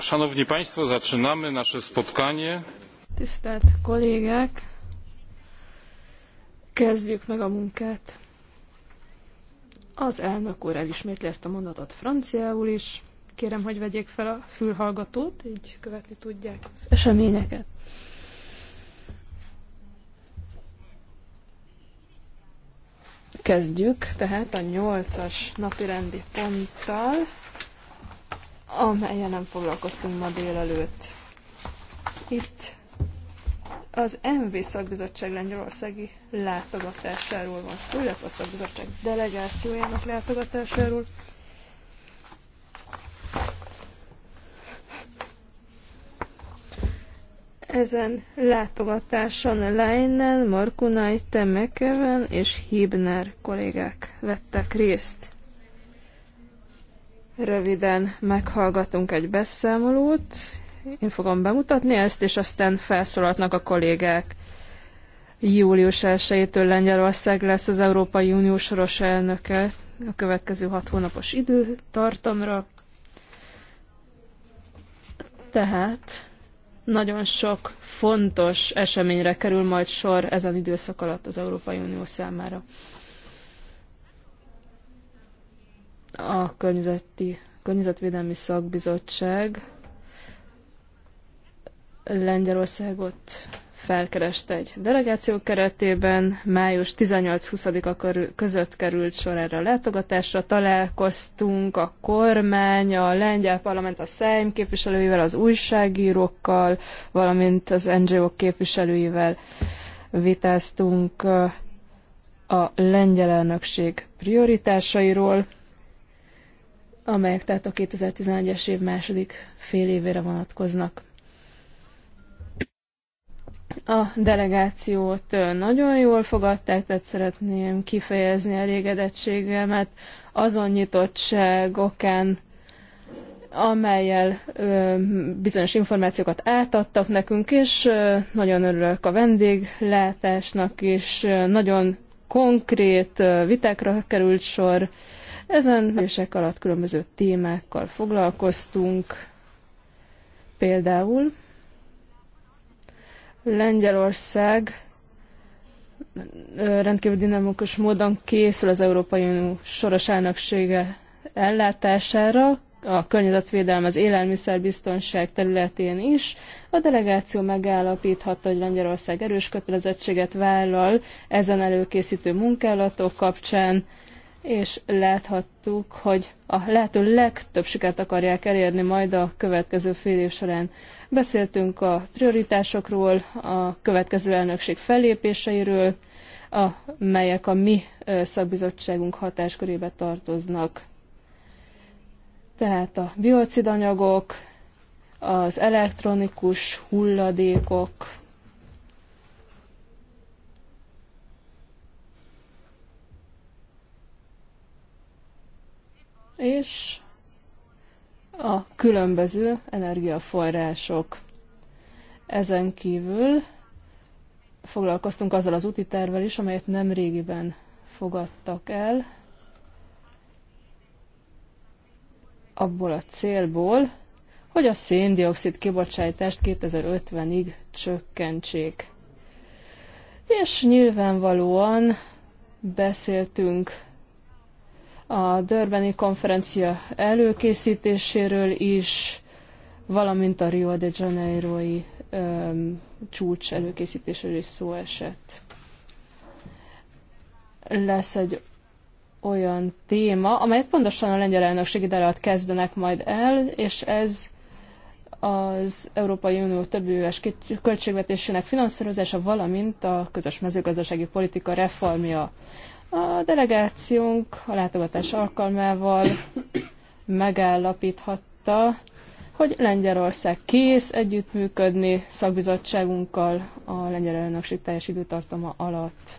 Szanowni Państwo, zaczynamy nasze spotkanie. Tisztelt kollégák, kezdjük meg a munkát. Az elnök úr elismétli ezt a mondatot franciául is. Kérem, hogy vegyék fel a fülhallgatót, így követni tudják az eseményeket. Kezdjük tehát a nyolcas napirendi ponttal amelyen nem foglalkoztunk ma délelőtt. Itt az MV szakbizottság lengyelországi látogatásáról van szó, illetve a szakbizottság delegációjának látogatásáról. Ezen látogatáson Leinen, Markunai, Temekeven és Hibner kollégák vettek részt. Röviden meghallgatunk egy beszámolót, én fogom bemutatni ezt, és aztán felszólaltnak a kollégák. Július 1-től Lengyelország lesz az Európai Unió soros elnöke a következő hat hónapos időtartamra. Tehát nagyon sok fontos eseményre kerül majd sor ezen időszak alatt az Európai Unió számára. a környezeti, Környezetvédelmi Szakbizottság Lengyelországot felkereste egy delegáció keretében. Május 18-20-a között került sor erre a látogatásra. Találkoztunk a kormány, a lengyel parlament, a Szájm képviselőivel, az újságírókkal, valamint az NGO képviselőivel vitáztunk a lengyel elnökség prioritásairól amelyek tehát a 2011-es év második fél évére vonatkoznak. A delegációt nagyon jól fogadták, tehát szeretném kifejezni elégedettségemet azon nyitottság okán, amelyel ö, bizonyos információkat átadtak nekünk, és ö, nagyon örülök a vendéglátásnak, és ö, nagyon konkrét ö, vitákra került sor, ö, ezen ülések alatt különböző témákkal foglalkoztunk, például Lengyelország rendkívül dinamikus módon készül az Európai Unió soros elnöksége ellátására, a környezetvédelem, az élelmiszerbiztonság területén is. A delegáció megállapíthatta, hogy Lengyelország erős kötelezettséget vállal ezen előkészítő munkálatok kapcsán, és láthattuk, hogy a lehető legtöbb sikert akarják elérni majd a következő fél év során. Beszéltünk a prioritásokról, a következő elnökség fellépéseiről, a, melyek a mi szakbizottságunk hatáskörébe tartoznak. Tehát a biocidanyagok, az elektronikus hulladékok, és a különböző energiaforrások. Ezen kívül foglalkoztunk azzal az úti tervvel is, amelyet nem régiben fogadtak el, abból a célból, hogy a széndiokszid kibocsátást 2050-ig csökkentsék. És nyilvánvalóan beszéltünk a Dörbeni konferencia előkészítéséről is, valamint a Rio de Janeiroi um, csúcs előkészítéséről is szó esett. Lesz egy olyan téma, amelyet pontosan a lengyel elnökség alatt kezdenek majd el, és ez az Európai Unió több éves költségvetésének finanszírozása, valamint a közös mezőgazdasági politika reformja. A delegációnk a látogatás alkalmával megállapíthatta, hogy Lengyelország kész együttműködni szakbizottságunkkal a lengyel elnökség teljes időtartama alatt.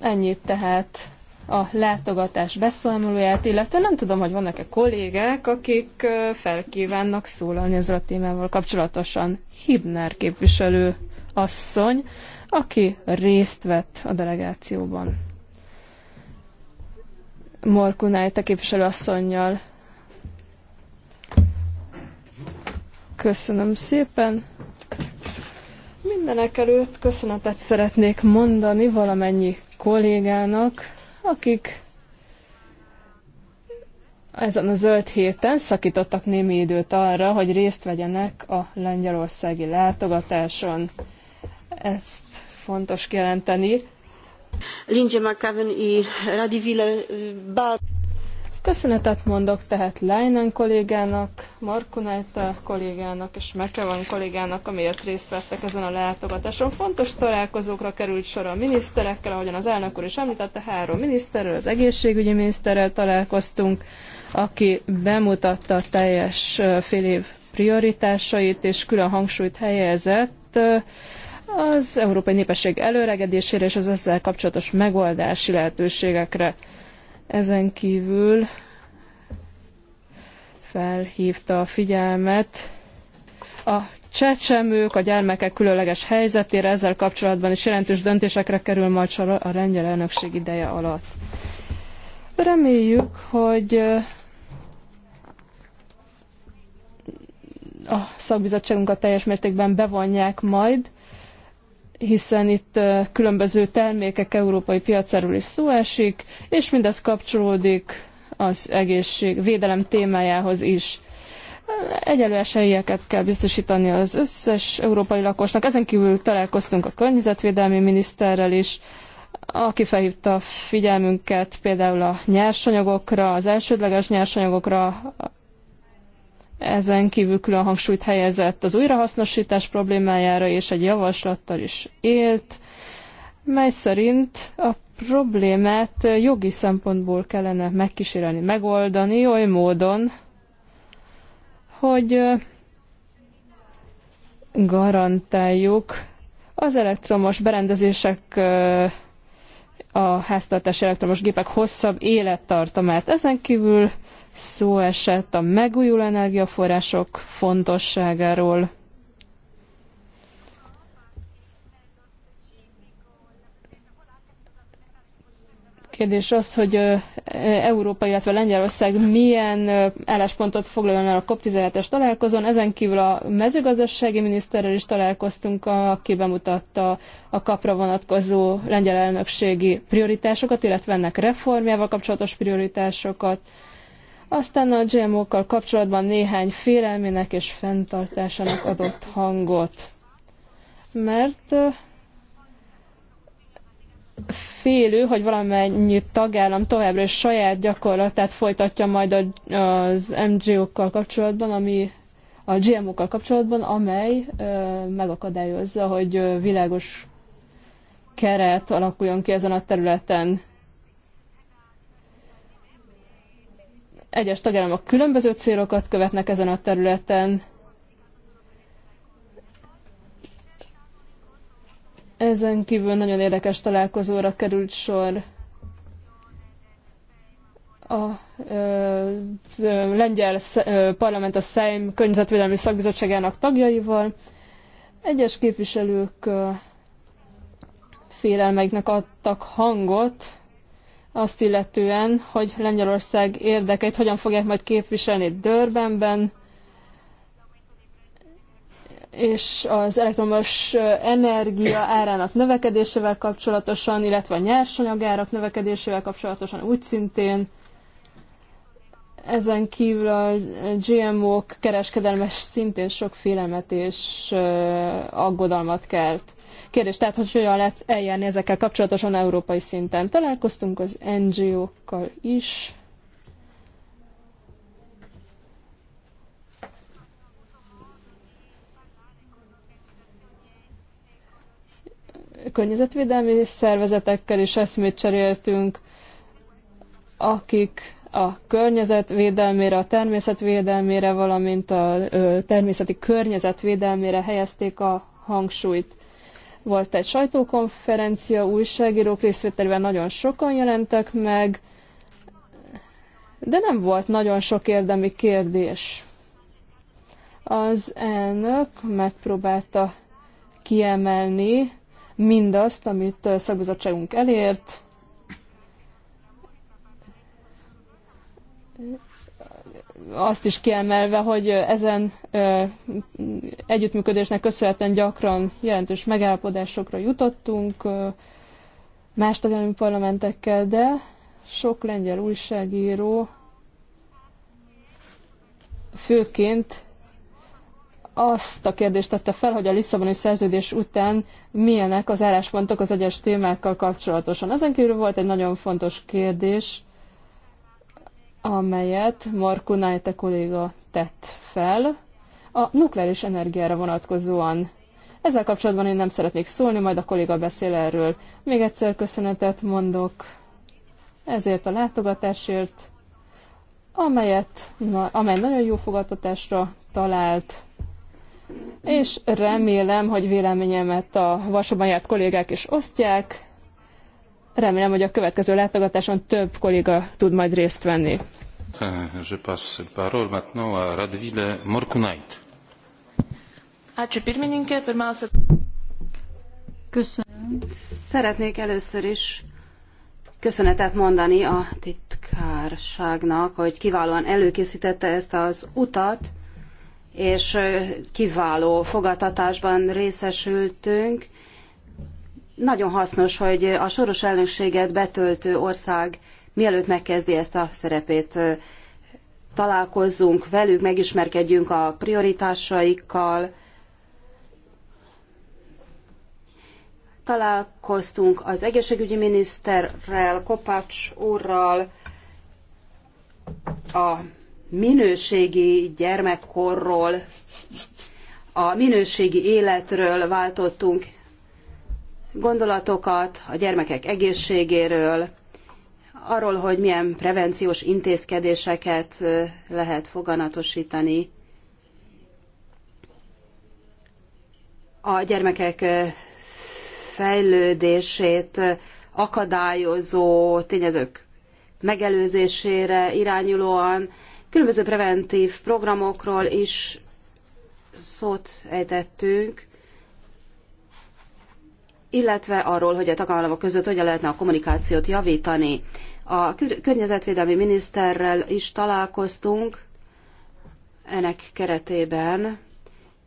Ennyit tehát a látogatás beszámolóját, illetve nem tudom, hogy vannak-e kollégák, akik felkívánnak szólalni ezzel a témával kapcsolatosan. Hibner képviselő asszony, aki részt vett a delegációban. te képviselő asszonynal. Köszönöm szépen. Mindenek előtt köszönetet szeretnék mondani valamennyi kollégának, akik ezen a zöld héten szakítottak némi időt arra, hogy részt vegyenek a lengyelországi látogatáson. Ezt fontos kijelenteni. Lindsay McCaven i Bal. Köszönetet mondok tehát Leinen kollégának, Markunaita kollégának és Mekevan kollégának, amiért részt vettek ezen a látogatáson. Fontos találkozókra került sor a miniszterekkel, ahogyan az elnök úr is említette, három miniszterrel, az egészségügyi miniszterrel találkoztunk, aki bemutatta a teljes fél év prioritásait, és külön hangsúlyt helyezett az európai népesség előregedésére és az ezzel kapcsolatos megoldási lehetőségekre. Ezen kívül felhívta a figyelmet a csecsemők, a gyermekek különleges helyzetére, ezzel kapcsolatban is jelentős döntésekre kerül majd sor a lengyel elnökség ideje alatt. Reméljük, hogy eh, a szakbizottságunkat teljes mértékben bevonják majd, hiszen itt különböző termékek európai piacáról is szó esik, és mindez kapcsolódik az egészségvédelem témájához is. Egyenlő esélyeket kell biztosítani az összes európai lakosnak. Ezen kívül találkoztunk a környezetvédelmi miniszterrel is, aki felhívta a figyelmünket például a nyersanyagokra, az elsődleges nyersanyagokra, ezen kívül külön hangsúlyt helyezett az újrahasznosítás problémájára, és egy javaslattal is élt, mely szerint a problémát jogi szempontból kellene megkísérelni, megoldani oly módon, hogy garantáljuk az elektromos berendezések a háztartási elektromos gépek hosszabb élettartamát. Ezen kívül szó esett a megújuló energiaforrások fontosságáról, Kérdés az, hogy Európa, illetve Lengyelország milyen álláspontot foglaljon el a COP17-es találkozón. Ezen kívül a mezőgazdasági miniszterrel is találkoztunk, aki bemutatta a kapra vonatkozó lengyel elnökségi prioritásokat, illetve ennek reformjával kapcsolatos prioritásokat. Aztán a GMO-kkal kapcsolatban néhány félelmének és fenntartásának adott hangot. Mert félő, hogy valamennyi tagállam továbbra is saját gyakorlatát folytatja majd az MGO-kkal kapcsolatban, ami a GMO-kkal kapcsolatban, amely megakadályozza, hogy világos keret alakuljon ki ezen a területen. Egyes tagállamok különböző célokat követnek ezen a területen, Ezen kívül nagyon érdekes találkozóra került sor a ö, lengyel ö, parlament a Szeim környezetvédelmi szakbizottságának tagjaival. Egyes képviselők ö, félelmeiknek adtak hangot, azt illetően, hogy Lengyelország érdekeit hogyan fogják majd képviselni Dörbenben, és az elektromos energia árának növekedésével kapcsolatosan, illetve a nyersanyagárak növekedésével kapcsolatosan úgy szintén. Ezen kívül a GMO-k kereskedelmes szintén sok félelmet és aggodalmat kelt. Kérdés tehát, hogy hogyan lehet eljárni ezekkel kapcsolatosan európai szinten. Találkoztunk az NGO-kkal is, környezetvédelmi szervezetekkel is eszmét cseréltünk, akik a környezetvédelmére, a természetvédelmére, valamint a természeti környezetvédelmére helyezték a hangsúlyt. Volt egy sajtókonferencia, újságírók részvételével nagyon sokan jelentek meg, de nem volt nagyon sok érdemi kérdés. Az elnök megpróbálta kiemelni mindazt, amit szakbizottságunk elért. Azt is kiemelve, hogy ezen együttműködésnek köszönhetően gyakran jelentős megállapodásokra jutottunk más tagállami parlamentekkel, de sok lengyel újságíró főként azt a kérdést tette fel, hogy a Lisszaboni szerződés után milyenek az álláspontok az egyes témákkal kapcsolatosan. Ezen kívül volt egy nagyon fontos kérdés, amelyet Marku Nájte kolléga tett fel a nukleáris energiára vonatkozóan. Ezzel kapcsolatban én nem szeretnék szólni, majd a kolléga beszél erről. Még egyszer köszönetet mondok ezért a látogatásért, amelyet, amely nagyon jó fogadtatásra talált és remélem, hogy véleményemet a vasúban járt kollégák is osztják. Remélem, hogy a következő látogatáson több kolléga tud majd részt venni. Eh, je passe parole maintenant à Radville Morkunait. Hát, Köszönöm. Szeretnék először is köszönetet mondani a titkárságnak, hogy kiválóan előkészítette ezt az utat, és kiváló fogadtatásban részesültünk. Nagyon hasznos, hogy a soros elnökséget betöltő ország mielőtt megkezdi ezt a szerepét, találkozzunk velük, megismerkedjünk a prioritásaikkal. Találkoztunk az egészségügyi miniszterrel, Kopács úrral, a minőségi gyermekkorról, a minőségi életről váltottunk gondolatokat, a gyermekek egészségéről, arról, hogy milyen prevenciós intézkedéseket lehet foganatosítani a gyermekek fejlődését akadályozó tényezők megelőzésére irányulóan, Különböző preventív programokról is szót ejtettünk, illetve arról, hogy a tagállamok között hogyan lehetne a kommunikációt javítani. A környezetvédelmi miniszterrel is találkoztunk, ennek keretében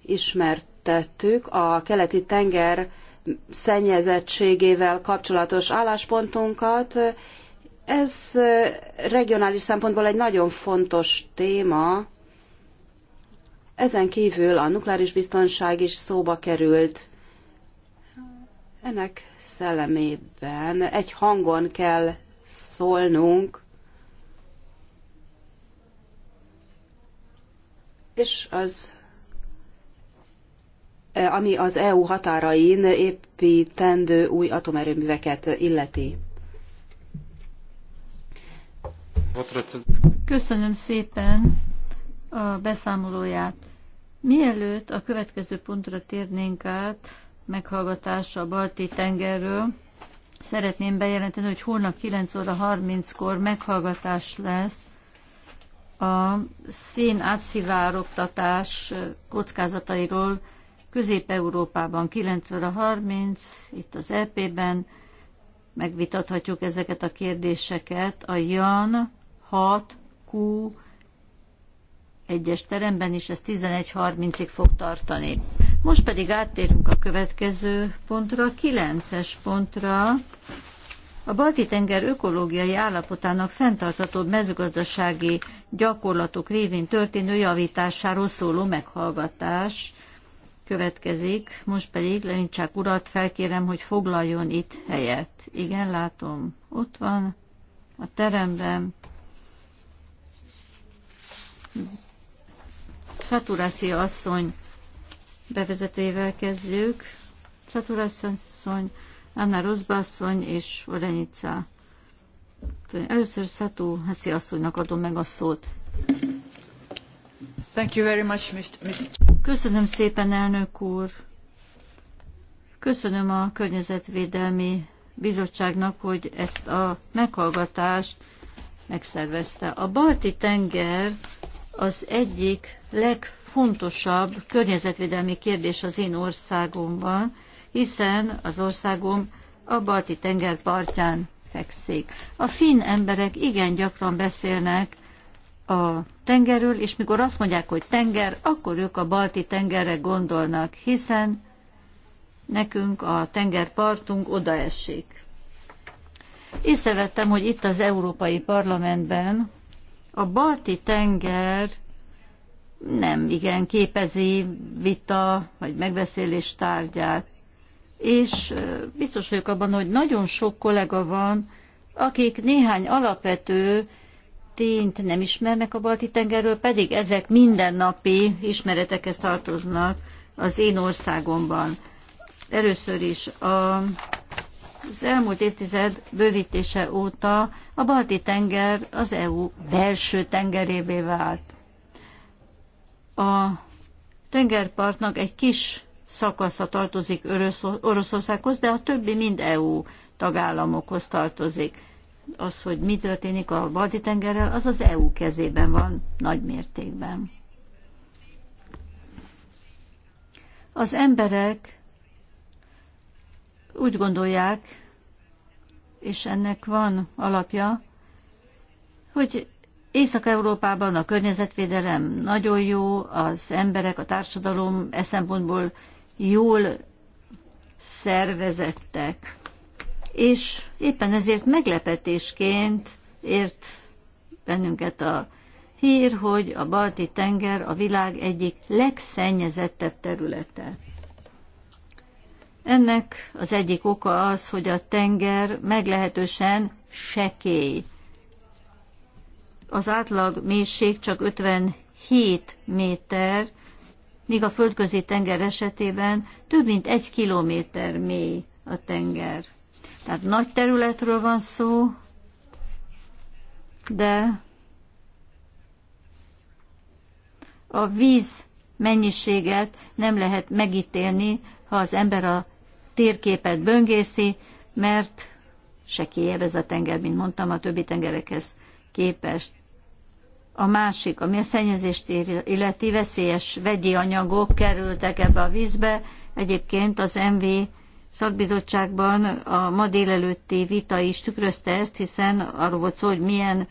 ismertettük a keleti tenger szennyezettségével kapcsolatos álláspontunkat, ez regionális szempontból egy nagyon fontos téma. Ezen kívül a nukleáris biztonság is szóba került. Ennek szellemében egy hangon kell szólnunk, és az ami az EU határain építendő új atomerőműveket illeti. Köszönöm szépen a beszámolóját. Mielőtt a következő pontra térnénk át, meghallgatása a Balti tengerről, szeretném bejelenteni, hogy holnap 9 óra 30-kor meghallgatás lesz a szén átszivárogtatás kockázatairól Közép-Európában 9 óra 30, itt az EP-ben megvitathatjuk ezeket a kérdéseket. A Jan 6 Q egyes teremben, és ez 11.30-ig fog tartani. Most pedig áttérünk a következő pontra, 9-es pontra. A Balti-tenger ökológiai állapotának fenntartható mezőgazdasági gyakorlatok révén történő javításáról szóló meghallgatás következik. Most pedig Lenincsák urat felkérem, hogy foglaljon itt helyet. Igen, látom, ott van a teremben. Szaturászi asszony bevezetőjével kezdjük. Szaturászi asszony, Anna Rozba asszony és Orenica. Először Szaturászi asszonynak adom meg a szót. Thank you very much, Mr. Köszönöm szépen, elnök úr. Köszönöm a Környezetvédelmi Bizottságnak, hogy ezt a meghallgatást megszervezte. A Balti tenger az egyik legfontosabb környezetvédelmi kérdés az én országomban, hiszen az országom a balti tenger partján fekszik. A finn emberek igen gyakran beszélnek a tengerről, és mikor azt mondják, hogy tenger, akkor ők a balti tengerre gondolnak, hiszen nekünk a tengerpartunk odaesik. Észrevettem, hogy itt az Európai Parlamentben a balti tenger nem igen képezi vita vagy megbeszélés tárgyát. És biztos vagyok abban, hogy nagyon sok kollega van, akik néhány alapvető tényt nem ismernek a balti tengerről, pedig ezek mindennapi ismeretekhez tartoznak az én országomban. Először is a az elmúlt évtized bővítése óta a Balti-tenger az EU belső tengerévé vált. A tengerpartnak egy kis szakasza tartozik Oroszországhoz, de a többi mind EU tagállamokhoz tartozik. Az, hogy mi történik a Balti-tengerrel, az az EU kezében van nagy mértékben. Az emberek úgy gondolják, és ennek van alapja, hogy Észak-Európában a környezetvédelem nagyon jó, az emberek, a társadalom e szempontból jól szervezettek. És éppen ezért meglepetésként ért bennünket a hír, hogy a Balti tenger a világ egyik legszennyezettebb területe. Ennek az egyik oka az, hogy a tenger meglehetősen sekély. Az átlag mélység csak 57 méter, míg a földközi tenger esetében több mint egy kilométer mély a tenger. Tehát nagy területről van szó, de a víz mennyiséget nem lehet megítélni, ha az ember a térképet böngészi, mert sekélyebb ez a tenger, mint mondtam, a többi tengerekhez képest. A másik, ami a szennyezést illeti veszélyes vegyi anyagok kerültek ebbe a vízbe. Egyébként az MV szakbizottságban a ma délelőtti vita is tükrözte ezt, hiszen arról volt szó, hogy milyen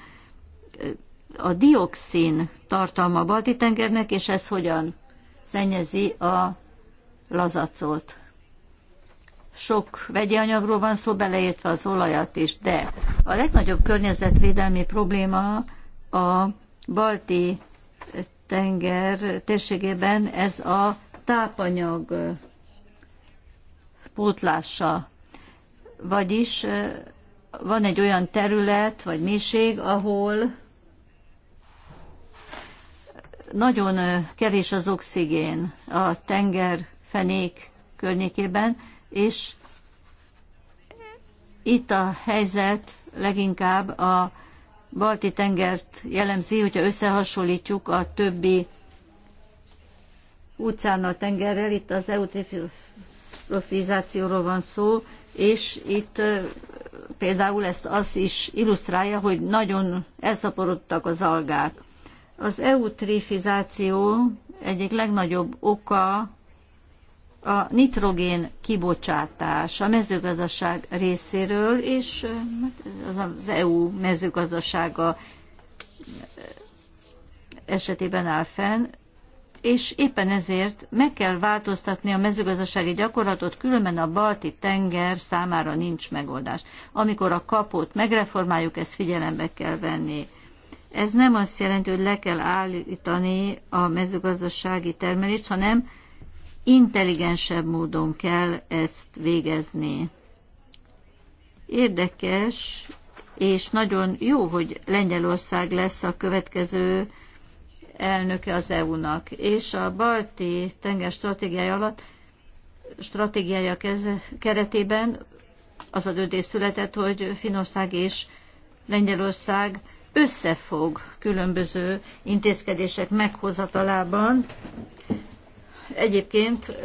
a dioxin tartalma a Balti-tengernek, és ez hogyan szennyezi a lazacot sok vegyi anyagról van szó, beleértve az olajat is, de a legnagyobb környezetvédelmi probléma a balti tenger térségében ez a tápanyag pótlása. Vagyis van egy olyan terület vagy mélység, ahol nagyon kevés az oxigén a tengerfenék környékében, és itt a helyzet leginkább a balti tengert jellemzi, hogyha összehasonlítjuk a többi utcán a tengerrel, itt az eutrofizációról van szó, és itt például ezt az is illusztrálja, hogy nagyon elszaporodtak az algák. Az eutrifizáció egyik legnagyobb oka a nitrogén kibocsátás a mezőgazdaság részéről, és hát az EU mezőgazdasága esetében áll fenn, és éppen ezért meg kell változtatni a mezőgazdasági gyakorlatot, különben a balti tenger számára nincs megoldás. Amikor a kapót megreformáljuk, ezt figyelembe kell venni. Ez nem azt jelenti, hogy le kell állítani a mezőgazdasági termelést, hanem intelligensebb módon kell ezt végezni. Érdekes, és nagyon jó, hogy Lengyelország lesz a következő elnöke az EU-nak, és a balti tenger stratégiája alatt stratégiája kez, keretében az a döntés született, hogy Finország és Lengyelország összefog különböző intézkedések meghozatalában, Egyébként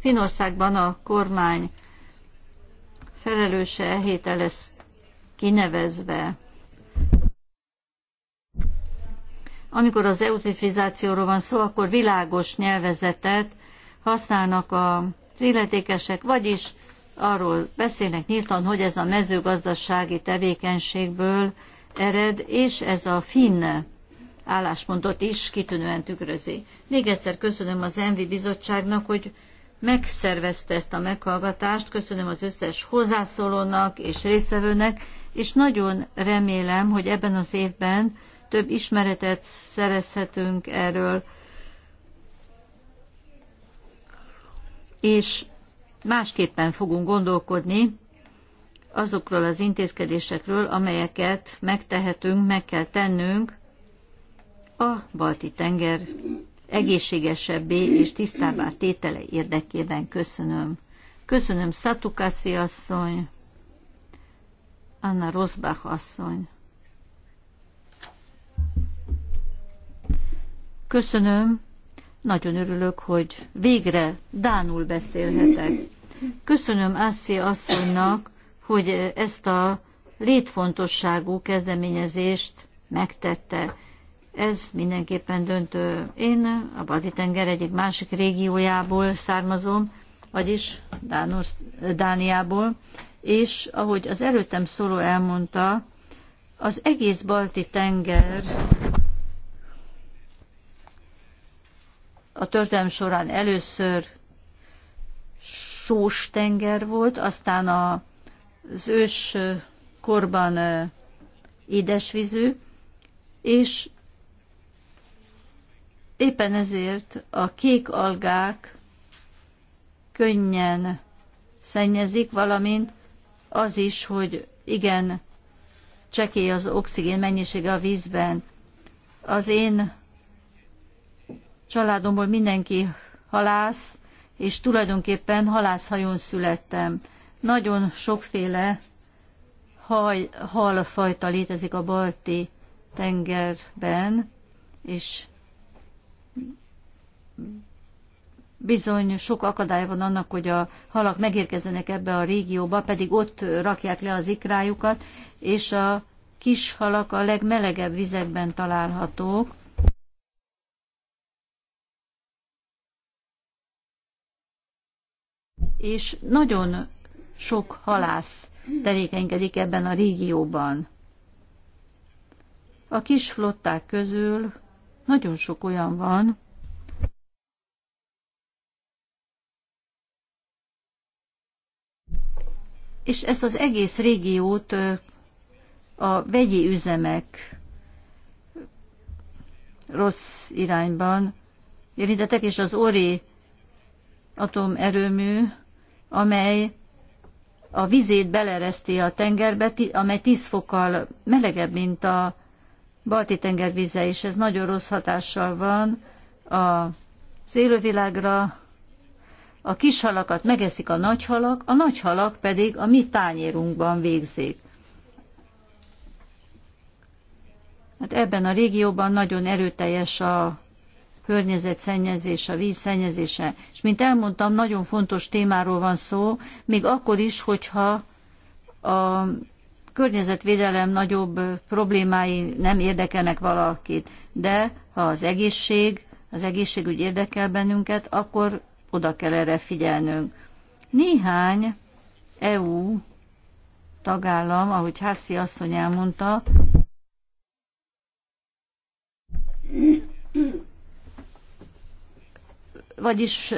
Finországban a kormány felelőse e héten lesz kinevezve. Amikor az eutrifizációról van szó, akkor világos nyelvezetet használnak az illetékesek, vagyis arról beszélnek nyíltan, hogy ez a mezőgazdasági tevékenységből ered, és ez a finne álláspontot is kitűnően tükrözi. Még egyszer köszönöm az Envi Bizottságnak, hogy megszervezte ezt a meghallgatást, köszönöm az összes hozzászólónak és résztvevőnek, és nagyon remélem, hogy ebben az évben több ismeretet szerezhetünk erről, és másképpen fogunk gondolkodni azokról az intézkedésekről, amelyeket megtehetünk, meg kell tennünk a balti tenger egészségesebbé és tisztábbá tétele érdekében köszönöm. Köszönöm Szatukászi asszony, Anna Rosbach asszony. Köszönöm, nagyon örülök, hogy végre Dánul beszélhetek. Köszönöm Asszi asszonynak, hogy ezt a létfontosságú kezdeményezést megtette ez mindenképpen döntő. Én a Balti-tenger egyik másik régiójából származom, vagyis Dánor, Dániából, és ahogy az előttem szóló elmondta, az egész Balti-tenger a történelem során először sós tenger volt, aztán az ős korban édesvízű, és Éppen ezért a kék algák könnyen szennyezik, valamint az is, hogy igen, csekély az oxigén mennyisége a vízben. Az én családomból mindenki halász, és tulajdonképpen halászhajón születtem. Nagyon sokféle haj, halfajta létezik a balti tengerben, és bizony sok akadály van annak, hogy a halak megérkezzenek ebbe a régióba, pedig ott rakják le az ikrájukat, és a kis halak a legmelegebb vizekben találhatók. És nagyon sok halász tevékenykedik ebben a régióban. A kis flották közül nagyon sok olyan van, és ezt az egész régiót a vegyi üzemek rossz irányban érintettek, és az Ori atomerőmű, amely a vizét belereszti a tengerbe, amely 10 fokkal melegebb, mint a balti tenger vize, és ez nagyon rossz hatással van az élővilágra, a kis halakat megeszik a nagy halak, a nagy halak pedig a mi tányérunkban végzik. Hát ebben a régióban nagyon erőteljes a környezet szennyezés, a víz szennyezése. És mint elmondtam, nagyon fontos témáról van szó, még akkor is, hogyha a környezetvédelem nagyobb problémái nem érdekelnek valakit. De ha az egészség, az egészségügy érdekel bennünket, akkor oda kell erre figyelnünk. Néhány EU tagállam, ahogy Hászi asszony elmondta, vagyis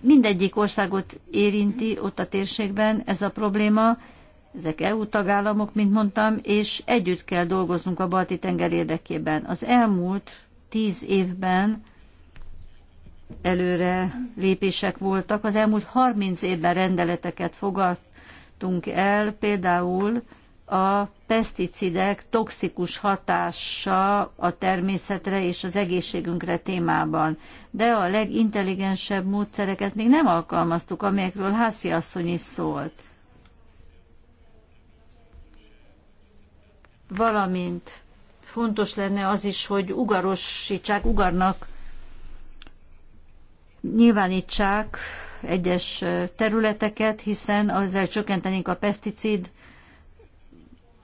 mindegyik országot érinti ott a térségben ez a probléma, ezek EU tagállamok, mint mondtam, és együtt kell dolgoznunk a Balti tenger érdekében. Az elmúlt tíz évben előre lépések voltak. Az elmúlt 30 évben rendeleteket fogadtunk el, például a peszticidek toxikus hatása a természetre és az egészségünkre témában. De a legintelligensebb módszereket még nem alkalmaztuk, amelyekről Hászi asszony is szólt. Valamint fontos lenne az is, hogy ugarosítsák, ugarnak nyilvánítsák egyes területeket, hiszen azzal csökkentenénk a peszticid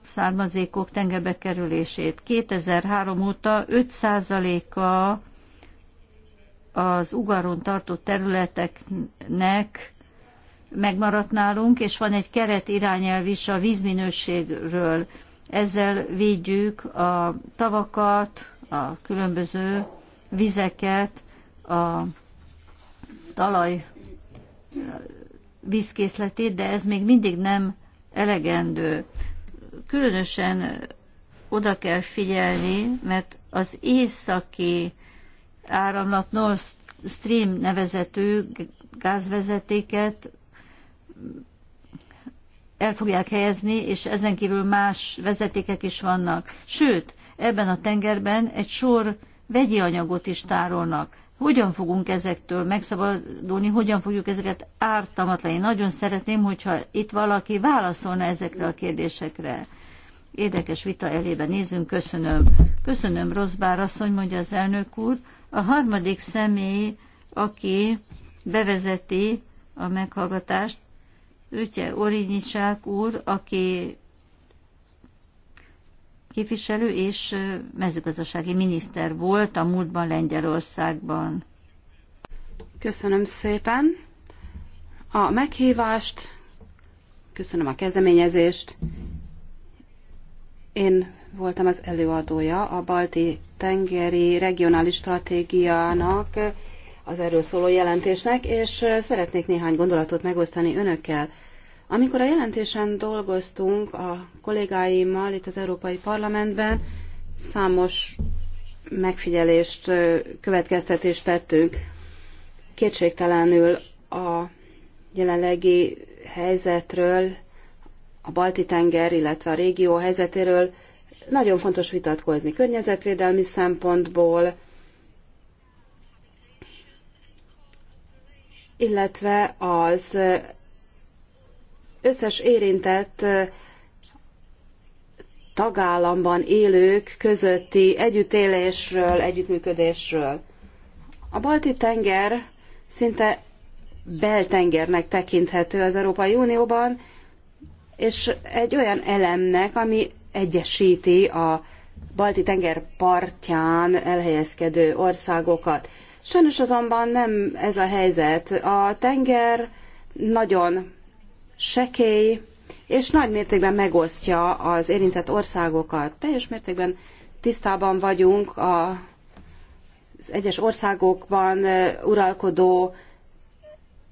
származékok tengerbe kerülését. 2003 óta 5%-a az ugaron tartott területeknek megmaradt nálunk, és van egy keret irányelv is a vízminőségről. Ezzel védjük a tavakat, a különböző vizeket, a talaj vízkészletét, de ez még mindig nem elegendő. Különösen oda kell figyelni, mert az északi áramlat Nord Stream nevezetű gázvezetéket el fogják helyezni, és ezen kívül más vezetékek is vannak. Sőt, ebben a tengerben egy sor vegyi anyagot is tárolnak hogyan fogunk ezektől megszabadulni, hogyan fogjuk ezeket ártamatlan. Én nagyon szeretném, hogyha itt valaki válaszolna ezekre a kérdésekre. Érdekes vita elébe nézünk, köszönöm. Köszönöm, Rosszbár asszony, mondja az elnök úr. A harmadik személy, aki bevezeti a meghallgatást, Rütye Orinyicsák úr, aki képviselő és mezőgazdasági miniszter volt a múltban Lengyelországban. Köszönöm szépen a meghívást, köszönöm a kezdeményezést. Én voltam az előadója a Balti tengeri regionális stratégiának, az erről szóló jelentésnek, és szeretnék néhány gondolatot megosztani önökkel. Amikor a jelentésen dolgoztunk a kollégáimmal itt az Európai Parlamentben, számos megfigyelést, következtetést tettünk. Kétségtelenül a jelenlegi helyzetről, a Balti-tenger, illetve a régió helyzetéről nagyon fontos vitatkozni környezetvédelmi szempontból, illetve az összes érintett tagállamban élők közötti együttélésről, együttműködésről. A Balti-tenger szinte beltengernek tekinthető az Európai Unióban, és egy olyan elemnek, ami egyesíti a Balti-tenger partján elhelyezkedő országokat. Sajnos azonban nem ez a helyzet. A tenger nagyon sekély, és nagy mértékben megosztja az érintett országokat. Teljes mértékben tisztában vagyunk a, az egyes országokban uralkodó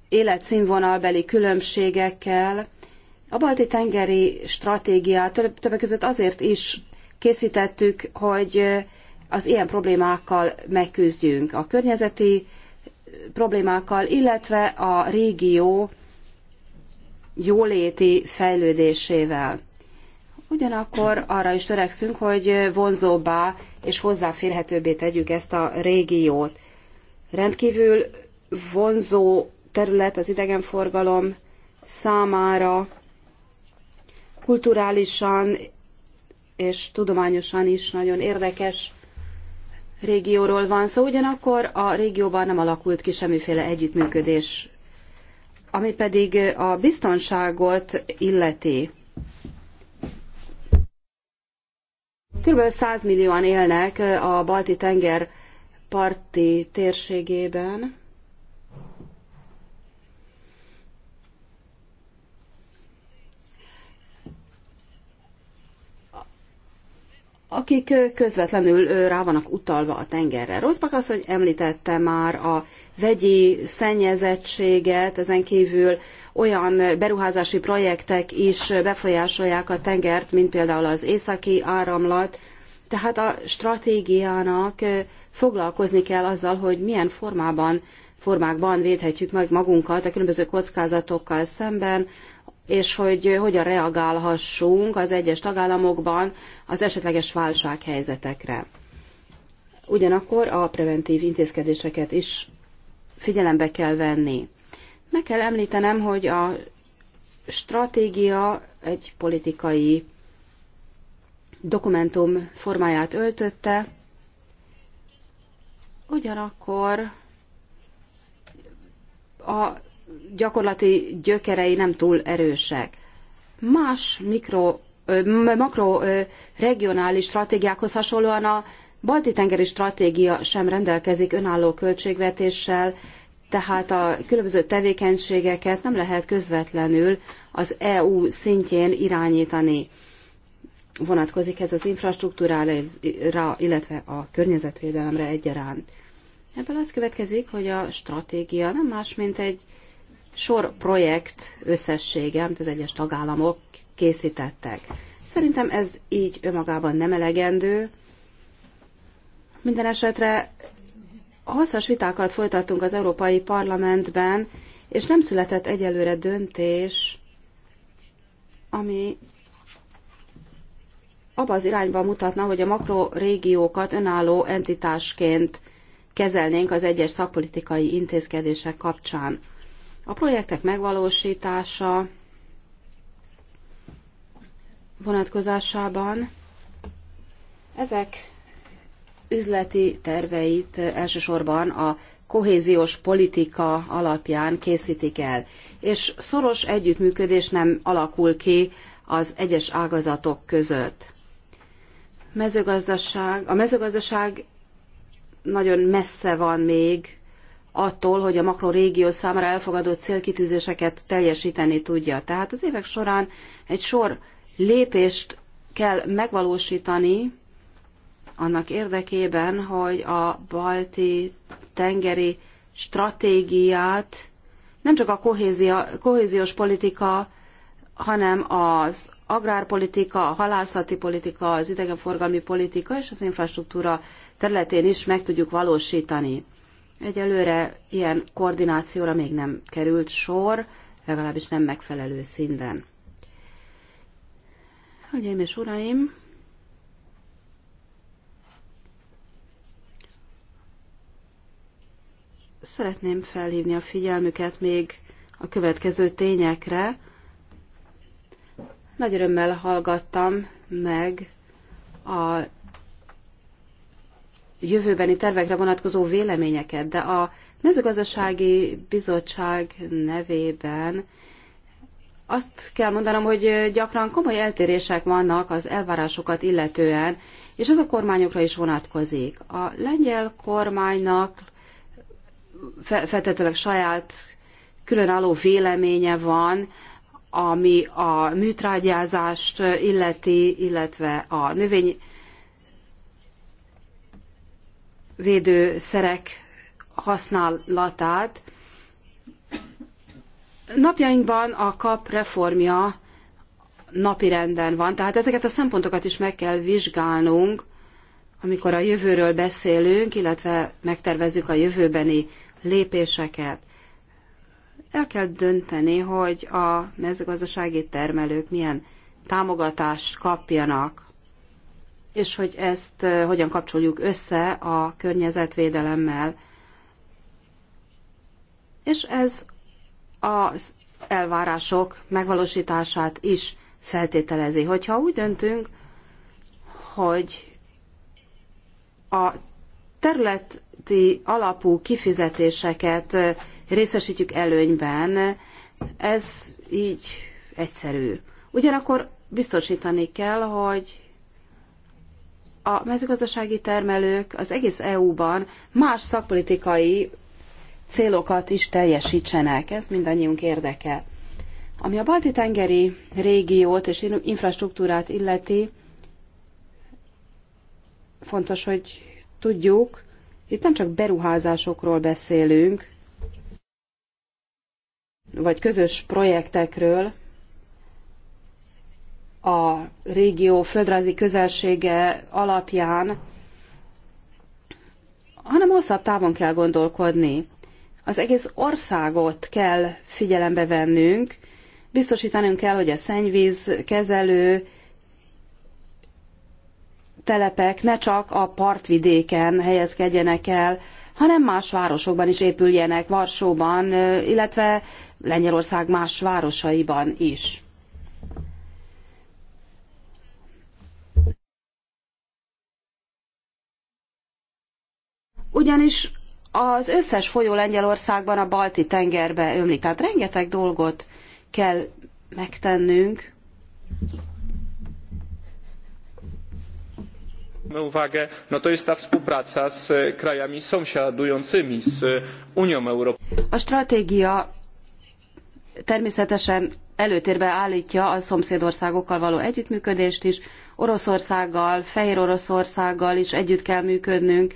életszínvonalbeli különbségekkel. A balti tengeri stratégiát többek között azért is készítettük, hogy az ilyen problémákkal megküzdjünk. A környezeti problémákkal, illetve a régió jóléti fejlődésével. Ugyanakkor arra is törekszünk, hogy vonzóbbá és hozzáférhetőbbé tegyük ezt a régiót. Rendkívül vonzó terület az idegenforgalom számára, kulturálisan és tudományosan is nagyon érdekes régióról van szó, szóval ugyanakkor a régióban nem alakult ki semmiféle együttműködés ami pedig a biztonságot illeti. Kb. 100 millióan élnek a Balti tenger parti térségében. akik közvetlenül rá vannak utalva a tengerre. Rosszbak az, hogy említette már a vegyi szennyezettséget, ezen kívül olyan beruházási projektek is befolyásolják a tengert, mint például az északi áramlat, tehát a stratégiának foglalkozni kell azzal, hogy milyen formában, formákban védhetjük meg magunkat a különböző kockázatokkal szemben, és hogy hogyan reagálhassunk az egyes tagállamokban az esetleges válsághelyzetekre. Ugyanakkor a preventív intézkedéseket is figyelembe kell venni. Meg kell említenem, hogy a stratégia egy politikai dokumentum formáját öltötte, ugyanakkor a gyakorlati gyökerei nem túl erősek. Más mikro, makro regionális stratégiákhoz hasonlóan a balti-tengeri stratégia sem rendelkezik önálló költségvetéssel, tehát a különböző tevékenységeket nem lehet közvetlenül az EU szintjén irányítani. Vonatkozik ez az infrastruktúrára, illetve a környezetvédelemre egyaránt. Ebből az következik, hogy a stratégia nem más, mint egy sor projekt összessége, amit az egyes tagállamok készítettek. Szerintem ez így önmagában nem elegendő. Minden esetre hosszas vitákat folytattunk az Európai Parlamentben, és nem született egyelőre döntés, ami abba az irányba mutatna, hogy a makrorégiókat önálló entitásként kezelnénk az egyes szakpolitikai intézkedések kapcsán. A projektek megvalósítása vonatkozásában ezek üzleti terveit elsősorban a kohéziós politika alapján készítik el, és szoros együttműködés nem alakul ki az egyes ágazatok között. Mezőgazdaság, a mezőgazdaság nagyon messze van még attól, hogy a makrorégió számára elfogadott célkitűzéseket teljesíteni tudja. Tehát az évek során egy sor lépést kell megvalósítani annak érdekében, hogy a balti tengeri stratégiát nem csak a kohézia, kohéziós politika, hanem az agrárpolitika, a halászati politika, az idegenforgalmi politika és az infrastruktúra területén is meg tudjuk valósítani. Egyelőre ilyen koordinációra még nem került sor, legalábbis nem megfelelő szinten. Hölgyeim és uraim, szeretném felhívni a figyelmüket még a következő tényekre. Nagy örömmel hallgattam meg a jövőbeni tervekre vonatkozó véleményeket, de a mezőgazdasági bizottság nevében azt kell mondanom, hogy gyakran komoly eltérések vannak az elvárásokat illetően, és ez a kormányokra is vonatkozik. A lengyel kormánynak feltetőleg saját különálló véleménye van, ami a műtrágyázást illeti, illetve a növény védőszerek használatát. Napjainkban a kap reformja napirenden van, tehát ezeket a szempontokat is meg kell vizsgálnunk, amikor a jövőről beszélünk, illetve megtervezzük a jövőbeni lépéseket. El kell dönteni, hogy a mezőgazdasági termelők milyen támogatást kapjanak és hogy ezt eh, hogyan kapcsoljuk össze a környezetvédelemmel. És ez az elvárások megvalósítását is feltételezi. Hogyha úgy döntünk, hogy a területi alapú kifizetéseket eh, részesítjük előnyben, ez így egyszerű. Ugyanakkor biztosítani kell, hogy a mezőgazdasági termelők az egész EU-ban más szakpolitikai célokat is teljesítsenek. Ez mindannyiunk érdeke. Ami a balti-tengeri régiót és infrastruktúrát illeti, fontos, hogy tudjuk, itt nem csak beruházásokról beszélünk, vagy közös projektekről, a régió földrajzi közelsége alapján, hanem hosszabb távon kell gondolkodni. Az egész országot kell figyelembe vennünk, biztosítanunk kell, hogy a szennyvíz kezelő telepek ne csak a partvidéken helyezkedjenek el, hanem más városokban is épüljenek, Varsóban, illetve Lengyelország más városaiban is. ugyanis az összes folyó Lengyelországban a Balti tengerbe ömlik, tehát rengeteg dolgot kell megtennünk. uwagę, no to jest ta współpraca z krajami sąsiadującymi z Unią Europejską. A stratégia természetesen előtérbe állítja a szomszédországokkal való együttműködést is, Oroszországgal, Fehér Oroszországgal is együtt kell működnünk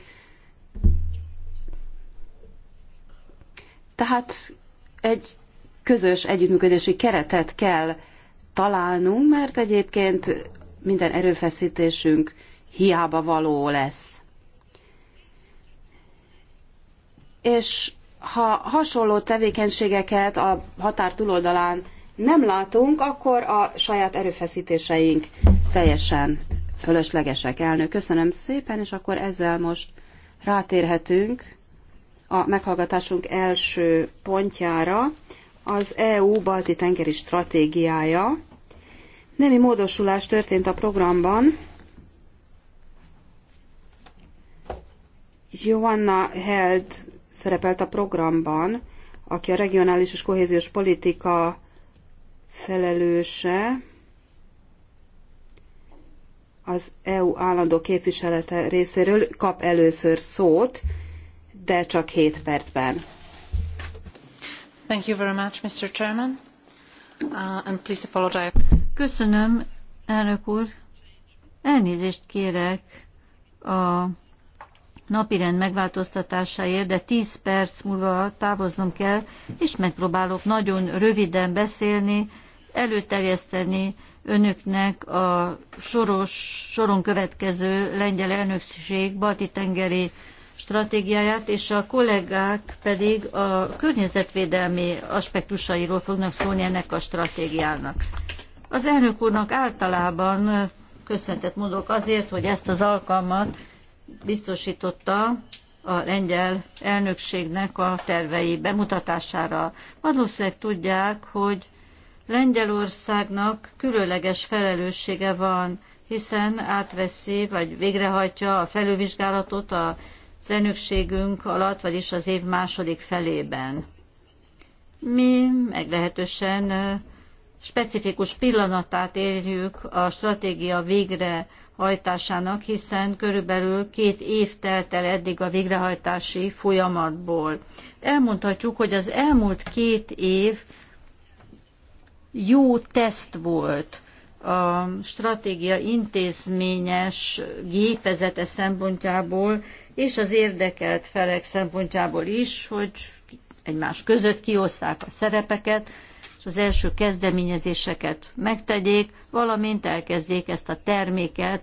Tehát egy közös együttműködési keretet kell találnunk, mert egyébként minden erőfeszítésünk hiába való lesz. És ha hasonló tevékenységeket a határ túloldalán nem látunk, akkor a saját erőfeszítéseink teljesen fölöslegesek. Elnök, köszönöm szépen, és akkor ezzel most rátérhetünk a meghallgatásunk első pontjára, az EU balti tengeri stratégiája. nemi módosulás történt a programban. Joanna Held szerepelt a programban, aki a regionális és kohéziós politika felelőse, az EU állandó képviselete részéről kap először szót, de csak 7 percben. Thank you very much, Mr. Chairman. Uh, and please apologize. Köszönöm, elnök úr. Elnézést kérek a napirend megváltoztatásáért, de 10 perc múlva távoznom kell, és megpróbálok nagyon röviden beszélni, előterjeszteni önöknek a soros, soron következő lengyel elnökség balti tengeri stratégiáját, és a kollégák pedig a környezetvédelmi aspektusairól fognak szólni ennek a stratégiának. Az elnök úrnak általában köszöntet mondok azért, hogy ezt az alkalmat biztosította a lengyel elnökségnek a tervei bemutatására. Valószínűleg tudják, hogy Lengyelországnak különleges felelőssége van, hiszen átveszi vagy végrehajtja a felülvizsgálatot a az elnökségünk alatt, vagyis az év második felében. Mi meglehetősen specifikus pillanatát érjük a stratégia végrehajtásának, hiszen körülbelül két év telt el eddig a végrehajtási folyamatból. Elmondhatjuk, hogy az elmúlt két év jó teszt volt a stratégia intézményes gépezete szempontjából, és az érdekelt felek szempontjából is, hogy egymás között kiosszák a szerepeket, és az első kezdeményezéseket megtegyék, valamint elkezdjék ezt a terméket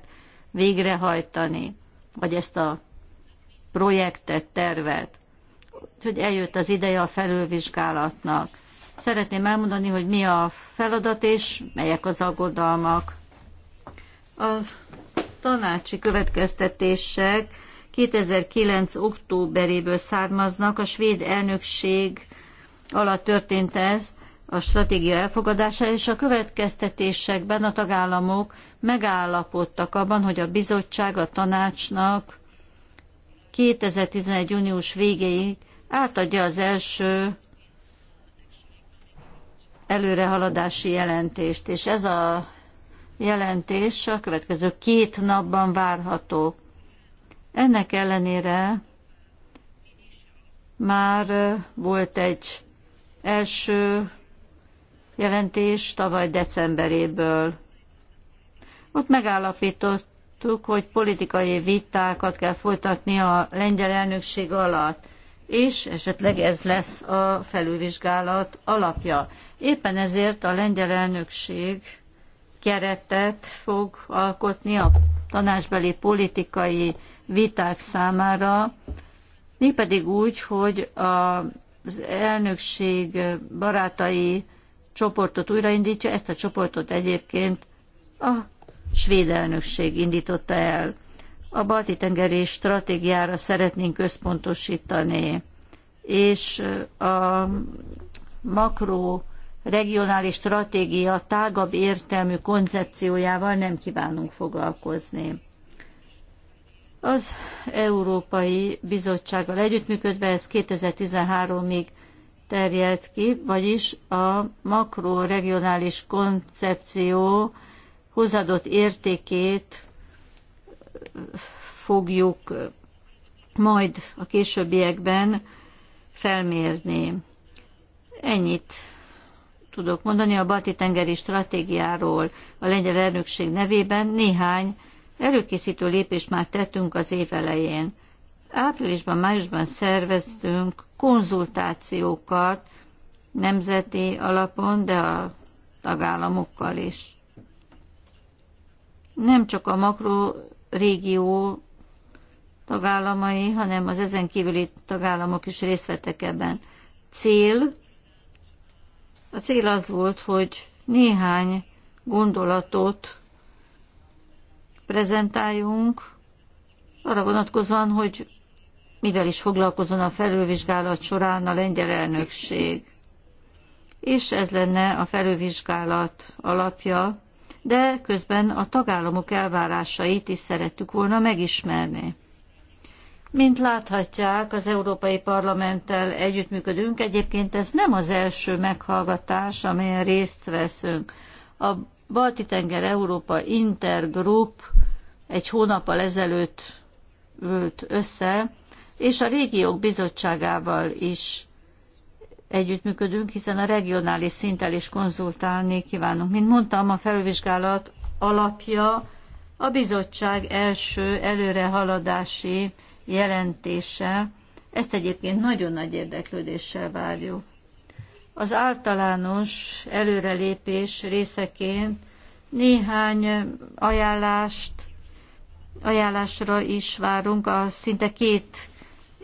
végrehajtani, vagy ezt a projektet, tervet. Úgyhogy eljött az ideje a felülvizsgálatnak. Szeretném elmondani, hogy mi a feladat és melyek az aggodalmak. A tanácsi következtetések 2009. októberéből származnak. A svéd elnökség alatt történt ez, a stratégia elfogadása, és a következtetésekben a tagállamok megállapodtak abban, hogy a bizottság a tanácsnak 2011. június végéig átadja az első előrehaladási jelentést, és ez a jelentés a következő két napban várható. Ennek ellenére már volt egy első jelentés tavaly decemberéből. Ott megállapítottuk, hogy politikai vitákat kell folytatni a lengyel elnökség alatt, és esetleg ez lesz a felülvizsgálat alapja. Éppen ezért a lengyel elnökség keretet fog alkotni a tanácsbeli politikai viták számára, mégpedig úgy, hogy az elnökség barátai csoportot újraindítja, ezt a csoportot egyébként a svéd elnökség indította el. A balti-tengeri stratégiára szeretnénk központosítani, és a makro regionális stratégia tágabb értelmű koncepciójával nem kívánunk foglalkozni. Az Európai Bizottsággal együttműködve ez 2013-ig terjed ki, vagyis a makroregionális koncepció hozadott értékét fogjuk majd a későbbiekben felmérni. Ennyit tudok mondani a balti tengeri stratégiáról a lengyel elnökség nevében. Néhány Előkészítő lépést már tettünk az év elején. Áprilisban, májusban szerveztünk konzultációkat nemzeti alapon, de a tagállamokkal is. Nem csak a régió tagállamai, hanem az ezen kívüli tagállamok is részt vettek ebben. Cél, a cél az volt, hogy néhány gondolatot prezentáljunk, arra vonatkozóan, hogy mivel is foglalkozon a felülvizsgálat során a lengyel elnökség. És ez lenne a felülvizsgálat alapja, de közben a tagállamok elvárásait is szerettük volna megismerni. Mint láthatják, az Európai Parlamenttel együttműködünk. Egyébként ez nem az első meghallgatás, amelyen részt veszünk. A Balti-tenger Európa Intergroup egy hónappal ezelőtt ült össze, és a régiók bizottságával is együttműködünk, hiszen a regionális szinttel is konzultálni kívánunk. Mint mondtam, a felvizsgálat alapja a bizottság első előrehaladási jelentése. Ezt egyébként nagyon nagy érdeklődéssel várjuk. Az általános előrelépés részeként néhány ajánlást ajánlásra is várunk a szinte két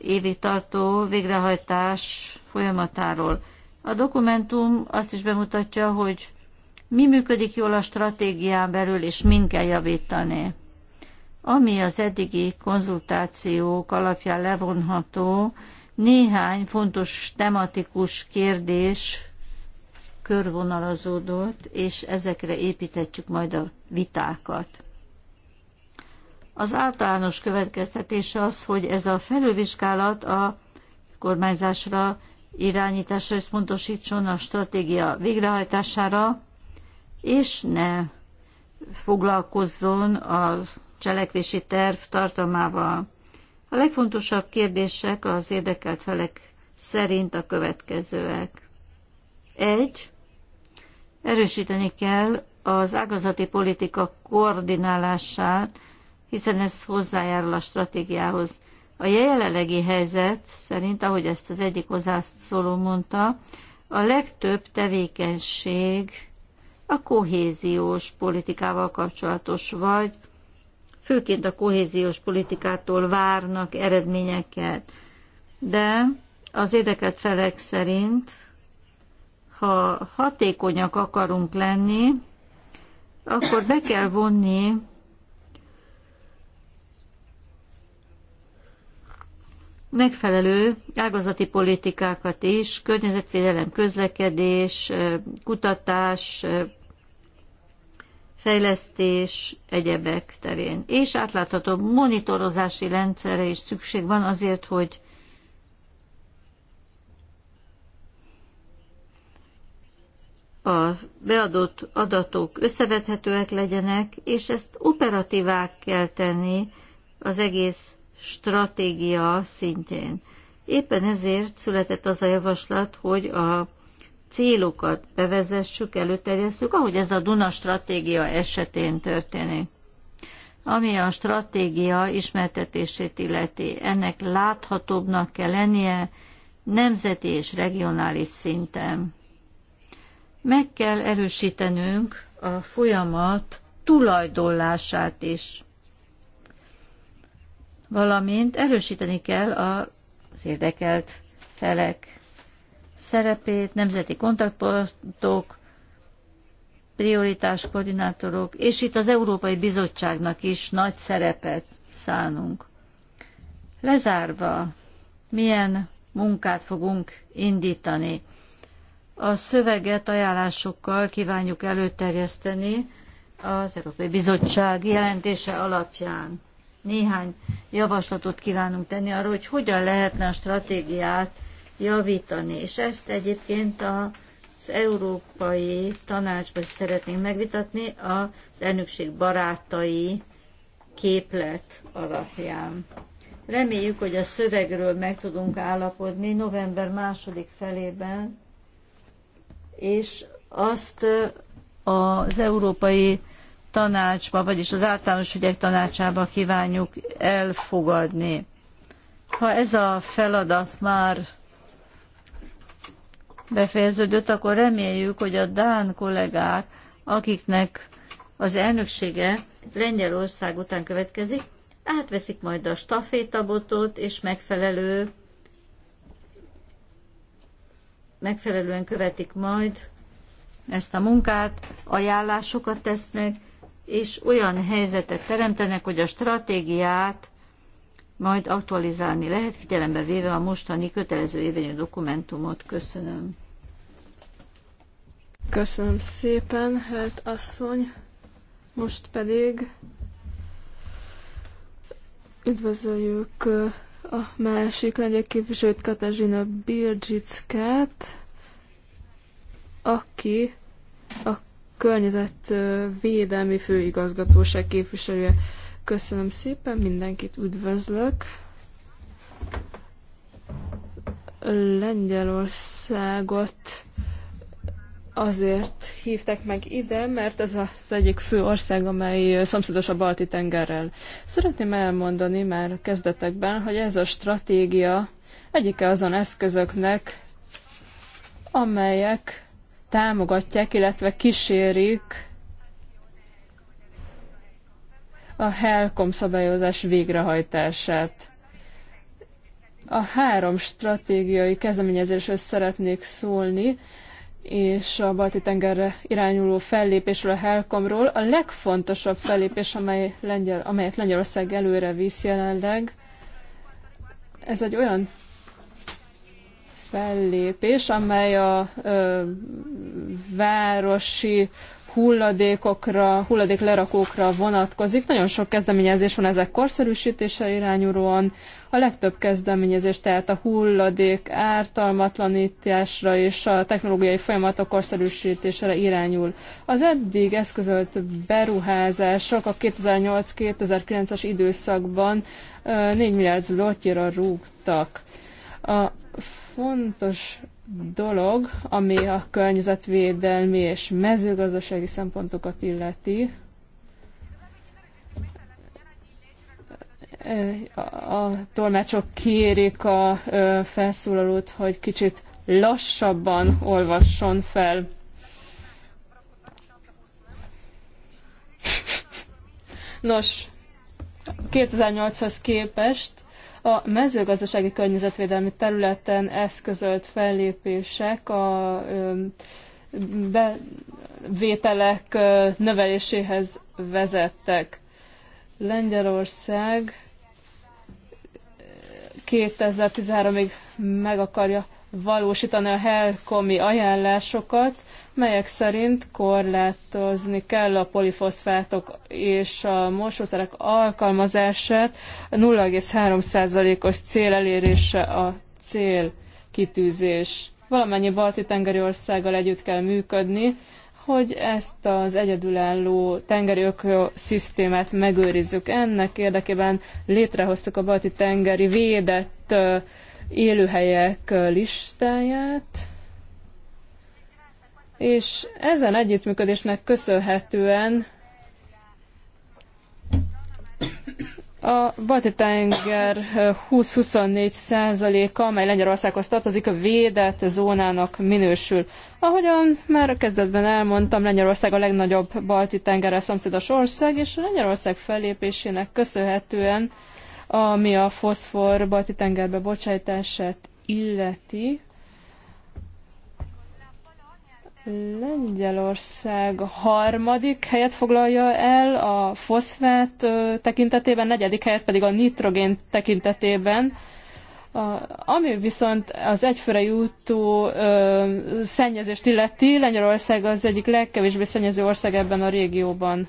évig tartó végrehajtás folyamatáról. A dokumentum azt is bemutatja, hogy mi működik jól a stratégián belül, és mind kell javítani. Ami az eddigi konzultációk alapján levonható, néhány fontos tematikus kérdés körvonalazódott, és ezekre építetjük majd a vitákat. Az általános következtetése az, hogy ez a felülvizsgálat a kormányzásra, irányításra összpontosítson a stratégia végrehajtására, és ne foglalkozzon a cselekvési terv tartalmával. A legfontosabb kérdések az érdekelt felek szerint a következőek. 1. Erősíteni kell az ágazati politika koordinálását hiszen ez hozzájárul a stratégiához. A jelenlegi helyzet szerint, ahogy ezt az egyik hozzászóló mondta, a legtöbb tevékenység a kohéziós politikával kapcsolatos, vagy főként a kohéziós politikától várnak eredményeket. De az érdekelt felek szerint, ha hatékonyak akarunk lenni, akkor be kell vonni megfelelő ágazati politikákat is, környezetvédelem, közlekedés, kutatás, fejlesztés, egyebek terén. És átlátható monitorozási rendszerre is szükség van azért, hogy a beadott adatok összevethetőek legyenek, és ezt operatívák kell tenni az egész stratégia szintjén. Éppen ezért született az a javaslat, hogy a célokat bevezessük, előterjesszük, ahogy ez a Duna stratégia esetén történik. Ami a stratégia ismertetését illeti, ennek láthatóbbnak kell lennie nemzeti és regionális szinten. Meg kell erősítenünk a folyamat tulajdonlását is valamint erősíteni kell az érdekelt felek szerepét, nemzeti kontaktpontok, prioritás koordinátorok, és itt az Európai Bizottságnak is nagy szerepet szánunk. Lezárva, milyen munkát fogunk indítani? A szöveget ajánlásokkal kívánjuk előterjeszteni az Európai Bizottság jelentése alapján néhány javaslatot kívánunk tenni arra, hogy hogyan lehetne a stratégiát javítani. És ezt egyébként az Európai Tanácsban is szeretnénk megvitatni az elnökség barátai képlet alapján. Reméljük, hogy a szövegről meg tudunk állapodni november második felében, és azt az Európai tanácsba, vagyis az általános ügyek tanácsába kívánjuk elfogadni. Ha ez a feladat már befejeződött, akkor reméljük, hogy a Dán kollégák, akiknek az elnöksége Lengyelország után következik, átveszik majd a stafétabotot, és megfelelő megfelelően követik majd ezt a munkát, ajánlásokat tesznek, és olyan helyzetet teremtenek, hogy a stratégiát majd aktualizálni lehet, figyelembe véve a mostani kötelező évenyő dokumentumot. Köszönöm. Köszönöm szépen, hát asszony. Most pedig üdvözöljük a másik legyek képviselőt, Katazsina Birgickát, aki a környezetvédelmi főigazgatóság képviselője. Köszönöm szépen, mindenkit üdvözlök. Lengyelországot azért hívták meg ide, mert ez az egyik fő ország, amely szomszédos a balti tengerrel. Szeretném elmondani már kezdetekben, hogy ez a stratégia egyike azon eszközöknek, amelyek támogatják, illetve kísérik a HELCOM szabályozás végrehajtását. A három stratégiai kezdeményezésről szeretnék szólni, és a balti tengerre irányuló fellépésről, a Helcomról. A legfontosabb fellépés, amely Lengyel, amelyet Lengyelország előre visz jelenleg, ez egy olyan fellépés, amely a ö, városi hulladékokra, hulladéklerakókra vonatkozik. Nagyon sok kezdeményezés van ezek korszerűsítése irányulóan. A legtöbb kezdeményezés tehát a hulladék ártalmatlanításra és a technológiai folyamatok korszerűsítésére irányul. Az eddig eszközölt beruházások a 2008-2009-es időszakban 4 milliárd zlotyira rúgtak. A fontos dolog, ami a környezetvédelmi és mezőgazdasági szempontokat illeti, e, a tolmácsok kérik a felszólalót, hogy kicsit lassabban olvasson fel. Nos, 2008-hoz képest a mezőgazdasági környezetvédelmi területen eszközölt fellépések a bevételek növeléséhez vezettek. Lengyelország 2013-ig meg akarja valósítani a Helcomi ajánlásokat, melyek szerint korlátozni kell a polifoszfátok és a mosószerek alkalmazását, 0,3%-os cél elérése a cél kitűzés. Valamennyi balti tengeri országgal együtt kell működni, hogy ezt az egyedülálló tengeri ökoszisztémát megőrizzük. Ennek érdekében létrehoztuk a balti tengeri védett élőhelyek listáját, és ezen együttműködésnek köszönhetően a Balti-tenger 20-24 százaléka, amely Lengyelországhoz tartozik, a védett zónának minősül. Ahogyan már a kezdetben elmondtam, Lengyelország a legnagyobb balti tengerre szomszédos ország, és Lengyelország fellépésének köszönhetően, ami a foszfor Balti-tengerbe bocsájtását illeti, Lengyelország harmadik helyet foglalja el a foszfát tekintetében, negyedik helyet pedig a nitrogén tekintetében. A, ami viszont az egyfőre jutó ö, szennyezést illeti, Lengyelország az egyik legkevésbé szennyező ország ebben a régióban.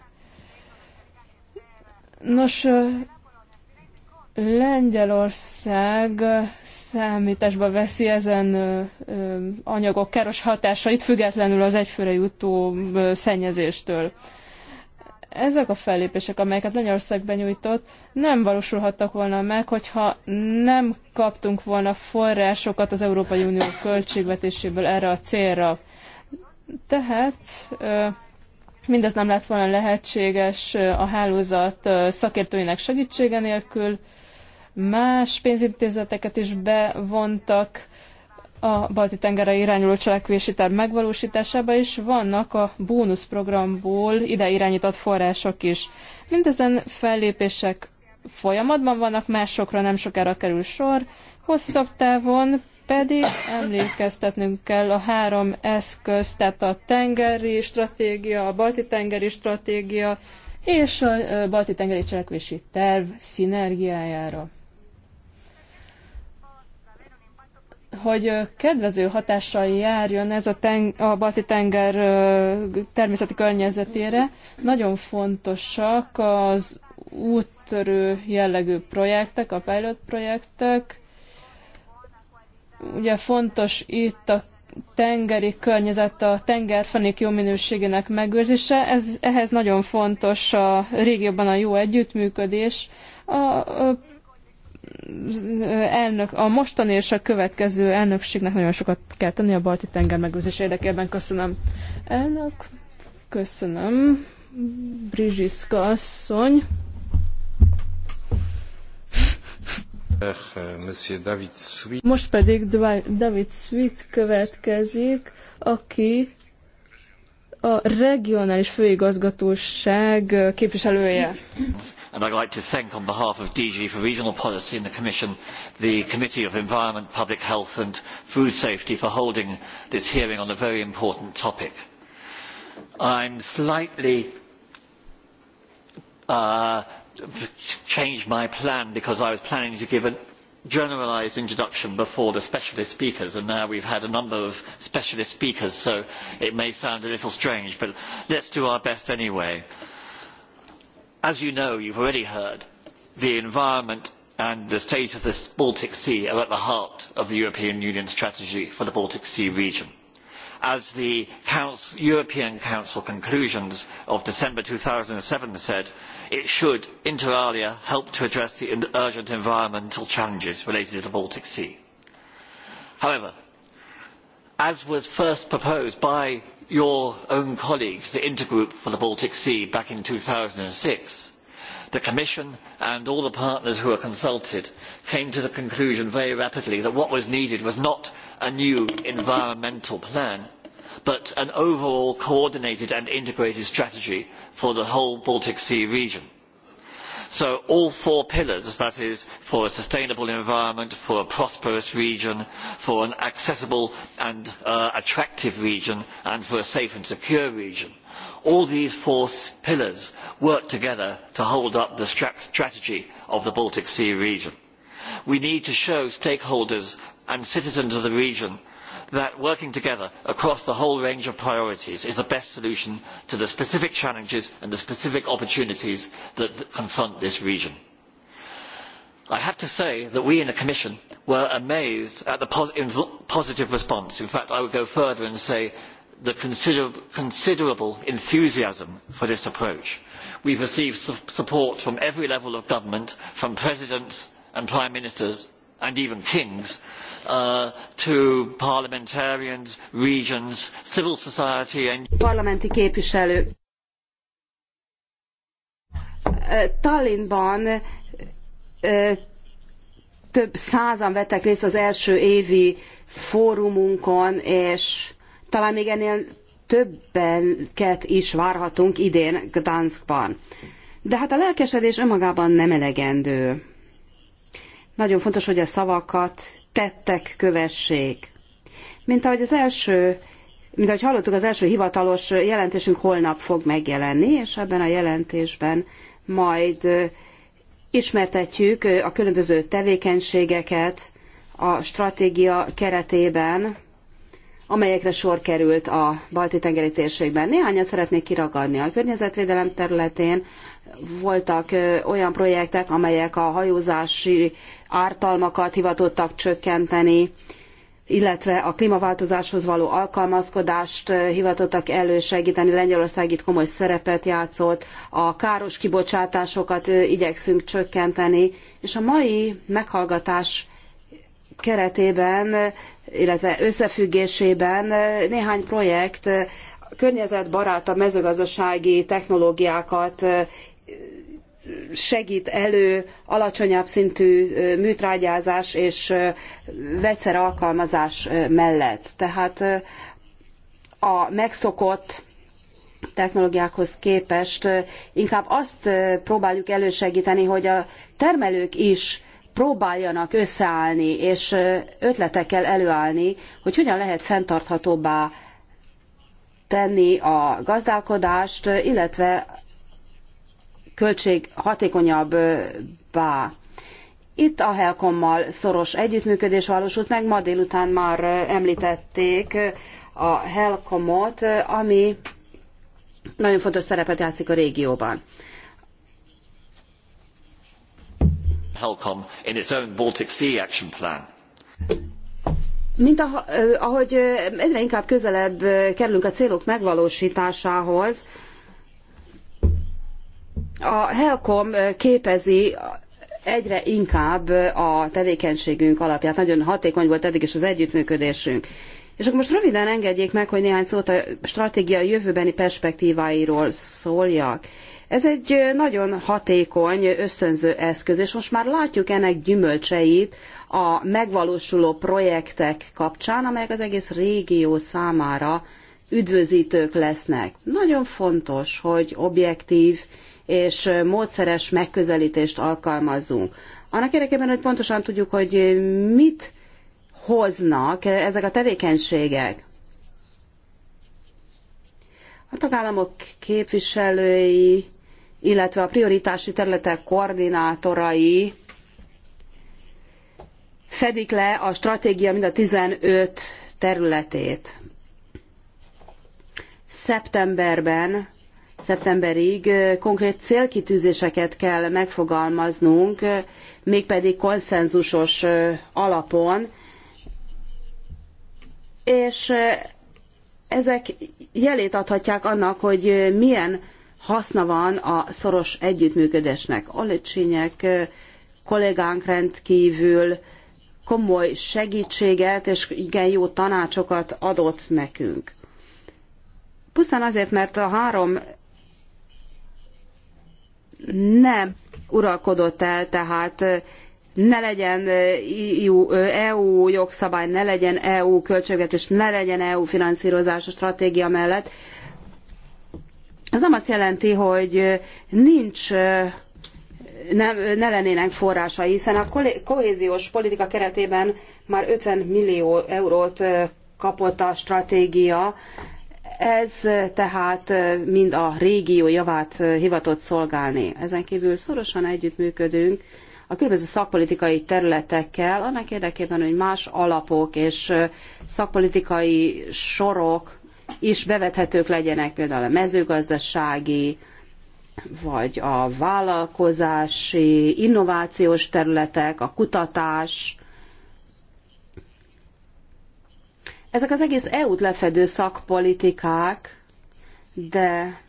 Nos, Lengyelország számításba veszi ezen anyagok káros hatásait, függetlenül az egyfőre jutó szennyezéstől. Ezek a fellépések, amelyeket Lengyelország benyújtott, nem valósulhattak volna meg, hogyha nem kaptunk volna forrásokat az Európai Unió költségvetéséből erre a célra. Tehát mindez nem lett volna lehetséges a hálózat szakértőinek segítsége nélkül, Más pénzintézeteket is bevontak a balti tengerre irányuló cselekvési terv megvalósításába, és vannak a bónuszprogramból ide irányított források is. Mindezen fellépések folyamatban vannak, másokra nem sokára kerül sor, hosszabb távon pedig emlékeztetnünk kell a három eszköz, tehát a tengeri stratégia, a balti tengeri stratégia és a balti tengeri cselekvési terv szinergiájára. hogy kedvező hatással járjon ez a, ten, a balti tenger természeti környezetére. Nagyon fontosak az úttörő jellegű projektek, a pilot projektek. Ugye fontos itt a tengeri környezet, a tengerfenék jó minőségének megőrzése. Ez, ehhez nagyon fontos a régióban a jó együttműködés. A, a elnök, a mostani és a következő elnökségnek nagyon sokat kell tenni a balti tenger megőrzés érdekében. Köszönöm. Elnök, köszönöm. Brizsiszka asszony. Most pedig David Sweet következik, aki a regionális főigazgatóság képviselője and I'd like to thank on behalf of DG for Regional Policy and the Commission the Committee of Environment, Public Health and Food Safety for holding this hearing on a very important topic. I'm slightly uh, changed my plan because I was planning to give a generalised introduction before the specialist speakers, and now we've had a number of specialist speakers, so it may sound a little strange, but let's do our best anyway. As you know, you've already heard, the environment and the state of the Baltic Sea are at the heart of the European Union strategy for the Baltic Sea region. As the Council, European Council conclusions of December 2007 said, it should, inter alia, help to address the urgent environmental challenges related to the Baltic Sea. However, as was first proposed by your own colleagues, the Intergroup for the Baltic Sea, back in 2006, the Commission and all the partners who were consulted came to the conclusion very rapidly that what was needed was not a new environmental plan, but an overall coordinated and integrated strategy for the whole Baltic Sea region. So all four pillars, that is, for a sustainable environment, for a prosperous region, for an accessible and uh, attractive region, and for a safe and secure region, all these four pillars work together to hold up the strategy of the Baltic Sea region. We need to show stakeholders and citizens of the region that working together across the whole range of priorities is the best solution to the specific challenges and the specific opportunities that, confront this region. I have to say that we in the Commission were amazed at the positive response. In fact, I would go further and say the consider considerable enthusiasm for this approach. We've received su support from every level of government, from presidents and prime ministers and even kings uh, to parliamentarians, regions, civil society and parlamenti képviselők. Tallinnban több százan vettek részt az első évi fórumunkon, és talán még ennél többenket is várhatunk idén Gdanskban. De hát a lelkesedés önmagában nem elegendő. Nagyon fontos, hogy a szavakat tettek kövessék. Mint ahogy az első mint ahogy hallottuk, az első hivatalos jelentésünk holnap fog megjelenni, és ebben a jelentésben majd ismertetjük a különböző tevékenységeket a stratégia keretében, amelyekre sor került a balti tengeri térségben. Néhányat szeretnék kiragadni a környezetvédelem területén voltak olyan projektek, amelyek a hajózási ártalmakat hivatottak csökkenteni, illetve a klímaváltozáshoz való alkalmazkodást hivatottak elősegíteni. Lengyelország itt komoly szerepet játszott, a káros kibocsátásokat igyekszünk csökkenteni, és a mai meghallgatás keretében, illetve összefüggésében néhány projekt környezetbarát a mezőgazdasági technológiákat segít elő alacsonyabb szintű műtrágyázás és vegyszer alkalmazás mellett. Tehát a megszokott technológiákhoz képest inkább azt próbáljuk elősegíteni, hogy a termelők is próbáljanak összeállni és ötletekkel előállni, hogy hogyan lehet fenntarthatóbbá tenni a gazdálkodást, illetve költség hatékonyabbá. Itt a Helcommal szoros együttműködés valósult meg, ma délután már említették a Helcomot, ami nagyon fontos szerepet játszik a régióban. Helcom in its own Baltic Sea Action Plan. Mint ahogy egyre inkább közelebb kerülünk a célok megvalósításához, a Helcom képezi egyre inkább a tevékenységünk alapját. Nagyon hatékony volt eddig is az együttműködésünk. És akkor most röviden engedjék meg, hogy néhány szót a stratégia jövőbeni perspektíváiról szóljak. Ez egy nagyon hatékony, ösztönző eszköz, és most már látjuk ennek gyümölcseit a megvalósuló projektek kapcsán, amelyek az egész régió számára üdvözítők lesznek. Nagyon fontos, hogy objektív és módszeres megközelítést alkalmazzunk. Annak érdekében, hogy pontosan tudjuk, hogy mit hoznak ezek a tevékenységek. A tagállamok képviselői, illetve a prioritási területek koordinátorai fedik le a stratégia mind a 15 területét. Szeptemberben szeptemberig konkrét célkitűzéseket kell megfogalmaznunk, mégpedig konszenzusos alapon, és ezek jelét adhatják annak, hogy milyen haszna van a szoros együttműködésnek. Alicsinyek kollégánk rendkívül komoly segítséget és igen jó tanácsokat adott nekünk. Pusztán azért, mert a három nem uralkodott el, tehát ne legyen EU, EU jogszabály, ne legyen EU költségvetés, ne legyen EU finanszírozás a stratégia mellett. Ez nem azt jelenti, hogy nincs nem, ne lennének forrásai, hiszen a kohéziós politika keretében már 50 millió eurót kapott a stratégia, ez tehát mind a régió javát hivatott szolgálni. Ezen kívül szorosan együttműködünk a különböző szakpolitikai területekkel, annak érdekében, hogy más alapok és szakpolitikai sorok is bevethetők legyenek, például a mezőgazdasági, vagy a vállalkozási, innovációs területek, a kutatás, Ezek az egész EU-t lefedő szakpolitikák, de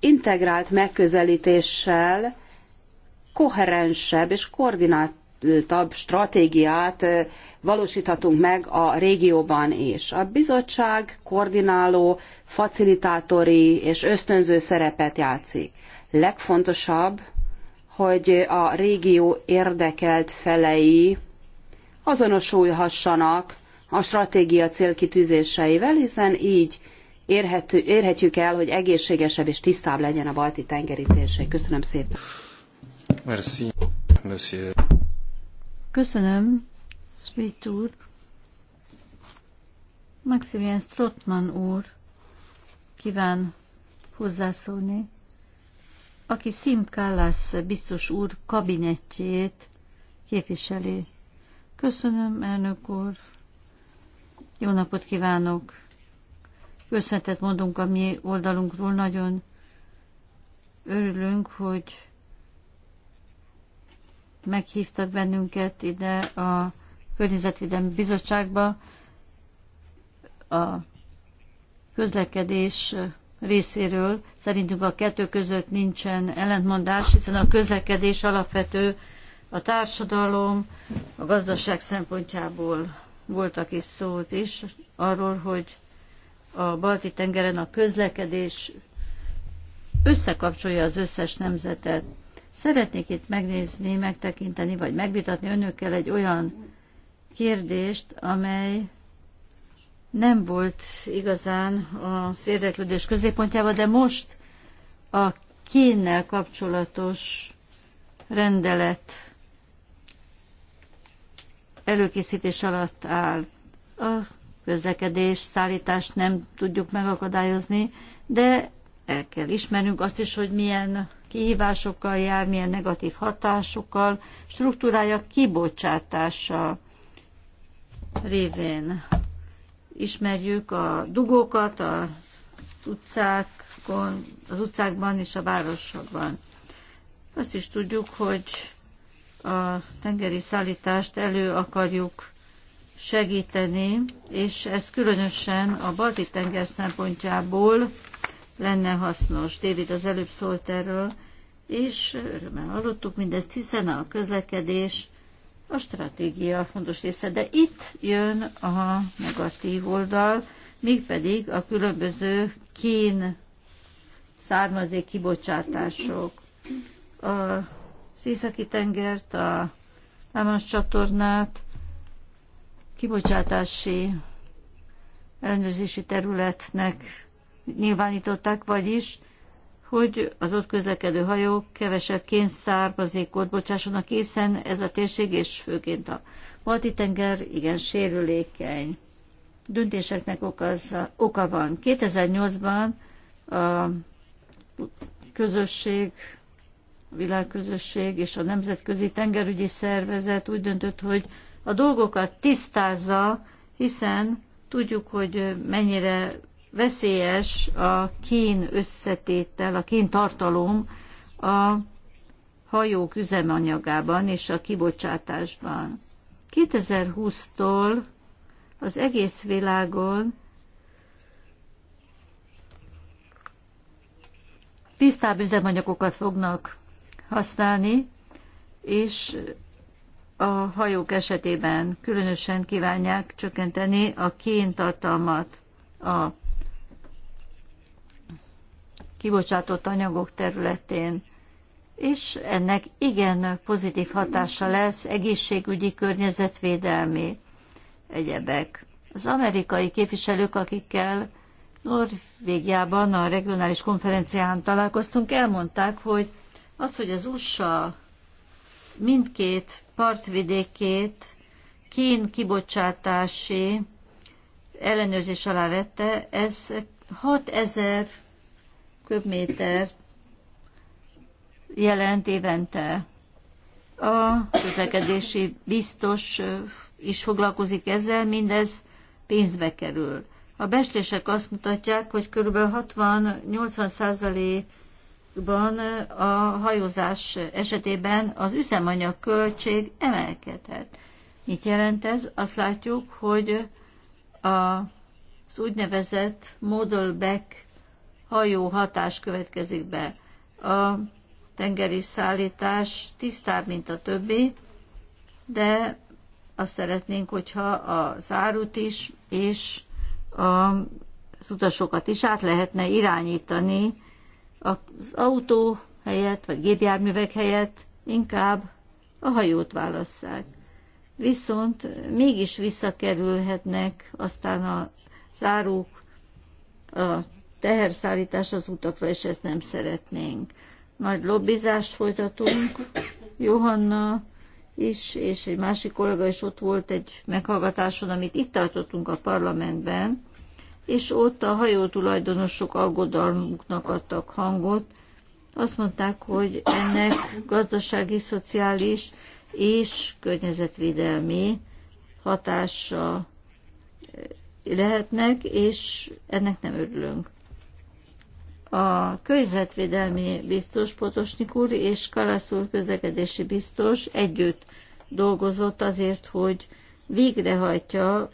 integrált megközelítéssel koherensebb és koordináltabb stratégiát valósíthatunk meg a régióban is. A bizottság koordináló, facilitátori és ösztönző szerepet játszik. Legfontosabb, hogy a régió érdekelt felei azonosulhassanak a stratégia célkitűzéseivel, hiszen így érhető, érhetjük el, hogy egészségesebb és tisztább legyen a balti tengeri Köszönöm szépen. Merci. Monsieur. Köszönöm, Sweet úr. Maximilian Strottmann úr kíván hozzászólni, aki Sim Kallas biztos úr kabinettjét képviseli. Köszönöm, elnök úr. Jó napot kívánok! Köszönetet mondunk a mi oldalunkról, nagyon örülünk, hogy meghívtak bennünket ide a Környezetvédelmi Bizottságba. A közlekedés részéről szerintünk a kettő között nincsen ellentmondás, hiszen a közlekedés alapvető a társadalom, a gazdaság szempontjából voltak is szólt is arról, hogy a balti tengeren a közlekedés összekapcsolja az összes nemzetet. Szeretnék itt megnézni, megtekinteni, vagy megvitatni önökkel egy olyan kérdést, amely nem volt igazán az érdeklődés középpontjában, de most a kénnel kapcsolatos rendelet előkészítés alatt áll. A közlekedés, szállítást nem tudjuk megakadályozni, de el kell ismernünk azt is, hogy milyen kihívásokkal jár, milyen negatív hatásokkal, struktúrája kibocsátása révén. Ismerjük a dugókat az utcákon, az utcákban és a városokban. Azt is tudjuk, hogy a tengeri szállítást elő akarjuk segíteni, és ez különösen a balti tenger szempontjából lenne hasznos. David az előbb szólt erről, és örömmel hallottuk mindezt, hiszen a közlekedés a stratégia fontos része. De itt jön a negatív oldal, mégpedig a különböző kín származék kibocsátások. A az északi tengert, a Lámas csatornát, kibocsátási ellenőrzési területnek nyilvánították, vagyis, hogy az ott közlekedő hajók kevesebb kényszárbazékot bocsássanak, hiszen ez a térség, és főként a balti tenger igen sérülékeny. Döntéseknek okaz, oka van. 2008-ban a közösség világközösség és a Nemzetközi Tengerügyi Szervezet úgy döntött, hogy a dolgokat tisztázza, hiszen tudjuk, hogy mennyire veszélyes a kín összetétel, a kín tartalom a hajók üzemanyagában és a kibocsátásban. 2020-tól az egész világon tisztább üzemanyagokat fognak használni, és a hajók esetében különösen kívánják csökkenteni a kéntartalmat a kibocsátott anyagok területén, és ennek igen pozitív hatása lesz egészségügyi környezetvédelmi egyebek. Az amerikai képviselők, akikkel Norvégiában a regionális konferencián találkoztunk, elmondták, hogy az, hogy az USA mindkét partvidékét kén kibocsátási ellenőrzés alá vette, ez 6000 köbméter jelent évente. A közlekedési biztos is foglalkozik ezzel, mindez pénzbe kerül. A beslések azt mutatják, hogy kb. 60-80 országban eh, a hajózás esetében az üzemanyag költség emelkedhet. Mit jelent ez? Azt látjuk, hogy a, az úgynevezett model-back hajó hatás következik be. A tengeri szállítás tisztább, mint a többi, de azt szeretnénk, hogyha a zárut is és az utasokat is át lehetne irányítani az autó helyett, vagy gépjárművek helyett inkább a hajót válasszák. Viszont mégis visszakerülhetnek aztán a zárók, a teherszállítás az utakra, és ezt nem szeretnénk. Nagy lobbizást folytatunk, Johanna is, és egy másik kollega is ott volt egy meghallgatáson, amit itt tartottunk a parlamentben, és ott a hajótulajdonosok aggodalmuknak adtak hangot. Azt mondták, hogy ennek gazdasági, szociális és környezetvédelmi hatása eh, lehetnek, és ennek nem örülünk. A környezetvédelmi biztos Potosnik úr és Kalasz úr közlekedési biztos együtt dolgozott azért, hogy végrehajtja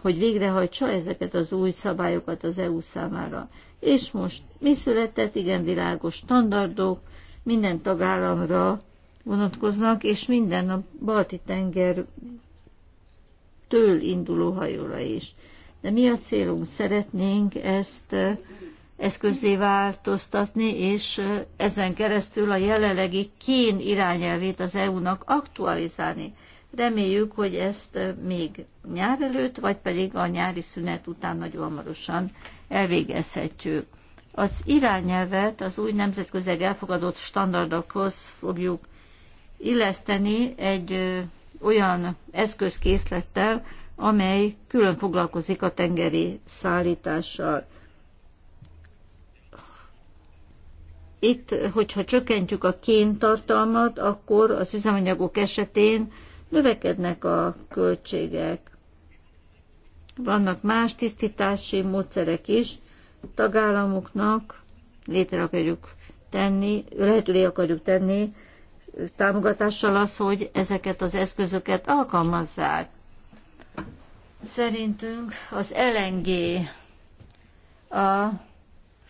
hogy végrehajtsa ezeket az új szabályokat az EU számára. És most mi született? Igen, világos standardok, minden tagállamra vonatkoznak, és minden a balti tenger től induló hajóra is. De mi a célunk? Szeretnénk ezt eh, eszközé változtatni, és eh, ezen keresztül a jelenlegi kén irányelvét az EU-nak aktualizálni. Reméljük, hogy ezt még nyár előtt, vagy pedig a nyári szünet után nagyon hamarosan elvégezhetjük. Az irányelvet az új nemzetközileg elfogadott standardokhoz fogjuk illeszteni egy olyan eszközkészlettel, amely külön foglalkozik a tengeri szállítással. Itt, hogyha csökkentjük a kéntartalmat, akkor az üzemanyagok esetén növekednek a költségek. Vannak más tisztítási módszerek is, tagállamoknak létre akarjuk tenni, lehetővé akarjuk tenni támogatással az, hogy ezeket az eszközöket alkalmazzák. Szerintünk az LNG a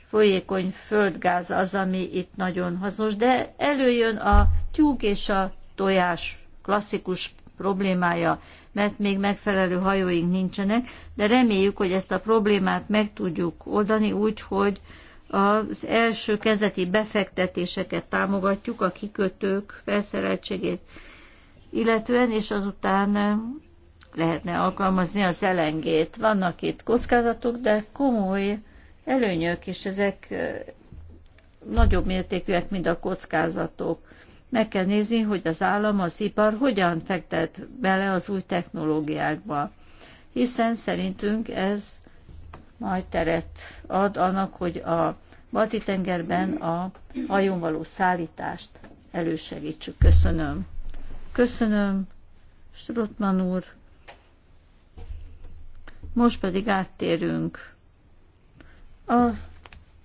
folyékony földgáz az, ami itt nagyon hasznos, de előjön a tyúk és a tojás klasszikus problémája, mert még megfelelő hajóink nincsenek, de reméljük, hogy ezt a problémát meg tudjuk oldani úgy, hogy az első kezdeti befektetéseket támogatjuk, a kikötők felszereltségét illetően, és azután lehetne alkalmazni az elengét. Vannak itt kockázatok, de komoly előnyök, és ezek eh, nagyobb mértékűek, mint a kockázatok. Meg kell nézni, hogy az állam, az ipar hogyan fektet bele az új technológiákba, hiszen szerintünk ez majd teret ad annak, hogy a Balti tengerben a hajón való szállítást elősegítsük. Köszönöm. Köszönöm, Strutman úr. Most pedig áttérünk a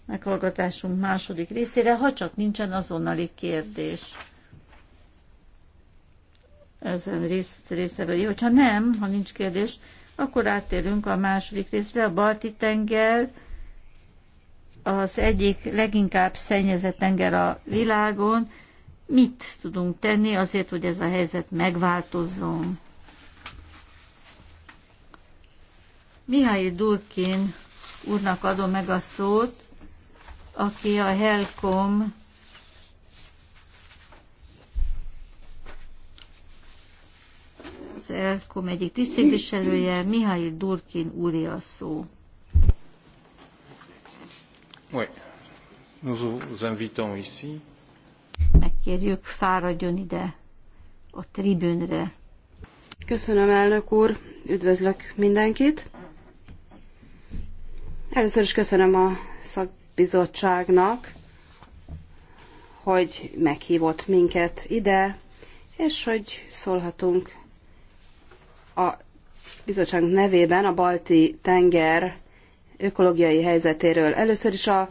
meghallgatásunk második részére, ha csak nincsen azonnali kérdés ez részt, rész, vagy? Hogyha nem, ha nincs kérdés, akkor áttérünk a második részre. A balti tenger az egyik leginkább szennyezett tenger a világon. Mit tudunk tenni azért, hogy ez a helyzet megváltozzon? Mihály Durkin úrnak adom meg a szót, aki a Helcom az ELKOM egyik tisztviselője, Mihály Durkin úri a szó. Oui. Nous vous invitons ici. Megkérjük, fáradjon ide a tribünre. Köszönöm, elnök úr, üdvözlök mindenkit. Először is köszönöm a szakbizottságnak, hogy meghívott minket ide, és hogy szólhatunk a bizottság nevében a balti tenger ökológiai helyzetéről. Először is a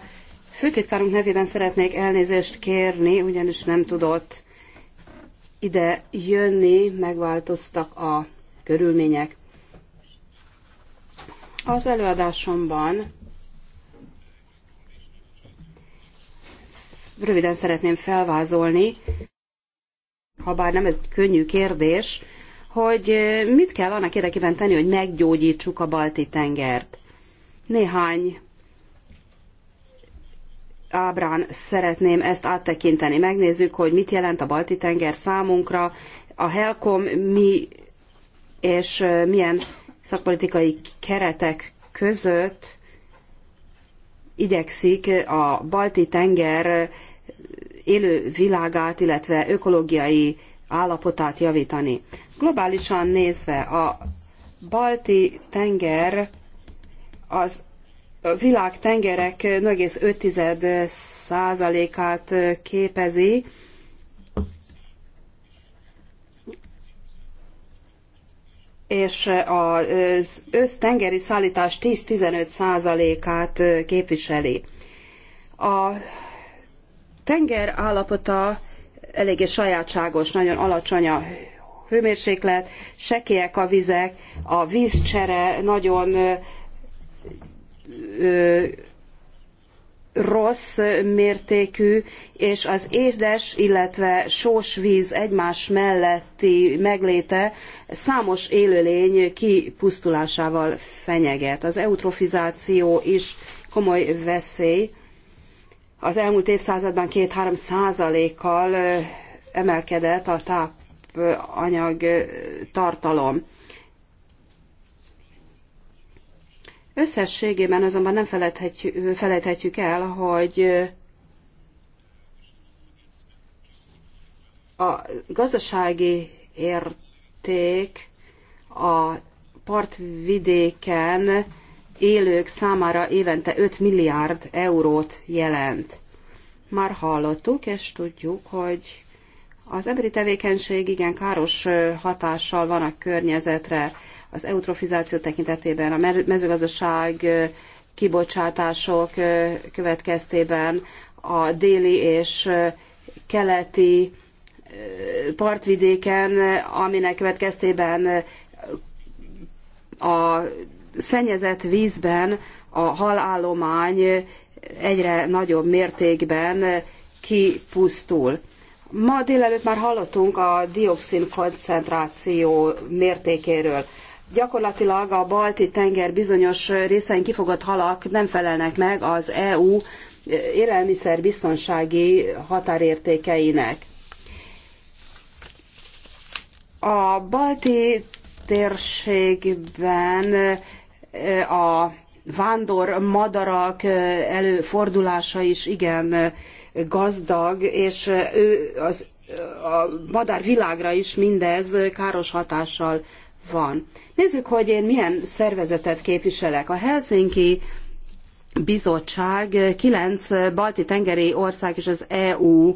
főtitkárunk nevében szeretnék elnézést kérni, ugyanis nem tudott ide jönni, megváltoztak a körülmények. Az előadásomban röviden szeretném felvázolni, ha bár nem ez egy könnyű kérdés, hogy mit kell annak érdekében tenni, hogy meggyógyítsuk a balti tengert. Néhány ábrán szeretném ezt áttekinteni. Megnézzük, hogy mit jelent a balti tenger számunkra, a Helcom mi és milyen szakpolitikai keretek között igyekszik a balti tenger élő világát, illetve ökológiai állapotát javítani. Globálisan nézve a balti tenger az világ tengerek 0,5 százalékát képezi, és az össztengeri szállítás 10-15 százalékát képviseli. A tenger állapota eléggé sajátságos, nagyon alacsony a hőmérséklet, sekélyek a vizek, a vízcsere nagyon rossz mértékű, és az édes, illetve sós víz egymás melletti megléte számos élőlény kipusztulásával fenyeget. Az eutrofizáció is komoly veszély az elmúlt évszázadban két-három százalékkal emelkedett a tápanyag tartalom. Összességében azonban nem felejthetjük, felejthetjük el, hogy a gazdasági érték a partvidéken élők számára évente 5 milliárd eurót jelent. Már hallottuk, és tudjuk, hogy az emberi tevékenység igen káros hatással van a környezetre, az eutrofizáció tekintetében, a mezőgazdaság kibocsátások következtében, a déli és keleti partvidéken, aminek következtében a szennyezett vízben a halállomány egyre nagyobb mértékben kipusztul. Ma délelőtt már hallottunk a dioxin koncentráció mértékéről. Gyakorlatilag a balti tenger bizonyos részein kifogott halak nem felelnek meg az EU élelmiszerbiztonsági határértékeinek. A balti térségben a vándor madarak előfordulása is igen gazdag, és ő az, a madár világra is mindez káros hatással van. Nézzük, hogy én milyen szervezetet képviselek. A Helsinki Bizottság kilenc balti tengeri ország és az EU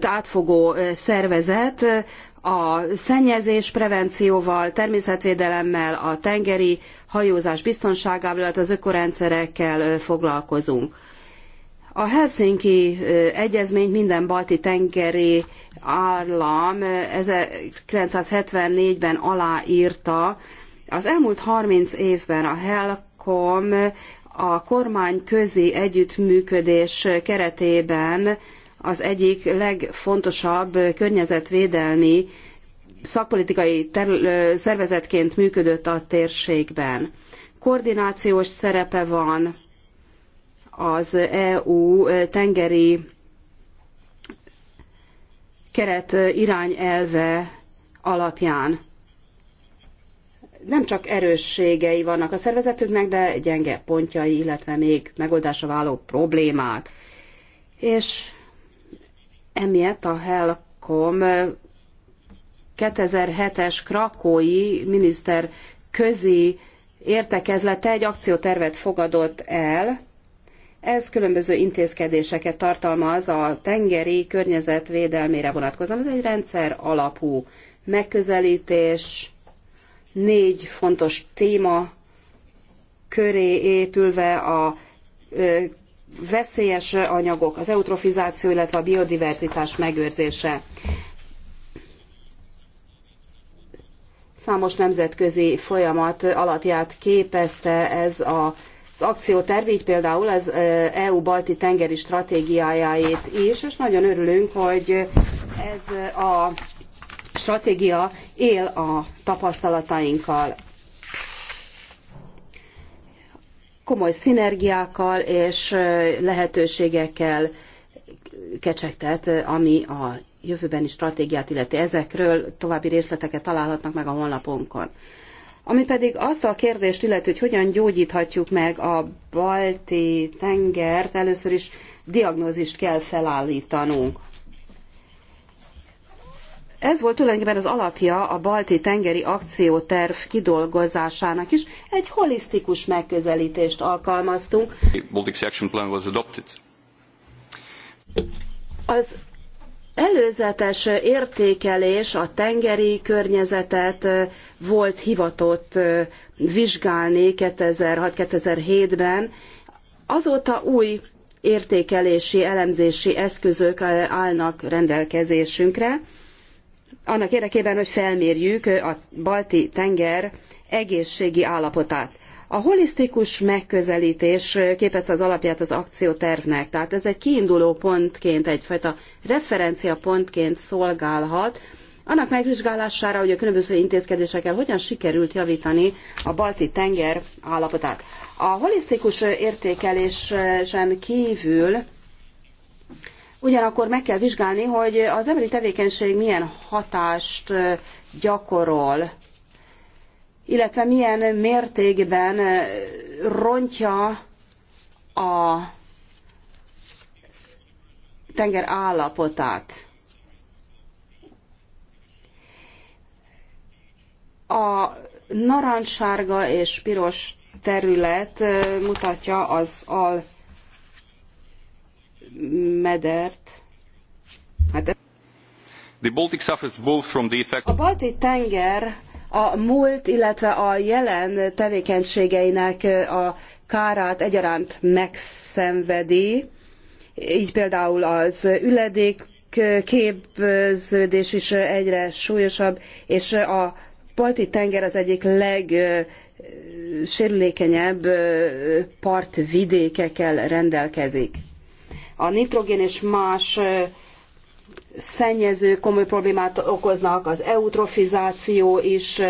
átfogó szervezet, a szennyezés prevencióval, természetvédelemmel, a tengeri hajózás biztonságával, illetve az ökorendszerekkel foglalkozunk. A Helsinki egyezményt minden balti tengeri állam 1974-ben aláírta. Az elmúlt 30 évben a Helcom a kormányközi együttműködés keretében az egyik legfontosabb környezetvédelmi szakpolitikai szervezetként működött a térségben. Koordinációs szerepe van az EU tengeri keret irányelve alapján. Nem csak erősségei vannak a szervezetünknek, de gyenge pontjai, illetve még megoldásra váló problémák. És Emiatt a Helcom 2007-es eh, krakói miniszter közi értekezlete egy akciótervet fogadott el. Ez különböző intézkedéseket tartalmaz a tengeri környezet védelmére vonatkozóan. Ez egy rendszer alapú megközelítés, négy fontos téma köré épülve a eh, veszélyes anyagok, az eutrofizáció, illetve a biodiverzitás megőrzése. Számos nemzetközi folyamat alapját képezte ez a az akcióterv, így például az EU-balti tengeri stratégiájáét is, és nagyon örülünk, hogy ez a stratégia él a tapasztalatainkkal. komoly szinergiákkal és lehetőségekkel kecsegtet, ami a jövőbeni stratégiát illeti. Ezekről további részleteket találhatnak meg a honlapunkon. Ami pedig azt a kérdést illeti, hogy hogyan gyógyíthatjuk meg a balti tengert, először is diagnózist kell felállítanunk. Ez volt tulajdonképpen az alapja a balti tengeri akcióterv kidolgozásának is. Egy holisztikus megközelítést alkalmaztunk. Baltic Action Plan was adopted. Az előzetes értékelés a tengeri környezetet volt hivatott vizsgálni 2006-2007-ben. Azóta új értékelési, elemzési eszközök állnak rendelkezésünkre annak érdekében, hogy felmérjük a balti tenger egészségi állapotát. A holisztikus megközelítés képezte az alapját az akciótervnek, tehát ez egy kiinduló pontként, egyfajta referencia pontként szolgálhat, annak megvizsgálására, hogy a különböző intézkedésekkel hogyan sikerült javítani a balti tenger állapotát. A holisztikus értékelésen kívül Ugyanakkor meg kell vizsgálni, hogy az emberi tevékenység milyen hatást gyakorol, illetve milyen mértékben rontja a tenger állapotát. A narancssárga és piros terület mutatja az al medert. Hát ez... The Baltic suffers both from the effect... A balti tenger a múlt, illetve a jelen tevékenységeinek a kárát egyaránt megszenvedi, így például az üledék képződés is egyre súlyosabb, és a balti tenger az egyik legsérülékenyebb partvidékekkel rendelkezik a nitrogén és más szennyező komoly problémát okoznak, az eutrofizáció is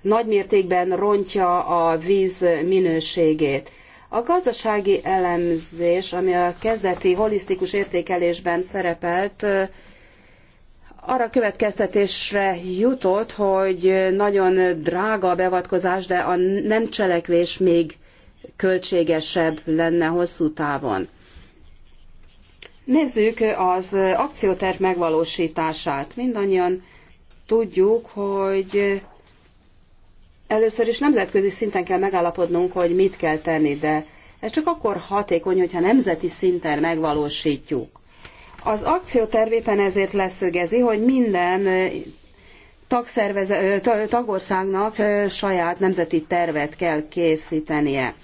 nagy mértékben rontja a víz minőségét. A gazdasági elemzés, ami a kezdeti holisztikus értékelésben szerepelt, arra következtetésre jutott, hogy nagyon drága a beavatkozás, de a nem cselekvés még költségesebb lenne hosszú távon. Nézzük az akcióterv megvalósítását. Mindannyian tudjuk, hogy először is nemzetközi szinten kell megállapodnunk, hogy mit kell tenni, de ez csak akkor hatékony, hogyha nemzeti szinten megvalósítjuk. Az akcióterv éppen ezért leszögezi, hogy minden tagországnak saját nemzeti tervet kell készítenie.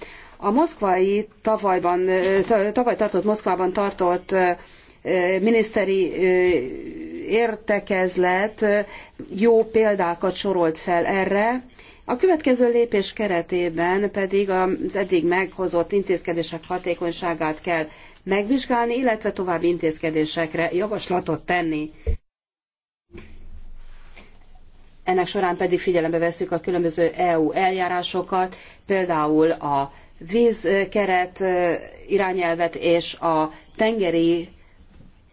A moszkvai tavalyban, tavaly tartott Moszkvában tartott miniszteri értekezlet jó példákat sorolt fel erre, a következő lépés keretében pedig az eddig meghozott intézkedések hatékonyságát kell megvizsgálni, illetve további intézkedésekre javaslatot tenni. Ennek során pedig figyelembe vesszük a különböző EU eljárásokat, például a vízkeret irányelvet és a tengeri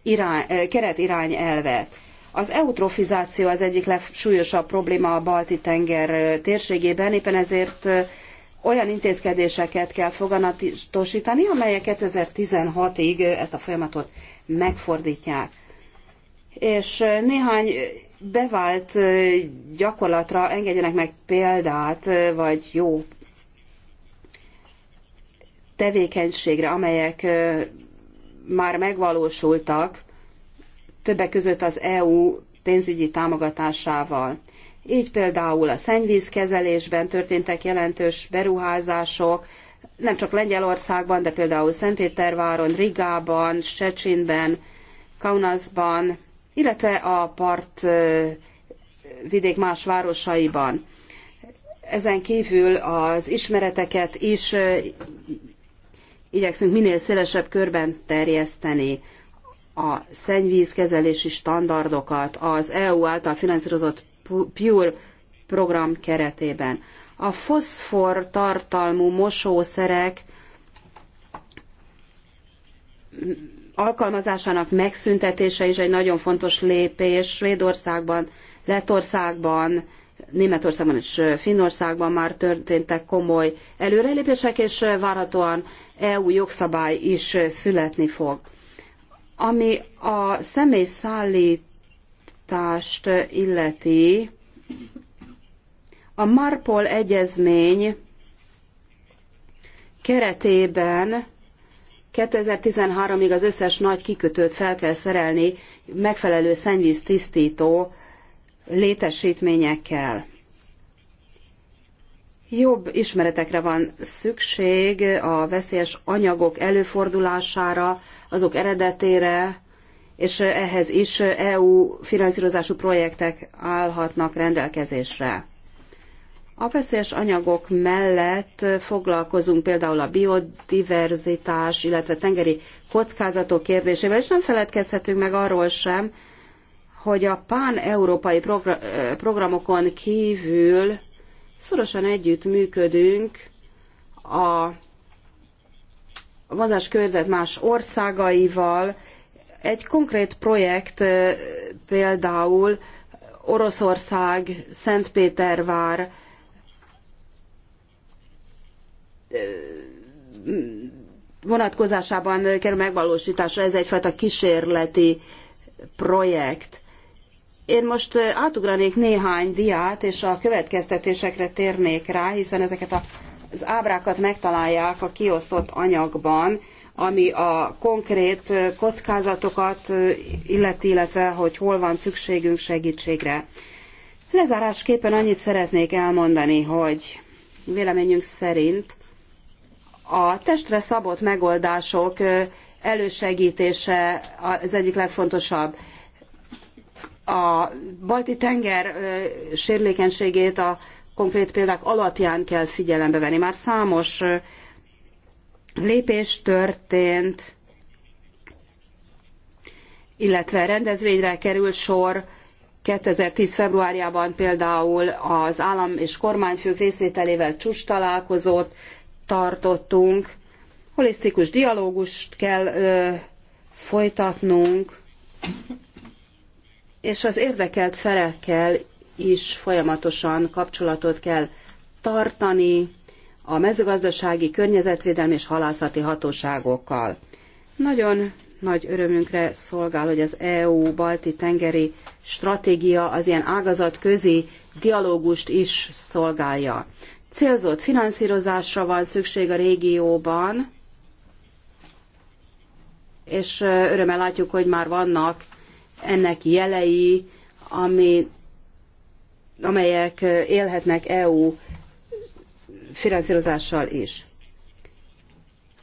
irány, keret irányelvet. Az eutrofizáció az egyik legsúlyosabb probléma a balti tenger térségében, éppen ezért olyan intézkedéseket kell foganatosítani, amelyek 2016-ig ezt a folyamatot megfordítják. És néhány bevált gyakorlatra engedjenek meg példát, vagy jó tevékenységre, amelyek már megvalósultak, többek között az EU pénzügyi támogatásával. Így például a szennyvízkezelésben történtek jelentős beruházások, nem csak Lengyelországban, de például Szentpéterváron, Rigában, Secsinben, Kaunasban, illetve a part vidék más városaiban. Ezen kívül az ismereteket is igyekszünk minél szélesebb körben terjeszteni a szennyvízkezelési standardokat az EU által finanszírozott Pure program keretében. A foszfor tartalmú mosószerek alkalmazásának megszüntetése is egy nagyon fontos lépés Svédországban, Letországban, Németországban és Finnországban már történtek komoly előrelépések, és várhatóan EU jogszabály is születni fog. Ami a személyszállítást illeti, a Marpol egyezmény keretében 2013-ig az összes nagy kikötőt fel kell szerelni megfelelő szennyvíz tisztító létesítményekkel. Jobb ismeretekre van szükség a veszélyes anyagok előfordulására, azok eredetére, és ehhez is EU finanszírozású projektek állhatnak rendelkezésre. A veszélyes anyagok mellett foglalkozunk például a biodiverzitás, illetve tengeri kockázatok kérdésével, és nem feledkezhetünk meg arról sem, hogy a pán-európai programokon kívül szorosan együtt működünk a vonzás körzet más országaival. Egy konkrét projekt például Oroszország, Szentpétervár, vonatkozásában kerül megvalósításra. Ez egyfajta kísérleti projekt. Én most átugranék néhány diát, és a következtetésekre térnék rá, hiszen ezeket az ábrákat megtalálják a kiosztott anyagban, ami a konkrét kockázatokat illeti, illetve hogy hol van szükségünk segítségre. Lezárásképpen annyit szeretnék elmondani, hogy véleményünk szerint a testre szabott megoldások elősegítése az egyik legfontosabb a balti tenger sérülékenységét a konkrét példák alapján kell figyelembe venni. Már számos lépés történt, illetve rendezvényre került sor 2010. februárjában például az állam és kormányfők részvételével csúcs találkozót tartottunk, holisztikus dialógust kell ö, folytatnunk, és az érdekelt felekkel is folyamatosan kapcsolatot kell tartani a mezőgazdasági, környezetvédelmi és halászati hatóságokkal. Nagyon nagy örömünkre szolgál, hogy az EU-balti tengeri stratégia az ilyen ágazatközi dialógust is szolgálja. Célzott finanszírozásra van szükség a régióban, és örömmel látjuk, hogy már vannak ennek jelei, ami, amelyek élhetnek EU finanszírozással is.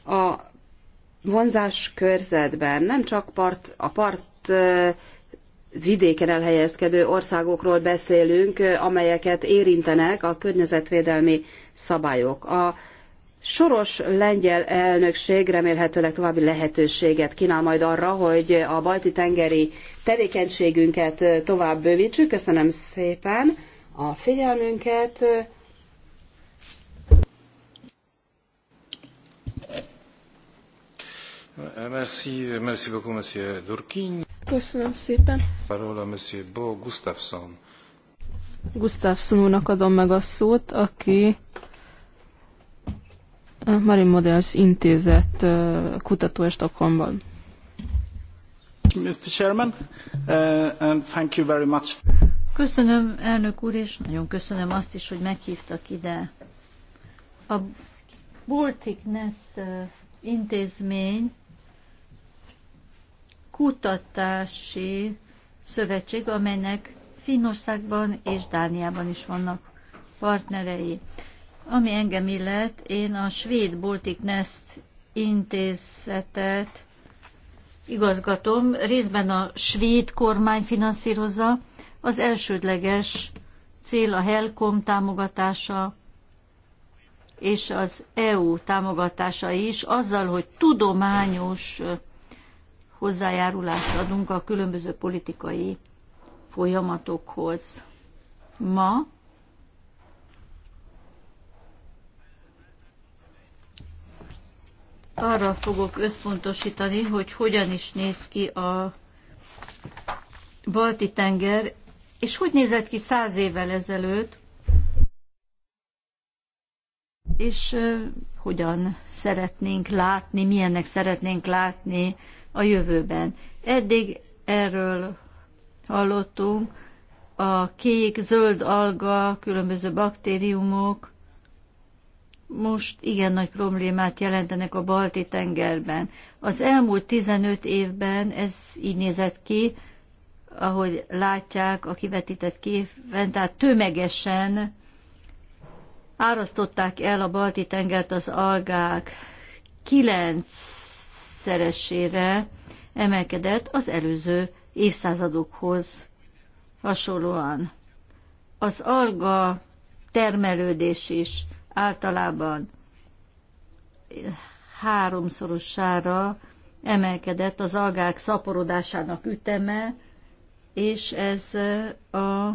A vonzás körzetben nem csak part, a part vidéken elhelyezkedő országokról beszélünk, amelyeket érintenek a környezetvédelmi szabályok. A soros lengyel elnökség remélhetőleg további lehetőséget kínál majd arra, hogy a balti tengeri tevékenységünket tovább bővítsük. Köszönöm szépen a figyelmünket. Merci, merci beaucoup, monsieur Durkin. Köszönöm szépen. Parola monsieur Bo Gustafsson. Gustafsson úrnak adom meg a szót, aki Marin Models Intézet kutató Stockholmban. Mr. Chairman, uh, and thank you very much. Köszönöm, elnök úr, és nagyon köszönöm azt is, hogy meghívtak ide. A Baltic Nest intézmény kutatási szövetség, amelynek Finnországban és Dániában is vannak partnerei. Ami engem illet, én a svéd Baltic Nest intézetet igazgatom, részben a svéd kormány finanszírozza, az elsődleges cél a Helcom támogatása, és az EU támogatása is, azzal, hogy tudományos hozzájárulást adunk a különböző politikai folyamatokhoz. Ma arra fogok összpontosítani, hogy hogyan is néz ki a Balti tenger, és hogy nézett ki száz évvel ezelőtt, és hogyan szeretnénk látni, milyennek szeretnénk látni a jövőben. Eddig erről hallottunk, a kék, zöld alga, különböző baktériumok, most igen nagy problémát jelentenek a balti tengerben. Az elmúlt 15 évben ez így nézett ki, ahogy látják a kivetített képen, tehát tömegesen árasztották el a balti tengert az algák kilencszeresére emelkedett az előző évszázadokhoz hasonlóan. Az alga termelődés is általában háromszorosára emelkedett az algák szaporodásának üteme, és ez a eh,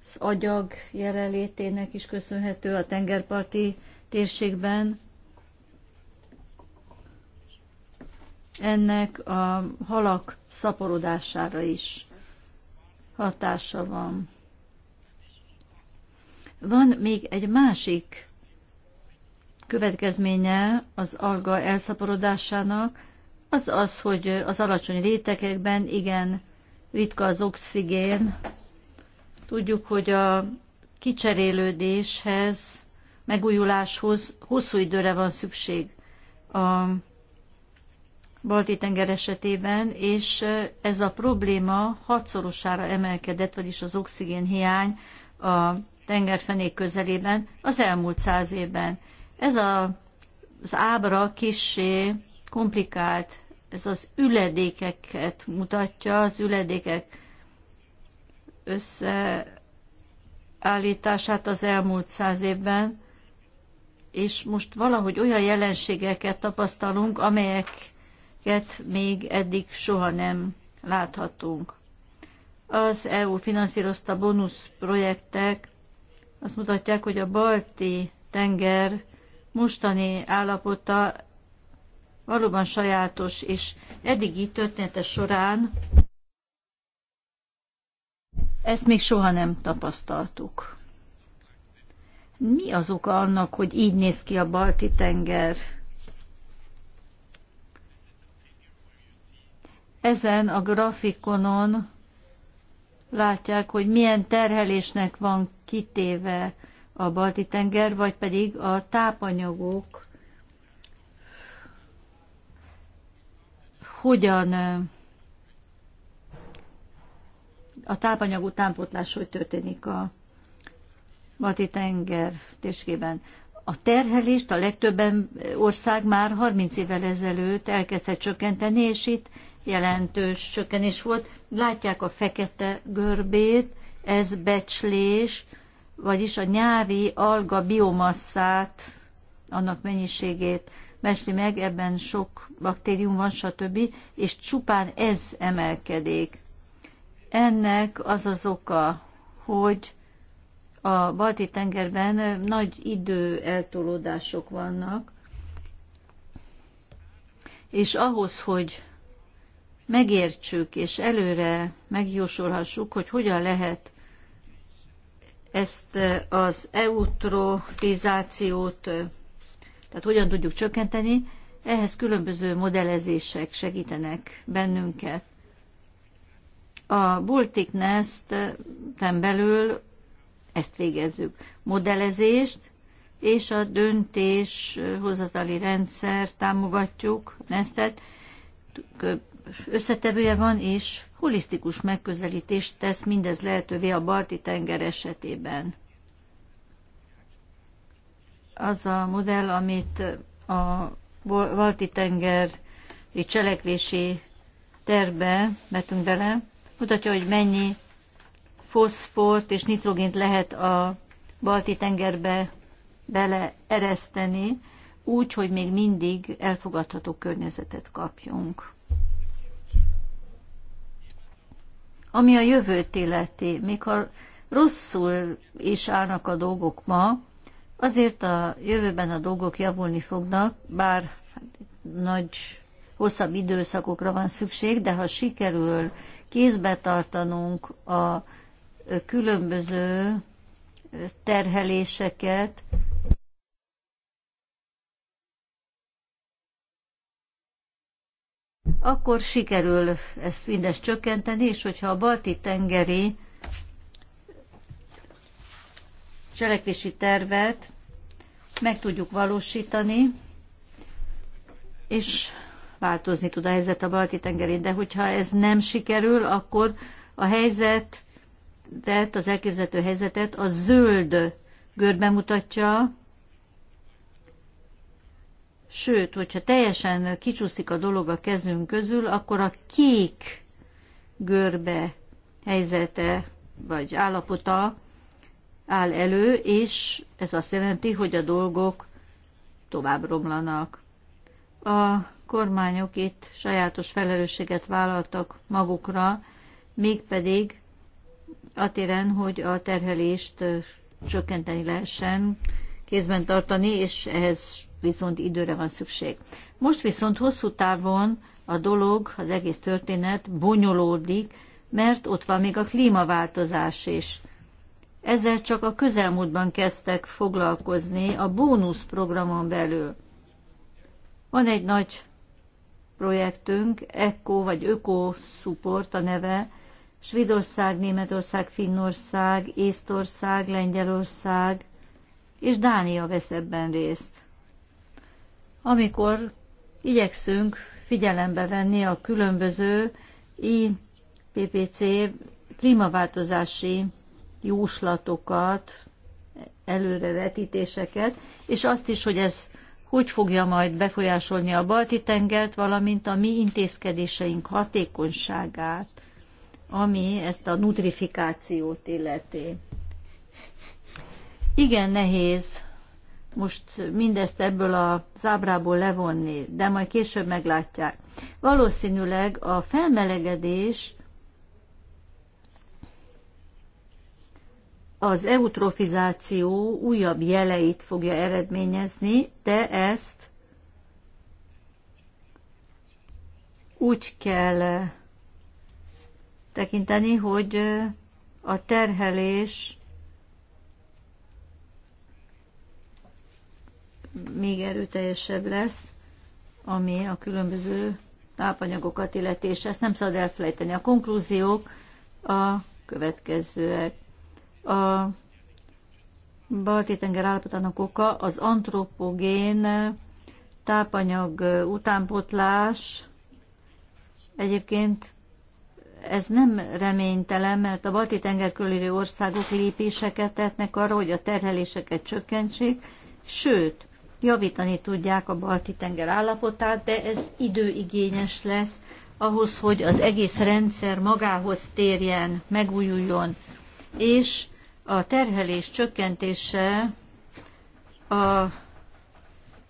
az agyag jelenlétének is köszönhető a tengerparti térségben. Ennek a halak szaporodására is hatása van. Van még egy másik következménye az alga elszaporodásának, az az, hogy az alacsony rétegekben igen ritka az oxigén. Tudjuk, hogy a kicserélődéshez, megújuláshoz hosszú időre van szükség a Balti-tenger esetében, és ez a probléma hatszorosára emelkedett, vagyis az oxigén hiány a tengerfenék közelében az elmúlt száz évben. Ez a, az ábra kissé komplikált, ez az üledékeket mutatja, az üledékek összeállítását az elmúlt száz évben, és most valahogy olyan jelenségeket tapasztalunk, amelyeket még eddig soha nem láthatunk. Az EU finanszírozta bónusz projektek azt mutatják, hogy a balti tenger mostani állapota valóban sajátos, és eddigi története során ezt még soha nem tapasztaltuk. Mi az oka annak, hogy így néz ki a balti tenger? Ezen a grafikonon látják, hogy milyen terhelésnek van kitéve a Balti-tenger, vagy pedig a tápanyagok hogyan a tápanyag utánpótlás hogy történik a Balti tenger térségében. A terhelést a legtöbben ország már 30 évvel ezelőtt elkezdett csökkenteni, és itt jelentős csökkenés volt. Látják a fekete görbét, ez becslés, vagyis a nyári alga biomasszát, annak mennyiségét mesli meg, ebben sok baktérium van, stb., és csupán ez emelkedik. Ennek az az oka, hogy a balti tengerben nagy idő eltolódások vannak, és ahhoz, hogy megértsük és előre megjósolhassuk, hogy hogyan lehet ezt eh, az eutrofizációt, eh, tehát hogyan tudjuk csökkenteni, ehhez különböző modellezések segítenek bennünket. A Baltic Nest-en eh, belül ezt végezzük. Modellezést és a döntés hozatali rendszer támogatjuk, Nestet, összetevője van, és holisztikus megközelítést tesz mindez lehetővé a Balti-tenger esetében. Az a modell, amit a Balti-tenger cselekvési tervbe metünk bele, mutatja, hogy mennyi foszfort és nitrogént lehet a Balti-tengerbe beleereszteni, úgy, hogy még mindig elfogadható környezetet kapjunk. Ami a jövőt illeti, mikor rosszul is állnak a dolgok ma, azért a jövőben a dolgok javulni fognak, bár nagy, hosszabb időszakokra van szükség, de ha sikerül kézbe tartanunk a különböző terheléseket, akkor sikerül ezt mindezt csökkenteni, és hogyha a balti tengeri cselekvési tervet meg tudjuk valósítani, és változni tud a helyzet a balti tengerén, de hogyha ez nem sikerül, akkor a helyzet, tehát az elképzelhető helyzetet a zöld görbe mutatja, Sőt, hogyha teljesen kicsúszik a dolog a kezünk közül, akkor a kék görbe helyzete vagy állapota áll elő, és ez azt jelenti, hogy a dolgok tovább romlanak. A kormányok itt sajátos felelősséget vállaltak magukra, mégpedig téren, hogy a terhelést csökkenteni lehessen kézben tartani, és ehhez viszont időre van szükség. Most viszont hosszú távon a dolog, az egész történet bonyolódik, mert ott van még a klímaváltozás is. Ezzel csak a közelmúltban kezdtek foglalkozni a programon belül. Van egy nagy projektünk, ECO vagy Öko Support a neve, Svédország, Németország, Finnország, Észtország, Lengyelország, és Dánia vesz ebben részt. Amikor igyekszünk figyelembe venni a különböző IPPC klímaváltozási jóslatokat, előrevetítéseket, és azt is, hogy ez hogy fogja majd befolyásolni a Balti-tengert, valamint a mi intézkedéseink hatékonyságát, ami ezt a nutrifikációt illeti. Igen nehéz most mindezt ebből a zábrából levonni, de majd később meglátják. Valószínűleg a felmelegedés az eutrofizáció újabb jeleit fogja eredményezni, de ezt úgy kell tekinteni, hogy a terhelés még erőteljesebb lesz, ami a különböző tápanyagokat illeti, és ezt nem szabad elfelejteni. A konklúziók a következőek. A Balti-tenger állapotának oka az antropogén tápanyag utánpotlás. Egyébként ez nem reménytelen, mert a Balti-tenger körüli országok lépéseket tettnek arra, hogy a terheléseket csökkentsék, sőt, javítani tudják a balti tenger állapotát, de ez időigényes lesz ahhoz, hogy az egész rendszer magához térjen, megújuljon, és a terhelés csökkentése a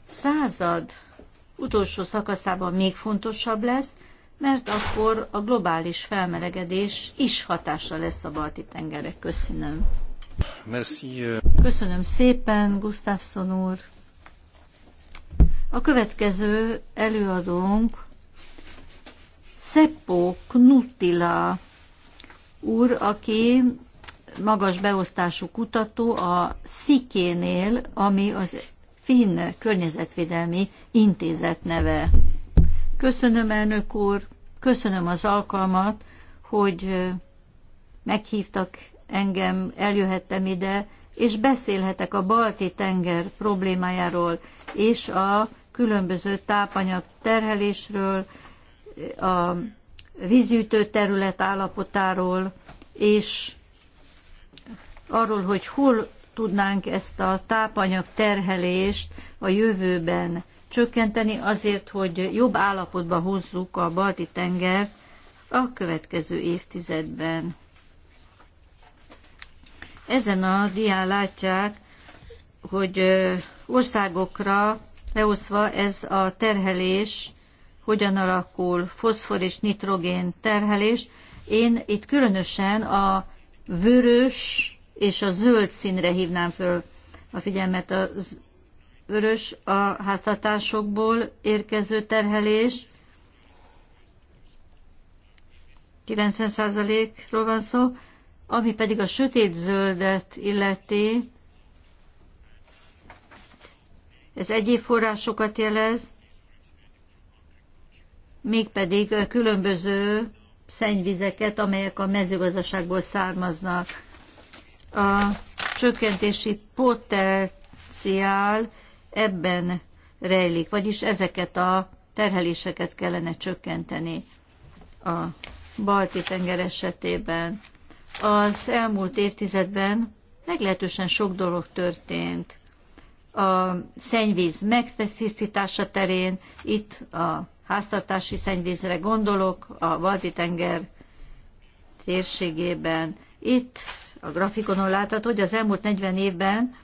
század utolsó szakaszában még fontosabb lesz, mert akkor a globális felmelegedés is hatása lesz a balti tengerek. Köszönöm. Merci. Euh. Köszönöm szépen, Gustafsson úr. A következő előadónk Szeppó Knutila úr, aki magas beosztású kutató a Szikénél, ami az Finn Környezetvédelmi Intézet neve. Köszönöm, elnök úr, köszönöm az alkalmat, hogy meghívtak engem, eljöhettem ide, és beszélhetek a balti tenger problémájáról és a különböző tápanyag terhelésről, a vízütő terület állapotáról, és arról, hogy hol tudnánk ezt a tápanyag terhelést a jövőben csökkenteni azért, hogy jobb állapotba hozzuk a balti tengert a következő évtizedben. Ezen a dián látják, hogy országokra leosztva ez a terhelés hogyan alakul, foszfor és nitrogén terhelés. Én itt különösen a vörös és a zöld színre hívnám föl a figyelmet. A vörös a háztartásokból érkező terhelés, 90%-ról van szó, ami pedig a sötét zöldet illeti, ez egyéb forrásokat jelez, mégpedig különböző szennyvizeket, amelyek a mezőgazdaságból származnak. A csökkentési potenciál ebben rejlik, vagyis ezeket a terheléseket kellene csökkenteni a Balti-tenger esetében. Az elmúlt évtizedben meglehetősen sok dolog történt a szennyvíz megtisztítása terén, itt a háztartási szennyvízre gondolok, a Balti-tenger térségében. Itt a grafikonon látható, hogy az elmúlt 40 évben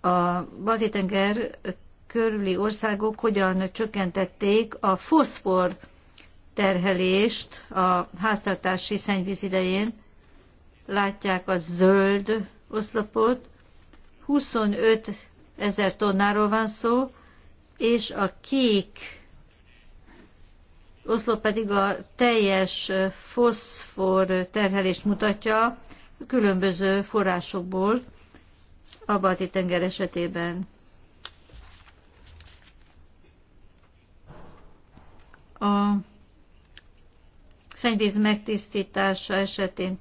a Balti-tenger körüli országok hogyan csökkentették a foszfor terhelést a háztartási szennyvíz idején. Látják a zöld oszlopot, 25 ezer tonnáról van szó, és a kék oszlop pedig a teljes foszfor terhelést mutatja különböző forrásokból a balti tenger esetében. A szennyvíz megtisztítása esetén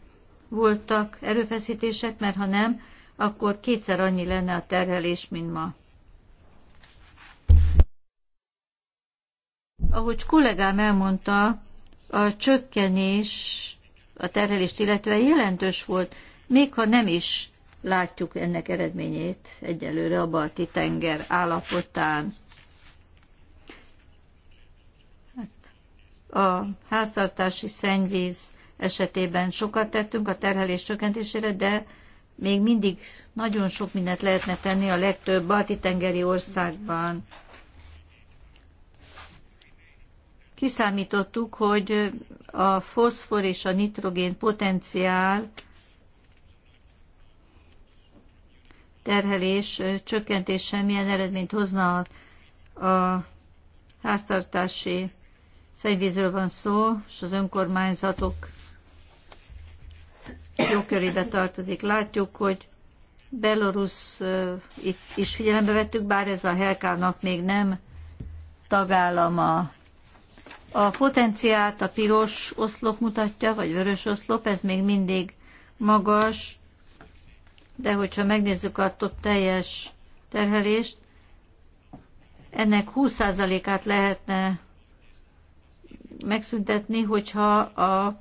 voltak erőfeszítések, mert ha nem, akkor kétszer annyi lenne a terhelés, mint ma. Ahogy kollégám elmondta, a csökkenés a terhelést illetően jelentős volt, még ha nem is látjuk ennek eredményét egyelőre a balti tenger állapotán. Hát a háztartási szennyvíz esetében sokat tettünk a terhelés csökkentésére, de még mindig nagyon sok mindent lehetne tenni a legtöbb balti-tengeri országban. Kiszámítottuk, hogy a foszfor és a nitrogén potenciál terhelés csökkentése milyen eredményt hozna a háztartási szennyvízről van szó, és az önkormányzatok jogkörébe tartozik. Látjuk, hogy Belarus itt is figyelembe vettük, bár ez a Helkának még nem tagállama. A potenciát a piros oszlop mutatja, vagy vörös oszlop, ez még mindig magas, de hogyha megnézzük a teljes terhelést, ennek 20%-át lehetne megszüntetni, hogyha a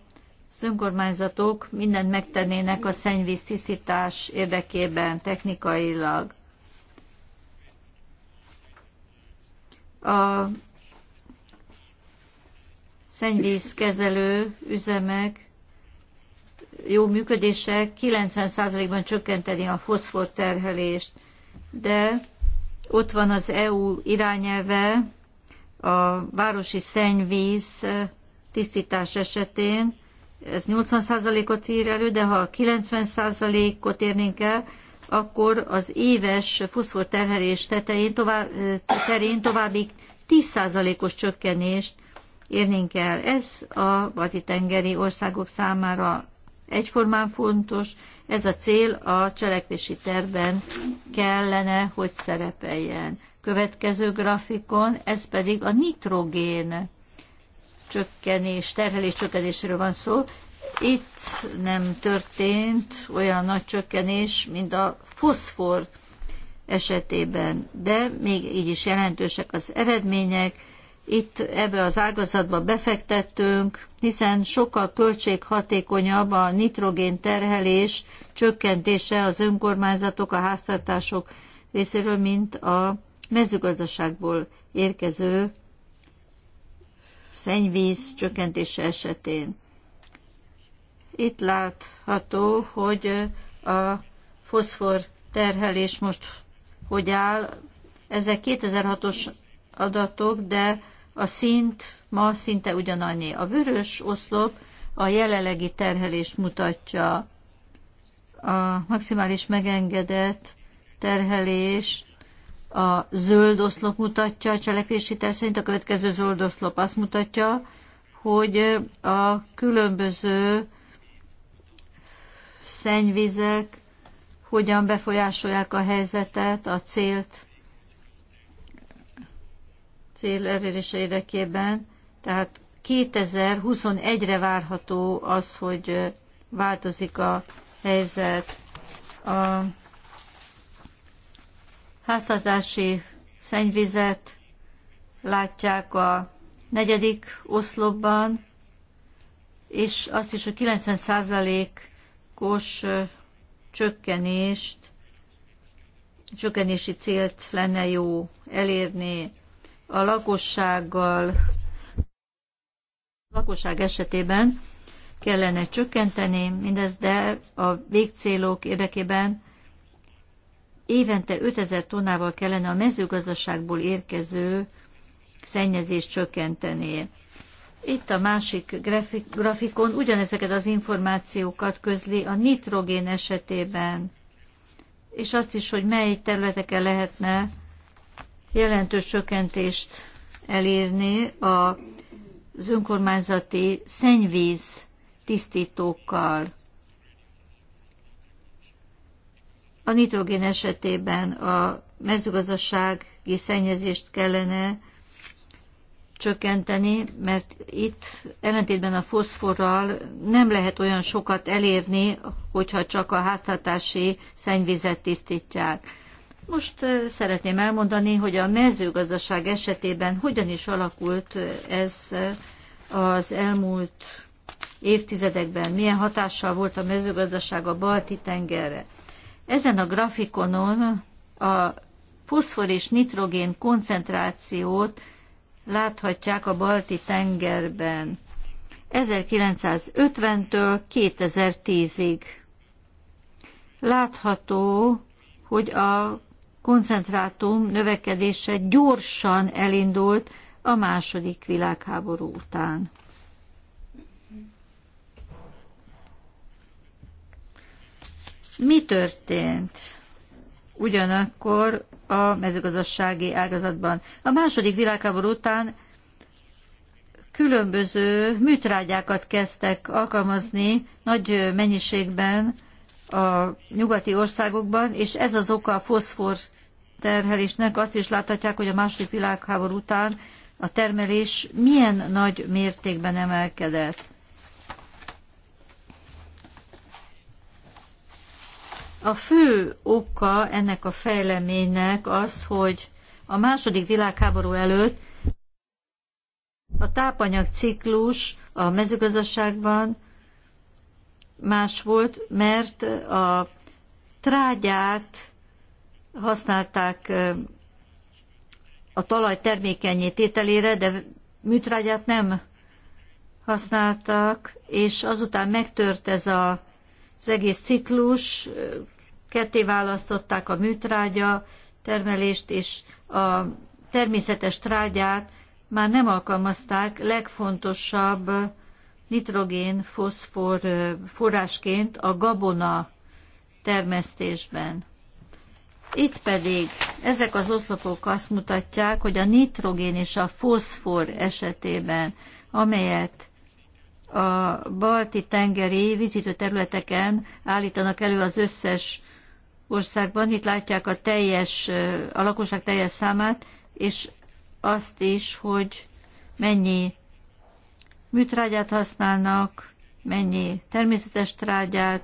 az önkormányzatok mindent megtennének a szennyvíz tisztítás érdekében technikailag. A szennyvízkezelő üzemek jó működése 90%-ban csökkenteni a foszforterhelést, de ott van az EU irányelve a városi szennyvíz tisztítás esetén, ez 80%-ot ír elő, de ha 90%-ot érnénk el, akkor az éves foszforterhelés tetején tovább, terén további 10%-os csökkenést érnénk el. Ez a balti-tengeri országok számára egyformán fontos, ez a cél a cselekvési tervben kellene, hogy szerepeljen. Következő grafikon, ez pedig a nitrogén csökkenés, terhelés csökkenéséről van szó. Itt nem történt olyan nagy csökkenés, mint a foszfor esetében, de még így is jelentősek az eredmények. Itt ebbe az ágazatba befektettünk, hiszen sokkal költséghatékonyabb a nitrogén terhelés csökkentése az önkormányzatok, a háztartások részéről, mint a mezőgazdaságból érkező szennyvíz csökkentése esetén. Itt látható, hogy a foszfor terhelés most hogy áll. Ezek 2006-os adatok, de a szint ma szinte ugyanannyi. A vörös oszlop a jelenlegi terhelést mutatja. A maximális megengedett terhelés a zöld oszlop mutatja, a cselekvési terv szerint a következő zöld oszlop azt mutatja, hogy a különböző szennyvizek hogyan befolyásolják a helyzetet, a célt, cél elérése érdekében. Tehát 2021-re várható az, hogy változik a helyzet. A háztartási szennyvizet látják a negyedik oszlopban, és azt is, hogy 90%-os csökkenést, csökkenési célt lenne jó elérni a lakossággal, a lakosság esetében kellene csökkenteni mindez, de a végcélok érdekében évente 5000 tonnával kellene a mezőgazdaságból érkező szennyezést csökkenteni. Itt a másik grafikon ugyanezeket az információkat közli a nitrogén esetében, és azt is, hogy mely területeken lehetne jelentős csökkentést elérni az önkormányzati szennyvíz tisztítókkal. A nitrogén esetében a mezőgazdasági szennyezést kellene csökkenteni, mert itt ellentétben a foszforral nem lehet olyan sokat elérni, hogyha csak a háztartási szennyvizet tisztítják. Most szeretném elmondani, hogy a mezőgazdaság esetében hogyan is alakult ez az elmúlt évtizedekben, milyen hatással volt a mezőgazdaság a Balti tengerre. Ezen a grafikonon a foszfor és nitrogén koncentrációt láthatják a Balti tengerben 1950-től 2010-ig. Látható, hogy a koncentrátum növekedése gyorsan elindult a második világháború után. Mi történt ugyanakkor a mezőgazdasági ágazatban? A második világháború után különböző műtrágyákat kezdtek alkalmazni nagy mennyiségben a nyugati országokban, és ez az oka a foszfor terhelésnek. Azt is láthatják, hogy a második világháború után a termelés milyen nagy mértékben emelkedett. A fő oka ennek a fejleménynek az, hogy a második világháború előtt a tápanyagciklus a mezőgazdaságban más volt, mert a trágyát használták a talaj termékenyé tételére, de műtrágyát nem használtak, és azután megtört ez a az egész ciklus, ketté választották a műtrágya termelést, és a természetes trágyát már nem alkalmazták legfontosabb nitrogén, foszfor forrásként a gabona termesztésben. Itt pedig ezek az oszlopok azt mutatják, hogy a nitrogén és a foszfor esetében, amelyet a balti tengeri vízítő területeken állítanak elő az összes országban. Itt látják a teljes, a lakosság teljes számát, és azt is, hogy mennyi műtrágyát használnak, mennyi természetes trágyát,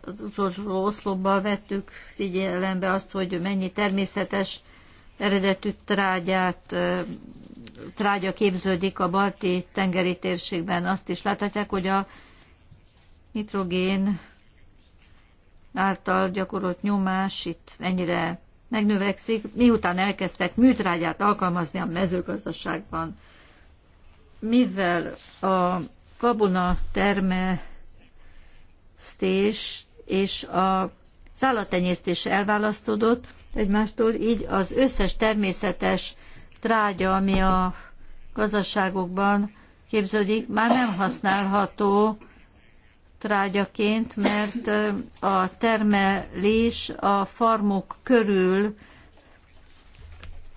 az utolsó oszlopban vettük figyelembe azt, hogy mennyi természetes eredetű trágyát trágya képződik a balti tengeri térségben. Azt is láthatják, hogy a nitrogén által gyakorolt nyomás itt ennyire megnövekszik, miután elkezdtek műtrágyát alkalmazni a mezőgazdaságban. Mivel a gabona termesztés és a szállatenyésztés elválasztódott egymástól, így az összes természetes trágya, ami a gazdaságokban képződik, már nem használható trágyaként, mert a termelés a farmok körül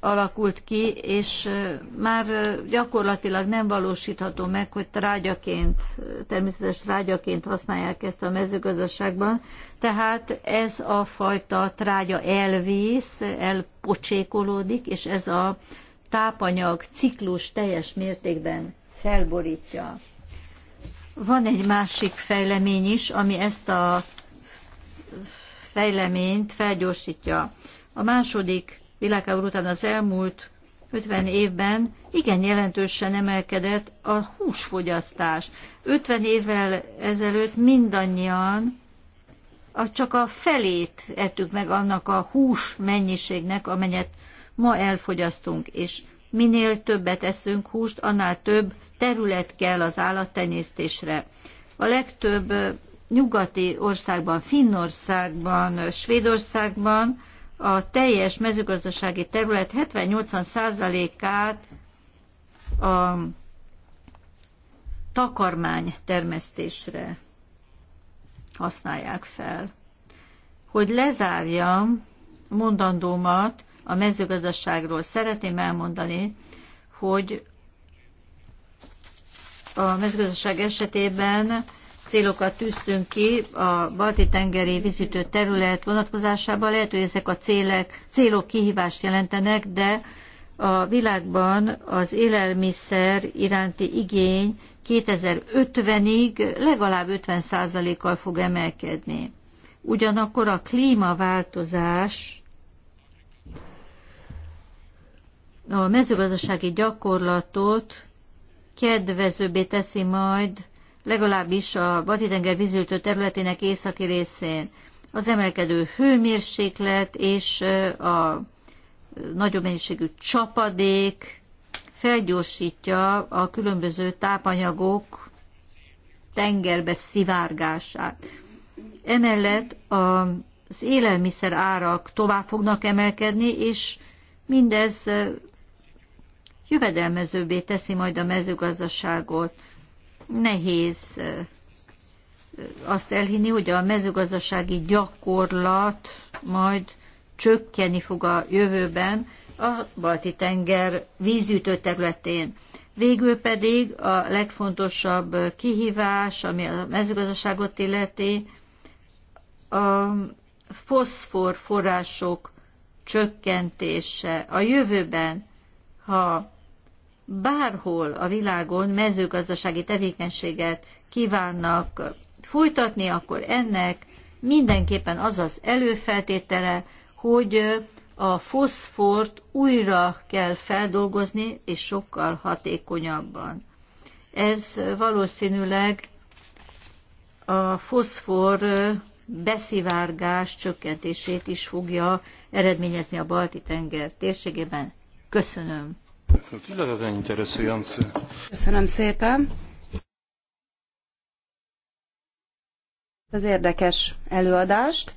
alakult ki, és már gyakorlatilag nem valósítható meg, hogy trágyaként, természetes trágyaként használják ezt a mezőgazdaságban. Tehát ez a fajta trágya elvész, elpocsékolódik, és ez a tápanyag ciklus teljes mértékben felborítja. Van egy másik fejlemény is, ami ezt a fejleményt felgyorsítja. A második világháború után az elmúlt 50 évben igen jelentősen emelkedett a húsfogyasztás. 50 évvel ezelőtt mindannyian csak a felét ettük meg annak a hús mennyiségnek, amennyet ma elfogyasztunk, és minél többet eszünk húst, annál több terület kell az állattenyésztésre. A legtöbb nyugati országban, Finnországban, Svédországban a teljes mezőgazdasági terület 70-80%-át a takarmány termesztésre használják fel. Hogy lezárjam mondandómat, a mezőgazdaságról. Szeretném elmondani, hogy a mezőgazdaság esetében célokat tűztünk ki a balti tengeri vízütő terület vonatkozásában. Lehet, hogy ezek a célek, célok kihívást jelentenek, de a világban az élelmiszer iránti igény 2050-ig legalább 50%-kal fog emelkedni. Ugyanakkor a klímaváltozás a mezőgazdasági gyakorlatot kedvezőbbé teszi majd legalábbis a Batitenger vízültő területének északi részén. Az emelkedő hőmérséklet és a nagyobb mennyiségű csapadék felgyorsítja a különböző tápanyagok tengerbe szivárgását. Emellett az élelmiszer árak tovább fognak emelkedni, és mindez jövedelmezőbbé teszi majd a mezőgazdaságot. Nehéz azt elhinni, hogy a mezőgazdasági gyakorlat majd csökkeni fog a jövőben a Balti-tenger vízütő területén. Végül pedig a legfontosabb kihívás, ami a mezőgazdaságot illeti, a foszfor források csökkentése. A jövőben, ha bárhol a világon mezőgazdasági tevékenységet kívánnak folytatni, akkor ennek mindenképpen az az előfeltétele, hogy a foszfort újra kell feldolgozni, és sokkal hatékonyabban. Ez valószínűleg a foszfor beszivárgás csökkentését is fogja eredményezni a Balti tenger térségében. Köszönöm. Köszönöm szépen. Az érdekes előadást.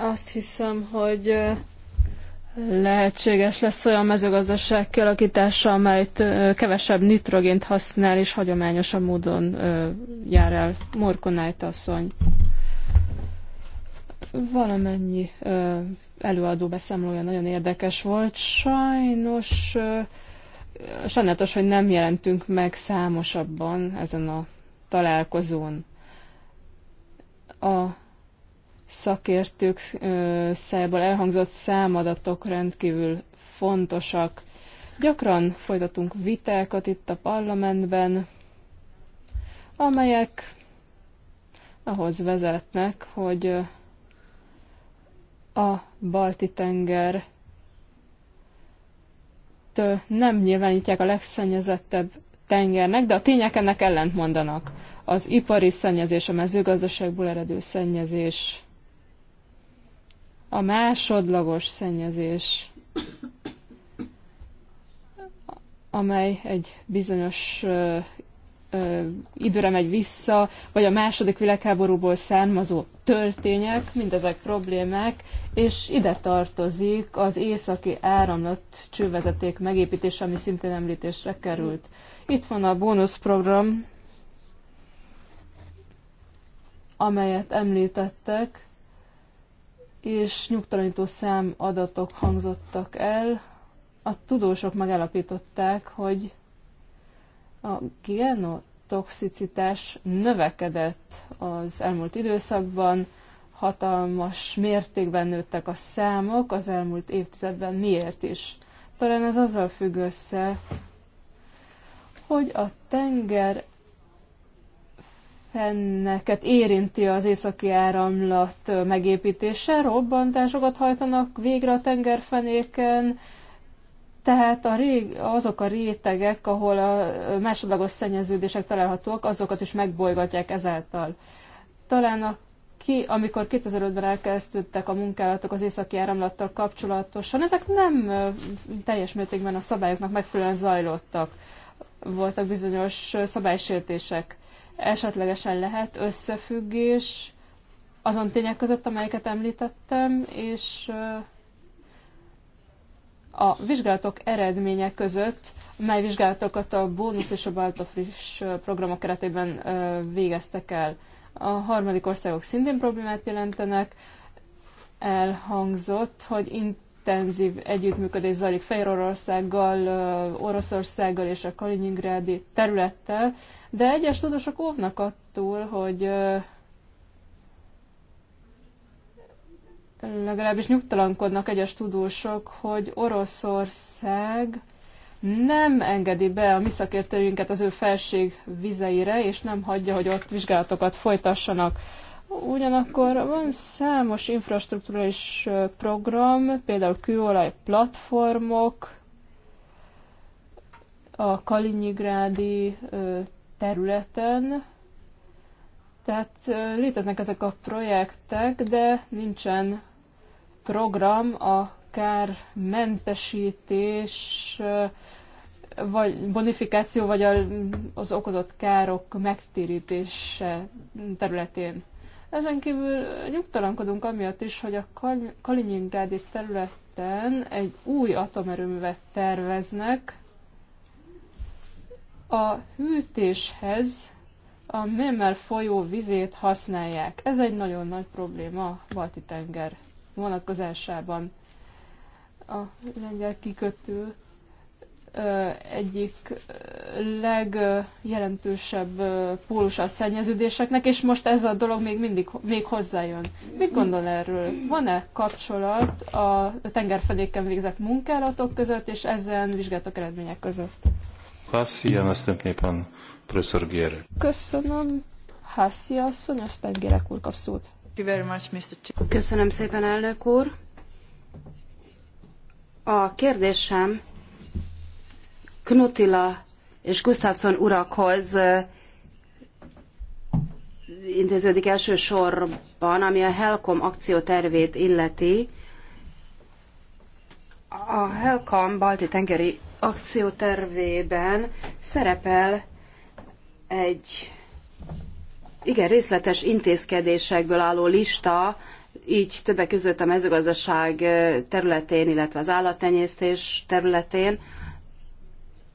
Azt hiszem, hogy e, lehetséges lesz olyan mezőgazdaság kialakítása, amely e, kevesebb nitrogént használ és hagyományosabb módon e, jár el. Morkonájt asszony. Valamennyi előadó beszámolója nagyon érdekes volt. Sajnos sajnálatos, hogy nem jelentünk meg számosabban ezen a találkozón. A szakértők szájából elhangzott számadatok rendkívül fontosak. Gyakran folytatunk vitákat itt a parlamentben, amelyek ahhoz vezetnek, hogy a balti tenger nem nyilvánítják a legszennyezettebb tengernek, de a tények ennek ellent mondanak. Az ipari szennyezés, a mezőgazdaságból eredő szennyezés, a másodlagos szennyezés, amely egy bizonyos időre megy vissza, vagy a második világháborúból származó törtények, mindezek problémák, és ide tartozik az északi áramlat csővezeték megépítése, ami szintén említésre került. Itt van a bónuszprogram, amelyet említettek, és nyugtalanító szám adatok hangzottak el. A tudósok megállapították, hogy a genotoxicitás növekedett az elmúlt időszakban, hatalmas mértékben nőttek a számok az elmúlt évtizedben. Miért is? Talán ez azzal függ össze, hogy a tenger fenneket érinti az északi áramlat megépítése, robbantásokat hajtanak végre a tengerfenéken, tehát a rég, azok a rétegek, ahol a másodlagos szennyeződések találhatóak, azokat is megbolygatják ezáltal. Talán a ki, amikor 2005-ben elkezdődtek a munkálatok az északi áramlattal kapcsolatosan, ezek nem teljes mértékben a szabályoknak megfelelően zajlottak. Voltak bizonyos szabálysértések. Esetlegesen lehet összefüggés azon tények között, amelyeket említettem, és a vizsgálatok eredménye között, mely vizsgálatokat a bónusz és a Balta friss programok keretében végeztek el. A harmadik országok szintén problémát jelentenek. Elhangzott, hogy intenzív együttműködés zajlik Fehéroroszággal, Oroszországgal és a Kaliningrádi területtel, de egyes tudósok óvnak attól, hogy legalábbis nyugtalankodnak egyes tudósok, hogy Oroszország nem engedi be a mi szakértőinket az ő felség vizeire, és nem hagyja, hogy ott vizsgálatokat folytassanak. Ugyanakkor van számos infrastruktúrális program, például kőolaj platformok, a Kalinyigrádi területen, tehát léteznek ezek a projektek, de nincsen program a kármentesítés, vagy bonifikáció, vagy az okozott károk megtérítése területén. Ezen kívül nyugtalankodunk amiatt is, hogy a Kaliningrádi területen egy új atomerőművet terveznek. A hűtéshez a Memel folyó vizét használják. Ez egy nagyon nagy probléma a Balti tenger vonatkozásában. A lengyel kikötő egyik legjelentősebb pólusa a szennyeződéseknek, és most ez a dolog még mindig még hozzájön. Mit gondol erről? Van-e kapcsolat a tengerfenéken végzett munkálatok között, és ezen vizsgálatok eredmények között? Hassia, następnie pan profesor Gierek. Köszönöm. Hászi asszony, aztán Gérek úr kap szót. Köszönöm szépen, A kérdésem Knutila és Gustafsson urakhoz intéződik elsősorban, ami a Helcom akciótervét illeti. A Helcom balti tengeri akciótervében szerepel egy igen részletes intézkedésekből álló lista, így többek között a mezőgazdaság területén, illetve az állattenyésztés területén.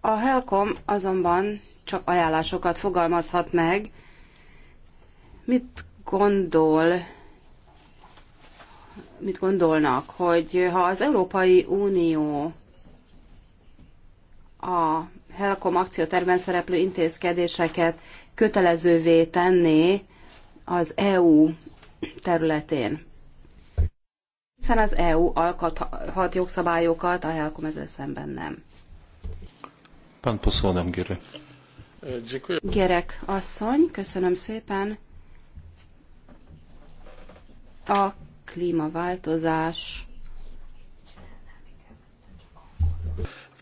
A Helcom azonban csak ajánlásokat fogalmazhat meg. Mit gondol, mit gondolnak, hogy ha az Európai Unió a Helcom akcióterben szereplő intézkedéseket kötelezővé tenni az EU területén. Hiszen az EU alkothat jogszabályokat, a Helkom ezzel szemben nem. Pán poszolnám, Gerek asszony, köszönöm szépen. A klímaváltozás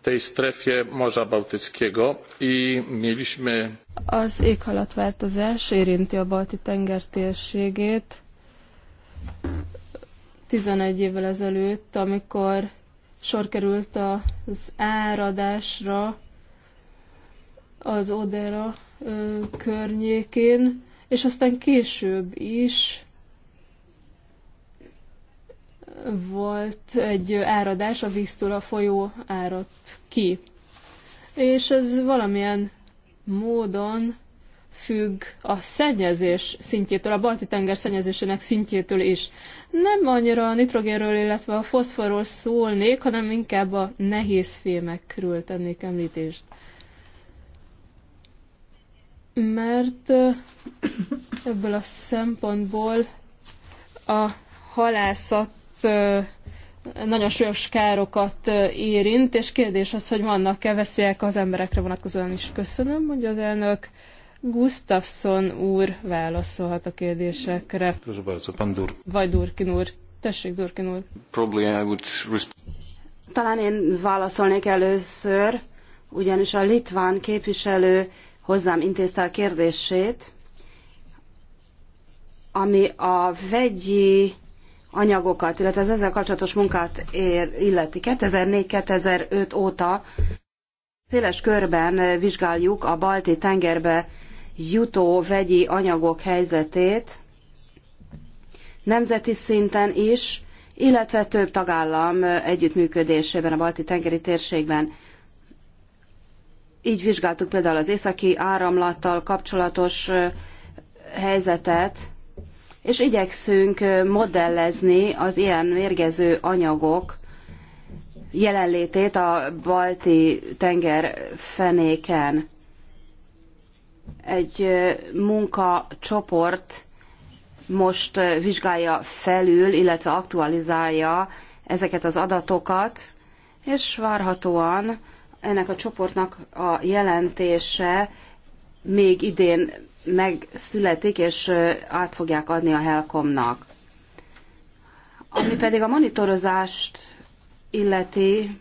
tej strefie Morza Bałtyckiego i mieliśmy... Az éghajlatváltozás érinti a balti tenger térségét. 11 évvel ezelőtt, amikor sor került az áradásra az Odera környékén, és aztán később is volt egy áradás, a víztől a folyó áradt ki. És ez valamilyen módon függ a szennyezés szintjétől, a balti tenger szennyezésének szintjétől is. Nem annyira a nitrogénről, illetve a foszforról szólnék, hanem inkább a nehéz fémekről tennék említést. Mert ebből a szempontból a halászat nagyon súlyos károkat érint, és kérdés az, hogy vannak-e veszélyek az emberekre vonatkozóan is. Köszönöm, hogy az elnök Gustafsson úr válaszolhat a kérdésekre. Vagy Durkin úr. Tessék, Durkin úr. Probably I would Talán én válaszolnék először, ugyanis a litván képviselő hozzám intézte a kérdését, ami a vegyi anyagokat, illetve az ezzel kapcsolatos munkát ér, illeti. 2004-2005 óta széles körben vizsgáljuk a balti tengerbe jutó vegyi anyagok helyzetét, nemzeti szinten is, illetve több tagállam együttműködésében a balti tengeri térségben. Így vizsgáltuk például az északi áramlattal kapcsolatos helyzetet, és igyekszünk modellezni az ilyen mérgező anyagok jelenlétét a balti tenger fenéken. Egy munkacsoport most vizsgálja felül, illetve aktualizálja ezeket az adatokat, és várhatóan ennek a csoportnak a jelentése még idén megszületik, és át fogják adni a Helcomnak. Ami pedig a monitorozást illeti,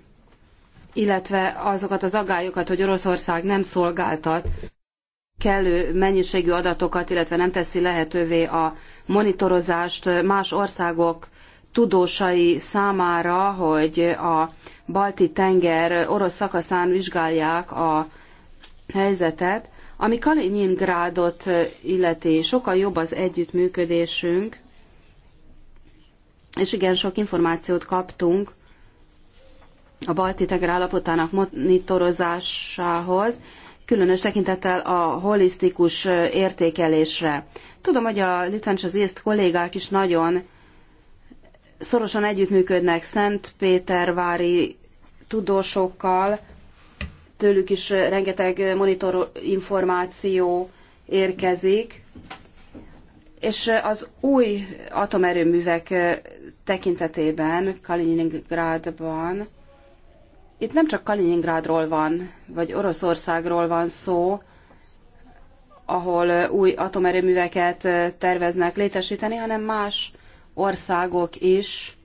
illetve azokat az agályokat, hogy Oroszország nem szolgáltat kellő mennyiségű adatokat, illetve nem teszi lehetővé a monitorozást más országok tudósai számára, hogy a balti tenger orosz szakaszán vizsgálják a helyzetet. Ami Kaliningrádot illeti, sokkal jobb az együttműködésünk, és igen, sok információt kaptunk a balti tenger állapotának monitorozásához, különös tekintettel a holisztikus értékelésre. Tudom, hogy a Litán és az észt kollégák is nagyon szorosan együttműködnek Szentpétervári tudósokkal, tőlük is rengeteg monitor információ érkezik, és az új atomerőművek tekintetében Kaliningrádban, itt nem csak Kaliningrádról van, vagy Oroszországról van szó, ahol új atomerőműveket terveznek létesíteni, hanem más országok is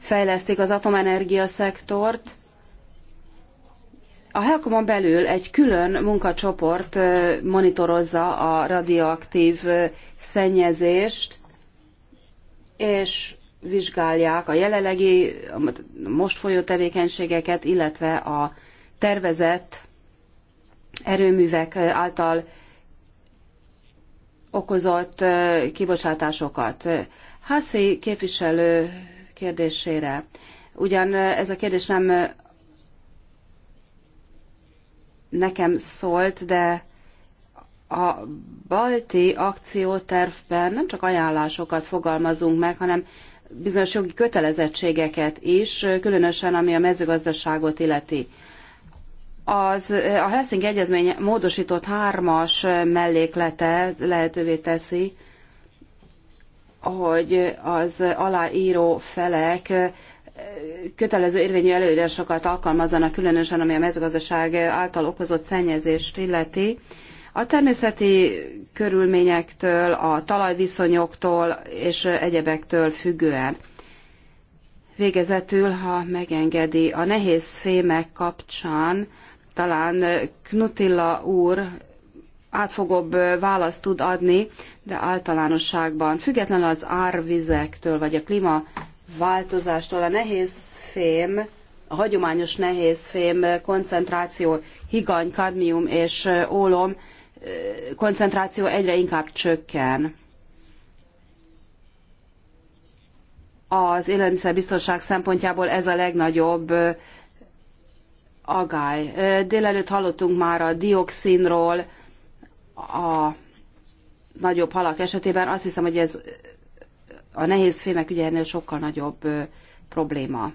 fejlesztik az atomenergia szektort, a Helcomon belül egy külön munkacsoport monitorozza a radioaktív szennyezést, és vizsgálják a jelenlegi, most folyó tevékenységeket, illetve a tervezett erőművek által okozott kibocsátásokat. Hászi képviselő kérdésére. Ugyan ez a kérdés nem nekem szólt, de a balti akciótervben nem csak ajánlásokat fogalmazunk meg, hanem bizonyos jogi kötelezettségeket is, különösen ami a mezőgazdaságot illeti. Az, a Helsinki Egyezmény módosított hármas melléklete lehetővé teszi, hogy az aláíró felek kötelező érvényű előírásokat alkalmazzanak, különösen ami a mezőgazdaság által okozott szennyezést illeti. A természeti körülményektől, a talajviszonyoktól és egyebektől függően. Végezetül, ha megengedi, a nehéz fémek kapcsán talán Knutilla úr átfogóbb választ tud adni, de általánosságban, függetlenül az árvizektől vagy a klíma változástól a nehézfém, a hagyományos nehézfém koncentráció, higany, kadmium és ólom koncentráció egyre inkább csökken. Az élelmiszerbiztonság szempontjából ez a legnagyobb agály. Délelőtt hallottunk már a dioxinról, a nagyobb halak esetében. Azt hiszem, hogy ez a nehéz fémek ugye ennél sokkal nagyobb probléma.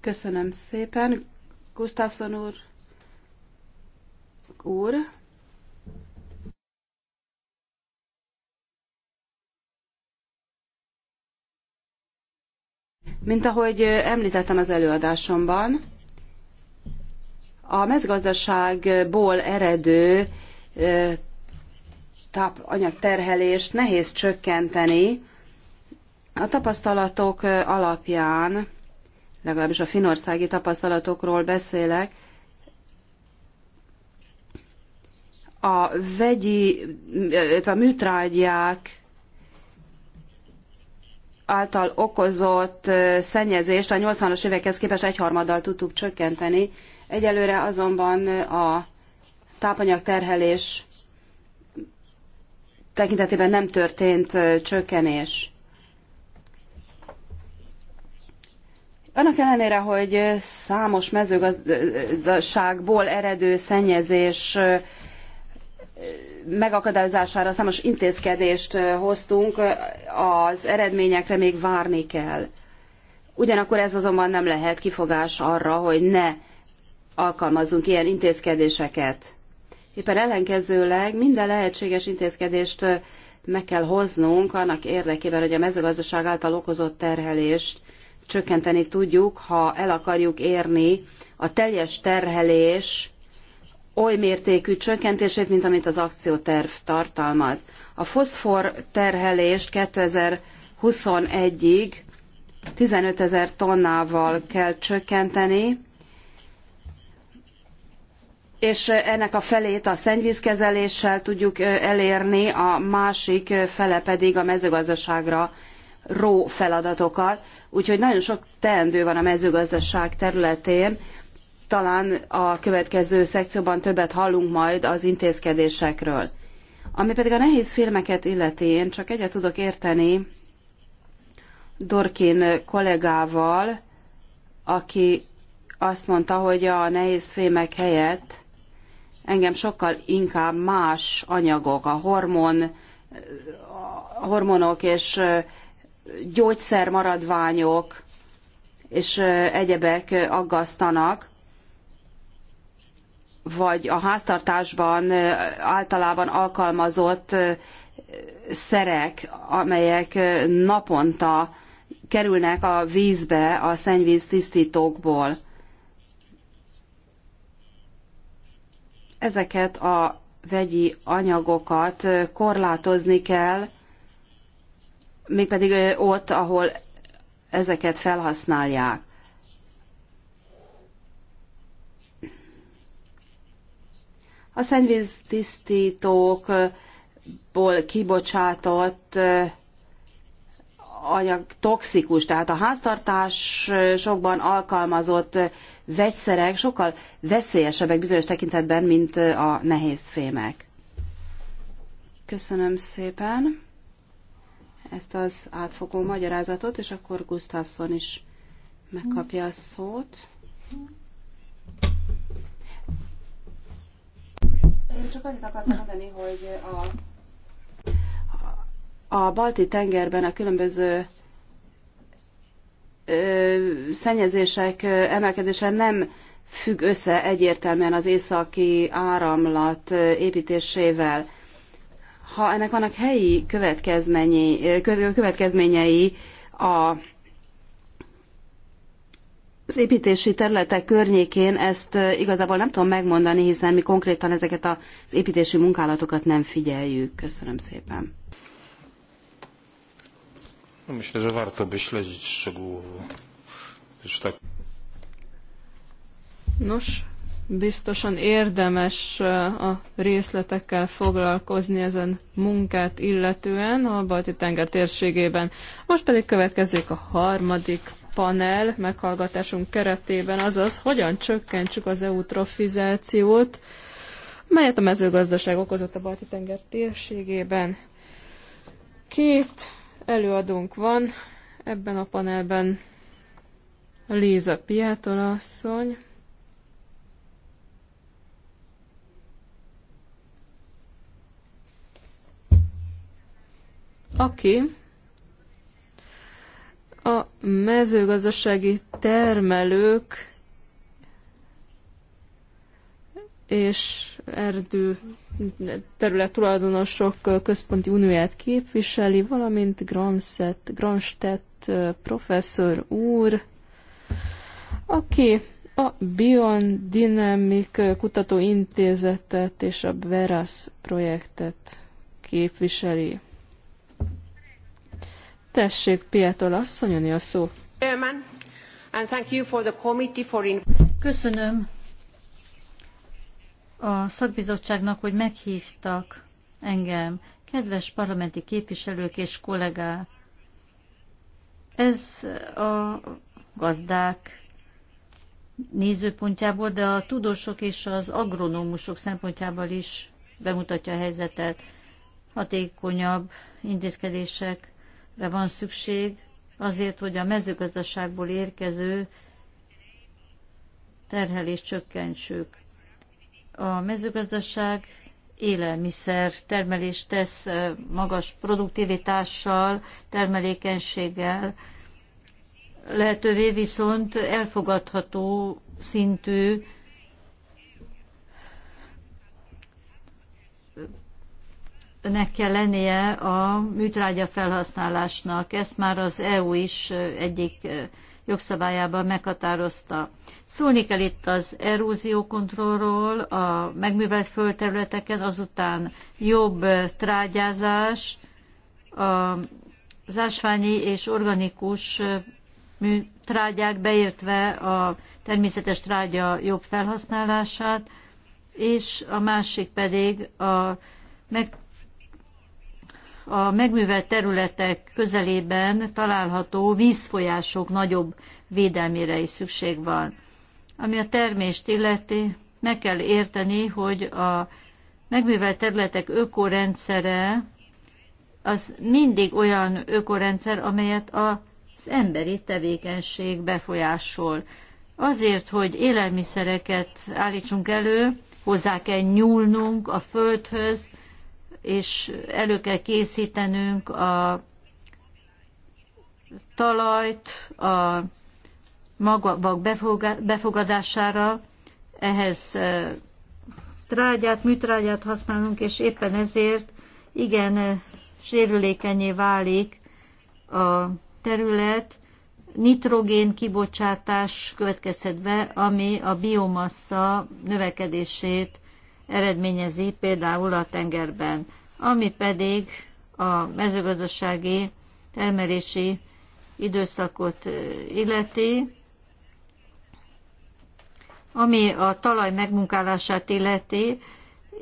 Köszönöm szépen, Gustafsson úr. úr. Mint ahogy említettem az előadásomban, a mezgazdaságból eredő tápanyagterhelést nehéz csökkenteni. A tapasztalatok alapján, legalábbis a finországi tapasztalatokról beszélek, a vegyi, a műtrágyák által okozott szennyezést a 80-as évekhez képest egyharmaddal tudtuk csökkenteni. Egyelőre azonban a tápanyagterhelés tekintetében nem történt csökkenés. Annak ellenére, hogy számos mezőgazdaságból eredő szennyezés megakadályozására számos intézkedést hoztunk, az eredményekre még várni kell. Ugyanakkor ez azonban nem lehet kifogás arra, hogy ne alkalmazzunk ilyen intézkedéseket. Éppen ellenkezőleg minden lehetséges intézkedést meg kell hoznunk annak érdekében, hogy a mezőgazdaság által okozott terhelést csökkenteni tudjuk, ha el akarjuk érni a teljes terhelés oly mértékű csökkentését, mint amit az akcióterv tartalmaz. A foszfor terhelést 2021-ig 15 ezer tonnával kell csökkenteni, és ennek a felét a szennyvízkezeléssel tudjuk elérni, a másik fele pedig a mezőgazdaságra ró feladatokat. Úgyhogy nagyon sok teendő van a mezőgazdaság területén. Talán a következő szekcióban többet hallunk majd az intézkedésekről. Ami pedig a nehéz filmeket illeti, én csak egyet tudok érteni Dorkin kollégával, aki azt mondta, hogy a nehéz filmek helyett engem sokkal inkább más anyagok, a hormon, a hormonok és gyógyszermaradványok és egyebek aggasztanak, vagy a háztartásban általában alkalmazott szerek, amelyek naponta kerülnek a vízbe a szennyvíz tisztítókból. ezeket a vegyi anyagokat korlátozni kell, mégpedig ott, ahol ezeket felhasználják. A szennyvíztisztítókból kibocsátott anyag toxikus, tehát a háztartásokban alkalmazott vegyszerek sokkal veszélyesebbek bizonyos tekintetben, mint a nehéz fémek. Köszönöm szépen ezt az átfogó magyarázatot, és akkor Gustafsson is megkapja a szót. Én csak annyit akartam mondani, hogy a, a balti tengerben a különböző szennyezések emelkedése nem függ össze egyértelműen az északi áramlat építésével. Ha ennek vannak helyi következményei a az építési területek környékén ezt igazából nem tudom megmondani, hiszen mi konkrétan ezeket az építési munkálatokat nem figyeljük. Köszönöm szépen. Myślę, że warto by śledzić szczegółowo. Tak. Nos, biztosan érdemes e, a részletekkel foglalkozni ezen munkát illetően a balti tenger térségében. Most pedig következik a harmadik panel meghallgatásunk keretében, azaz hogyan csökkentsük az eutrofizációt, melyet a mezőgazdaság okozott a balti tenger térségében. Két előadónk van ebben a panelben Léza Piátor asszony, aki a mezőgazdasági termelők és erdő terület tulajdonosok központi unióját képviseli, valamint Granset, Granstedt professzor úr, aki a Bion Dynamic Kutatóintézetet és a Veras projektet képviseli. Tessék, Pietol asszony, a szó. Köszönöm a szakbizottságnak, hogy meghívtak engem. Kedves parlamenti képviselők és kollégák, ez a gazdák nézőpontjából, de a tudósok és az agronómusok szempontjából is bemutatja a helyzetet. Hatékonyabb intézkedésekre van szükség azért, hogy a mezőgazdaságból érkező terhelés csökkentsük. A mezőgazdaság élelmiszer termelés tesz magas produktivitással, termelékenységgel, lehetővé viszont elfogadható szintű nek kell lennie a műtrágya felhasználásnak. Ezt már az EU is egyik jogszabályában meghatározta. Szólni kell itt az eróziókontrollról, a megművelt földterületeken, azután jobb trágyázás, az ásványi és organikus trágyák beértve a természetes trágya jobb felhasználását, és a másik pedig a meg a megművelt területek közelében található vízfolyások nagyobb védelmére is szükség van. Ami a termést illeti, meg kell érteni, hogy a megművelt területek ökorendszere az mindig olyan ökorendszer, amelyet az emberi tevékenység befolyásol. Azért, hogy élelmiszereket állítsunk elő, hozzá kell nyúlnunk a földhöz, és elő kell készítenünk a talajt a magvak befogadására, ehhez trágyát, műtrágyát használunk, és éppen ezért igen sérülékenyé válik a terület, nitrogén kibocsátás következhet be, ami a biomassa növekedését eredményezi például a tengerben, ami pedig a mezőgazdasági termelési időszakot illeti, ami a talaj megmunkálását illeti,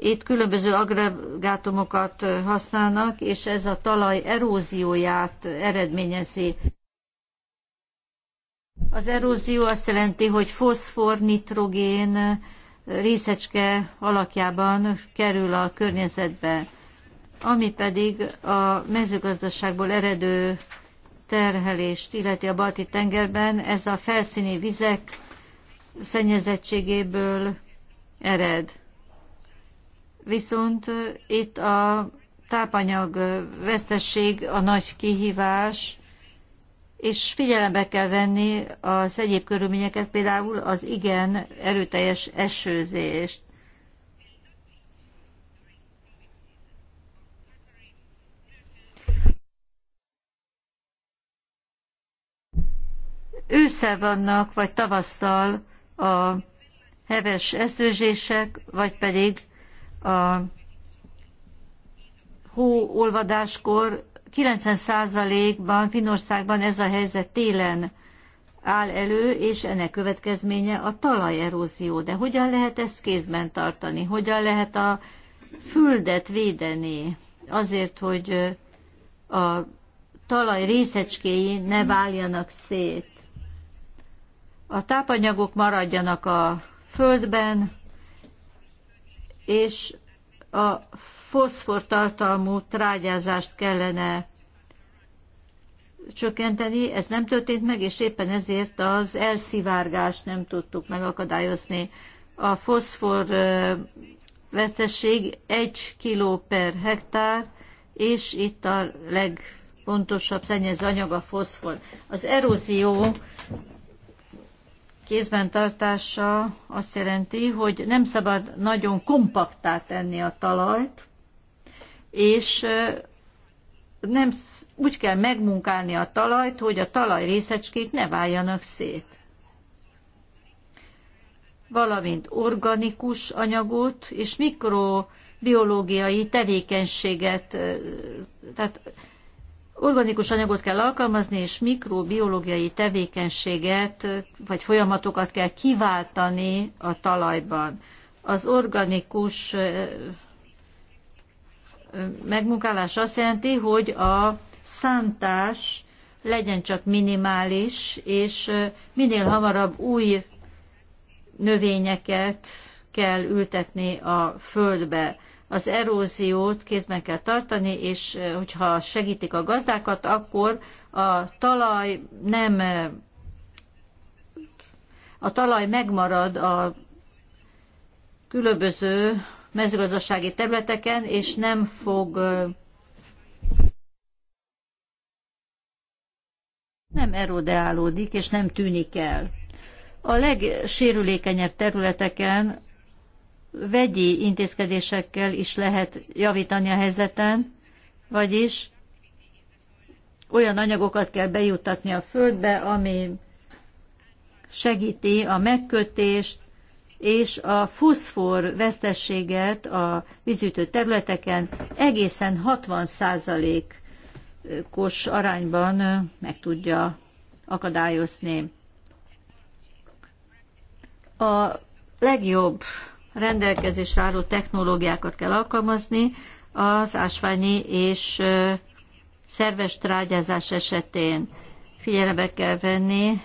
itt különböző agregátumokat használnak, és ez a talaj erózióját eredményezi. Az erózió azt jelenti, hogy foszfor, nitrogén, részecske alakjában kerül a környezetbe. Ami pedig a mezőgazdaságból eredő terhelést illeti a balti tengerben, ez a felszíni vizek szennyezettségéből ered. Viszont itt a tápanyag vesztesség a nagy kihívás, és figyelembe kell venni az egyéb körülményeket, például az igen erőteljes esőzést. Ősszel vannak, vagy tavasszal a heves esőzések, vagy pedig a hóolvadáskor 90%-ban Finországban ez a helyzet télen áll elő, és ennek következménye a talajerózió. De hogyan lehet ezt kézben tartani? Hogyan lehet a földet védeni azért, hogy a talaj részecskéi ne váljanak szét? A tápanyagok maradjanak a földben, és a foszfor tartalmú trágyázást kellene csökkenteni, ez nem történt meg, és éppen ezért az elszivárgást nem tudtuk megakadályozni. A foszfor vesztesség 1 kg per hektár, és itt a legfontosabb szennyező anyag a foszfor. Az erózió kézben tartása azt jelenti, hogy nem szabad nagyon kompaktá tenni a talajt, és nem, úgy kell megmunkálni a talajt, hogy a talaj részecskék ne váljanak szét. Valamint organikus anyagot és mikrobiológiai tevékenységet, tehát organikus anyagot kell alkalmazni, és mikrobiológiai tevékenységet vagy folyamatokat kell kiváltani a talajban. Az organikus megmunkálás azt jelenti, hogy a szántás legyen csak minimális, és minél hamarabb új növényeket kell ültetni a földbe az eróziót kézben kell tartani, és hogyha segítik a gazdákat, akkor a talaj nem a talaj megmarad a különböző mezőgazdasági területeken, és nem fog nem erodeálódik, és nem tűnik el. A legsérülékenyebb területeken vegyi intézkedésekkel is lehet javítani a helyzeten, vagyis olyan anyagokat kell bejuttatni a földbe, ami segíti a megkötést, és a foszfor vesztességet a vízütő területeken egészen 60%-os arányban meg tudja akadályozni. A legjobb rendelkezésre álló technológiákat kell alkalmazni az ásványi és szerves trágyázás esetén. Figyelembe kell venni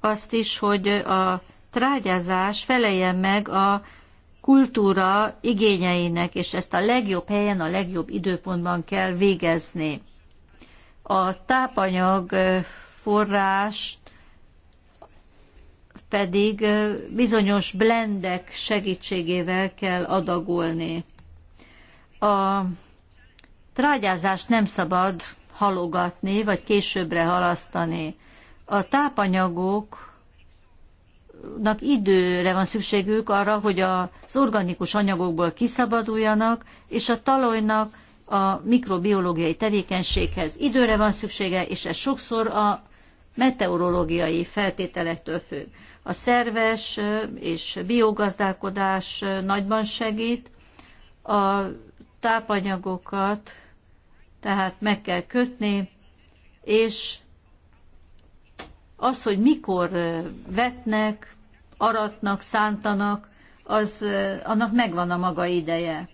azt is, hogy a trágyázás feleljen meg a kultúra igényeinek, és ezt a legjobb helyen, a legjobb időpontban kell végezni. A tápanyag forrás pedig bizonyos blendek segítségével kell adagolni. A trágyázást nem szabad halogatni, vagy későbbre halasztani. A tápanyagoknak időre van szükségük arra, hogy az organikus anyagokból kiszabaduljanak, és a talajnak a mikrobiológiai tevékenységhez időre van szüksége, és ez sokszor a meteorológiai feltételektől függ. A szerves és biogazdálkodás nagyban segít. A tápanyagokat tehát meg kell kötni, és az, hogy mikor vetnek, aratnak, szántanak, az, annak megvan a maga ideje.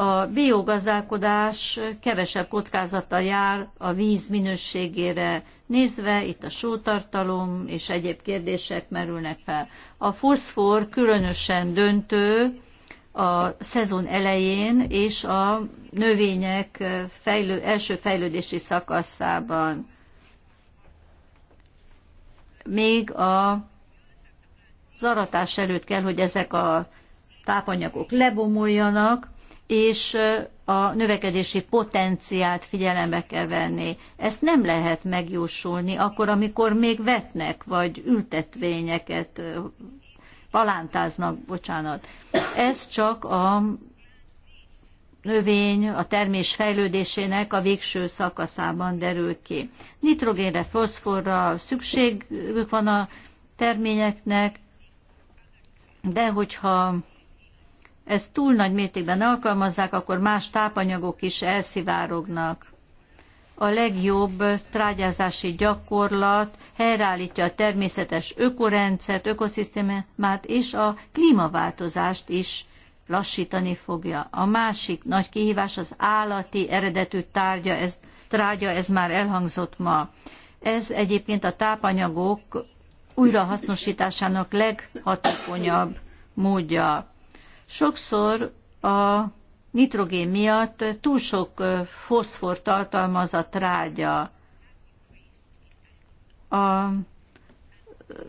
A biogazdálkodás kevesebb kockázata jár a víz minőségére nézve, itt a sótartalom és egyéb kérdések merülnek fel. A foszfor különösen döntő a szezon elején és a növények fejlő, első fejlődési szakaszában. Még a zaratás előtt kell, hogy ezek a tápanyagok lebomoljanak, és a növekedési potenciált figyelembe kell venni. Ezt nem lehet megjósolni akkor, amikor még vetnek, vagy ültetvényeket palántáznak, bocsánat. Ez csak a növény, a termés fejlődésének a végső szakaszában derül ki. Nitrogénre, foszforra szükségük van a terményeknek, de hogyha ezt túl nagy mértékben alkalmazzák, akkor más tápanyagok is elszivárognak. A legjobb trágyázási gyakorlat helyreállítja a természetes ökorendszert, ökoszisztémát és a klímaváltozást is lassítani fogja. A másik nagy kihívás az állati eredetű tárgya, ez, trágya, ez már elhangzott ma. Ez egyébként a tápanyagok újrahasznosításának leghatékonyabb módja. Sokszor a nitrogén miatt túl sok foszfor tartalmaz a trágya. A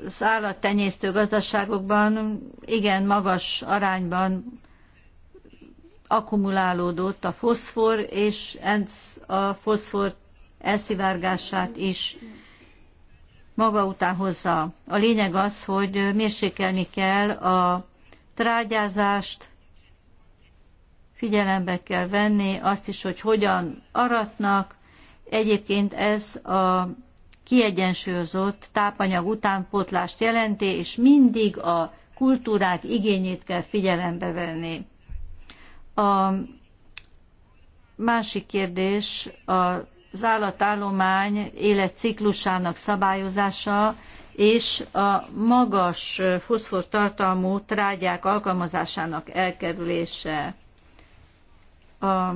az állattenyésztő gazdaságokban igen magas arányban akkumulálódott a foszfor, és ez a foszfor elszivárgását is maga után hozza. A lényeg az, hogy mérsékelni kell a trágyázást figyelembe kell venni, azt is, hogy hogyan aratnak. Egyébként ez a kiegyensúlyozott tápanyag utánpótlást jelenti, és mindig a kultúrák igényét kell figyelembe venni. A másik kérdés az állatállomány életciklusának szabályozása, és a magas foszfor tartalmú trágyák alkalmazásának elkerülése. A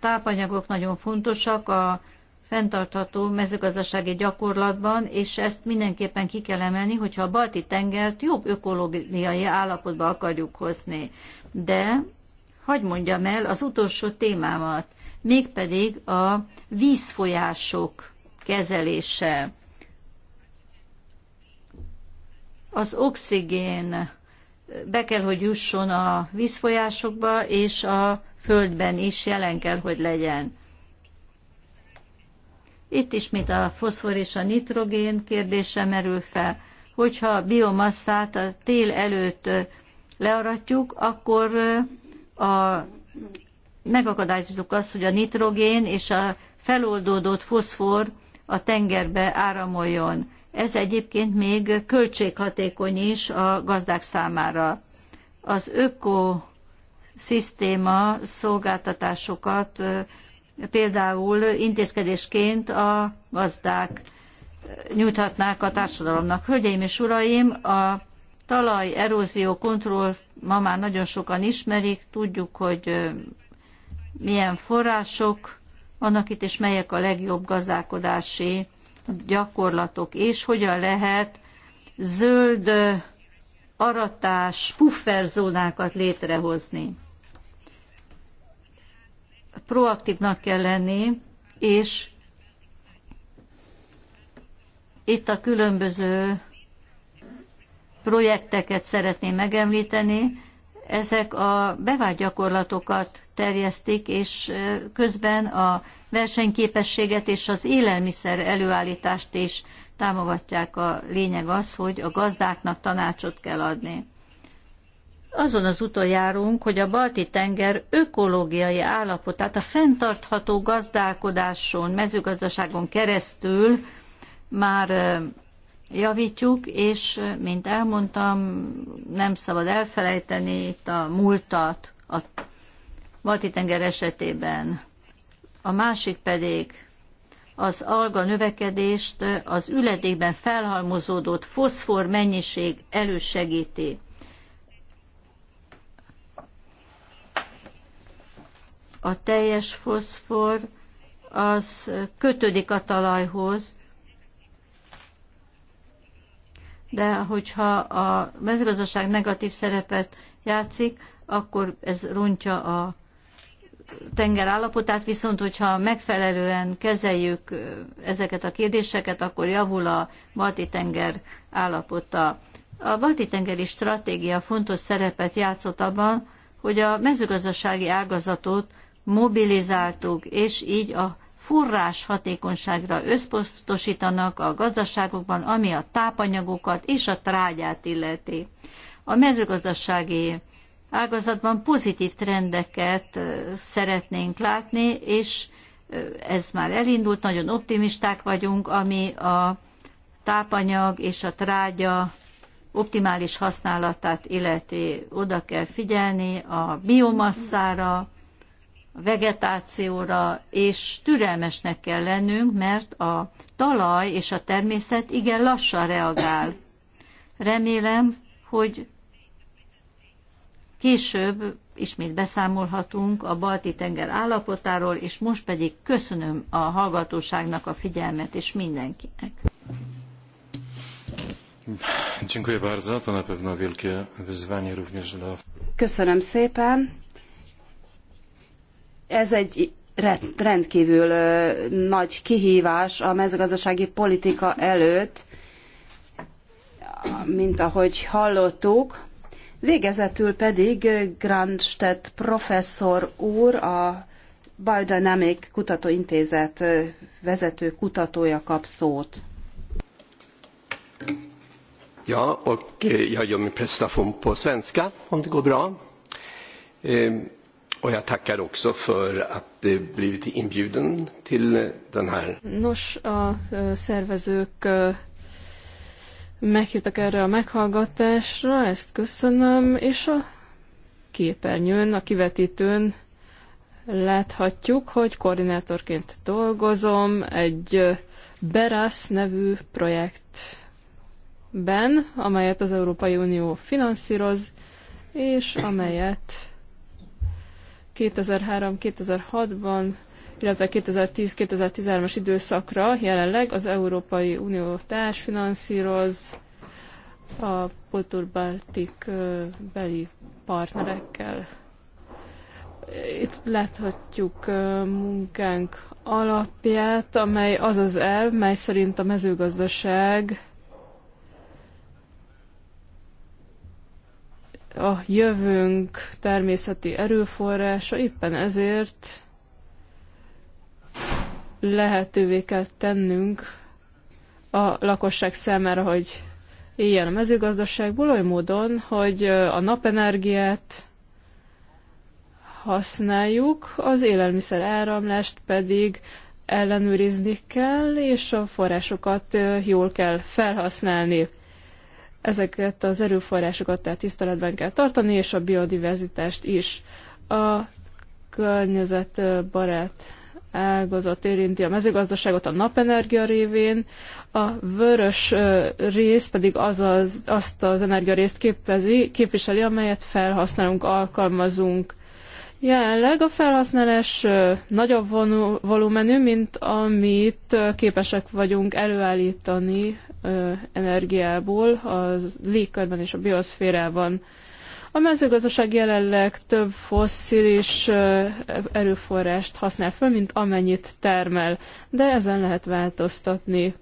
tápanyagok nagyon fontosak a fenntartható mezőgazdasági gyakorlatban, és ezt mindenképpen ki kell emelni, hogyha a balti tengert jobb ökológiai állapotba akarjuk hozni. De hagyd mondjam el az utolsó témámat, mégpedig a vízfolyások kezelése. az oxigén be kell, hogy jusson a vízfolyásokba, és a földben is jelen kell, hogy legyen. Itt is, mint a foszfor és a nitrogén kérdése merül fel. Hogyha a biomasszát a tél előtt learatjuk, akkor a, megakadályozunk azt, hogy a nitrogén és a feloldódott foszfor a tengerbe áramoljon. Ez egyébként még költséghatékony is a gazdák számára. Az öko szisztéma szolgáltatásokat például intézkedésként a gazdák nyújthatnák a társadalomnak. Hölgyeim és uraim, a talaj erózió kontroll ma már nagyon sokan ismerik, tudjuk, hogy milyen források vannak itt, és melyek a legjobb gazdálkodási gyakorlatok, és hogyan lehet zöld aratás, pufferzónákat létrehozni. Proaktívnak kell lenni, és itt a különböző projekteket szeretném megemlíteni, ezek a bevált gyakorlatokat terjesztik, és közben a versenyképességet és az élelmiszer előállítást is támogatják. A lényeg az, hogy a gazdáknak tanácsot kell adni. Azon az úton járunk, hogy a Balti-tenger ökológiai állapotát a fenntartható gazdálkodáson, mezőgazdaságon keresztül már javítjuk, és mint elmondtam, nem szabad elfelejteni itt a múltat a balti tenger esetében. A másik pedig az alga növekedést az üledékben felhalmozódott foszfor mennyiség elősegíti. A teljes foszfor az kötődik a talajhoz, de hogyha a mezőgazdaság negatív szerepet játszik, akkor ez rontja a tenger állapotát, viszont hogyha megfelelően kezeljük ezeket a kérdéseket, akkor javul a balti tenger állapota. A balti tengeri stratégia fontos szerepet játszott abban, hogy a mezőgazdasági ágazatot mobilizáltuk, és így a forrás hatékonyságra összpontosítanak a gazdaságokban, ami a tápanyagokat és a trágyát illeti. A mezőgazdasági ágazatban pozitív trendeket szeretnénk látni, és ez már elindult, nagyon optimisták vagyunk, ami a tápanyag és a trágya optimális használatát illeti. Oda kell figyelni a biomasszára, vegetációra, és türelmesnek kell lennünk, mert a talaj és a természet igen lassan reagál. Remélem, hogy később ismét beszámolhatunk a balti tenger állapotáról, és most pedig köszönöm a hallgatóságnak a figyelmet és mindenkinek. Köszönöm szépen. Ez egy rendkívül nagy kihívás a mezőgazdasági politika előtt, mint ahogy hallottuk. Végezetül pedig Grandstedt professzor úr, a Biodynamic Kutatóintézet vezető kutatója kap szót. Ja, och jag gör min presentation på svenska, om det går bra. Och jag tackar också för att det blivit inbjuden till den här. Nos, a szervezők meghívtak erre a meghallgatásra, ezt köszönöm, és a képernyőn, a kivetítőn láthatjuk, hogy koordinátorként dolgozom egy Beras nevű projektben, amelyet az Európai Unió finanszíroz, és amelyet 2003-2006-ban, illetve 2010-2013-as időszakra jelenleg az Európai Unió társfinanszíroz a Polturbaltik beli partnerekkel. Itt láthatjuk munkánk alapját, amely az az elv, mely szerint a mezőgazdaság a jövőnk természeti erőforrása, éppen ezért lehetővé kell tennünk a lakosság számára, hogy éljen a mezőgazdaságból oly módon, hogy a napenergiát használjuk, az élelmiszer áramlást pedig ellenőrizni kell, és a forrásokat jól kell felhasználni. Ezeket az erőforrásokat tehát tiszteletben kell tartani, és a biodiverzitást is. A környezetbarát ágazat érinti a mezőgazdaságot a napenergia révén, a vörös rész pedig az az, azt az energiarészt képezi, képviseli, amelyet felhasználunk, alkalmazunk. Jelenleg a felhasználás nagyobb volumenű, mint amit képesek vagyunk előállítani energiából a légkörben és a bioszférában. A mezőgazdaság jelenleg több fosszilis erőforrást használ föl, mint amennyit termel, de ezen lehet változtatni.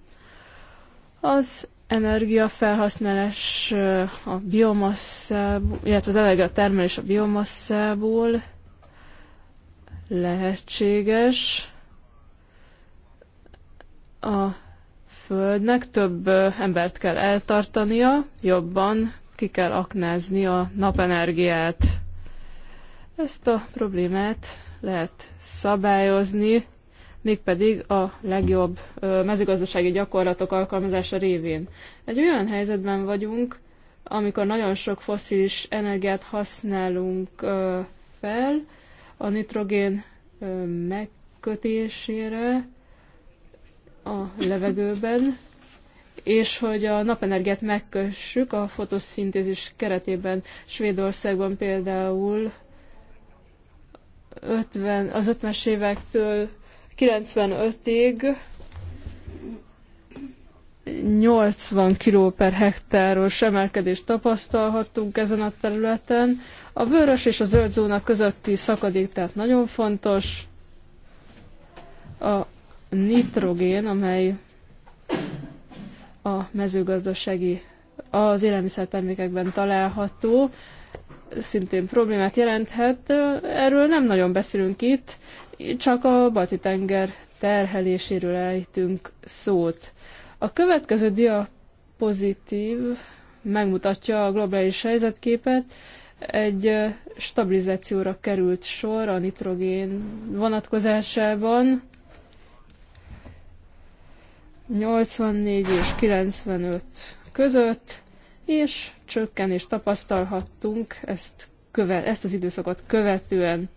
Az energiafelhasználás a biomasszából, illetve az energiatermelés termelés a biomasszából lehetséges a Földnek több embert kell eltartania, jobban ki kell aknázni a napenergiát. Ezt a problémát lehet szabályozni, mégpedig a legjobb mezőgazdasági gyakorlatok alkalmazása révén. Egy olyan helyzetben vagyunk, amikor nagyon sok foszilis energiát használunk fel, a nitrogén megkötésére a levegőben, és hogy a napenergiát megkössük a fotoszintézis keretében. Svédországban például 50, az 50-es évektől 95-ig 80 kg per hektáros emelkedést tapasztalhattunk ezen a területen. A vörös és a zöld zóna közötti szakadék tehát nagyon fontos. A nitrogén, amely a mezőgazdasági, az élelmiszertermékekben található, szintén problémát jelenthet. Erről nem nagyon beszélünk itt, csak a Balti-tenger terheléséről ejtünk szót. A következő diapozitív megmutatja a globális helyzetképet, egy stabilizációra került sor a nitrogén vonatkozásában. 84 és 95 között, és csökkenést tapasztalhattunk ezt, követ, ezt az időszakot követően.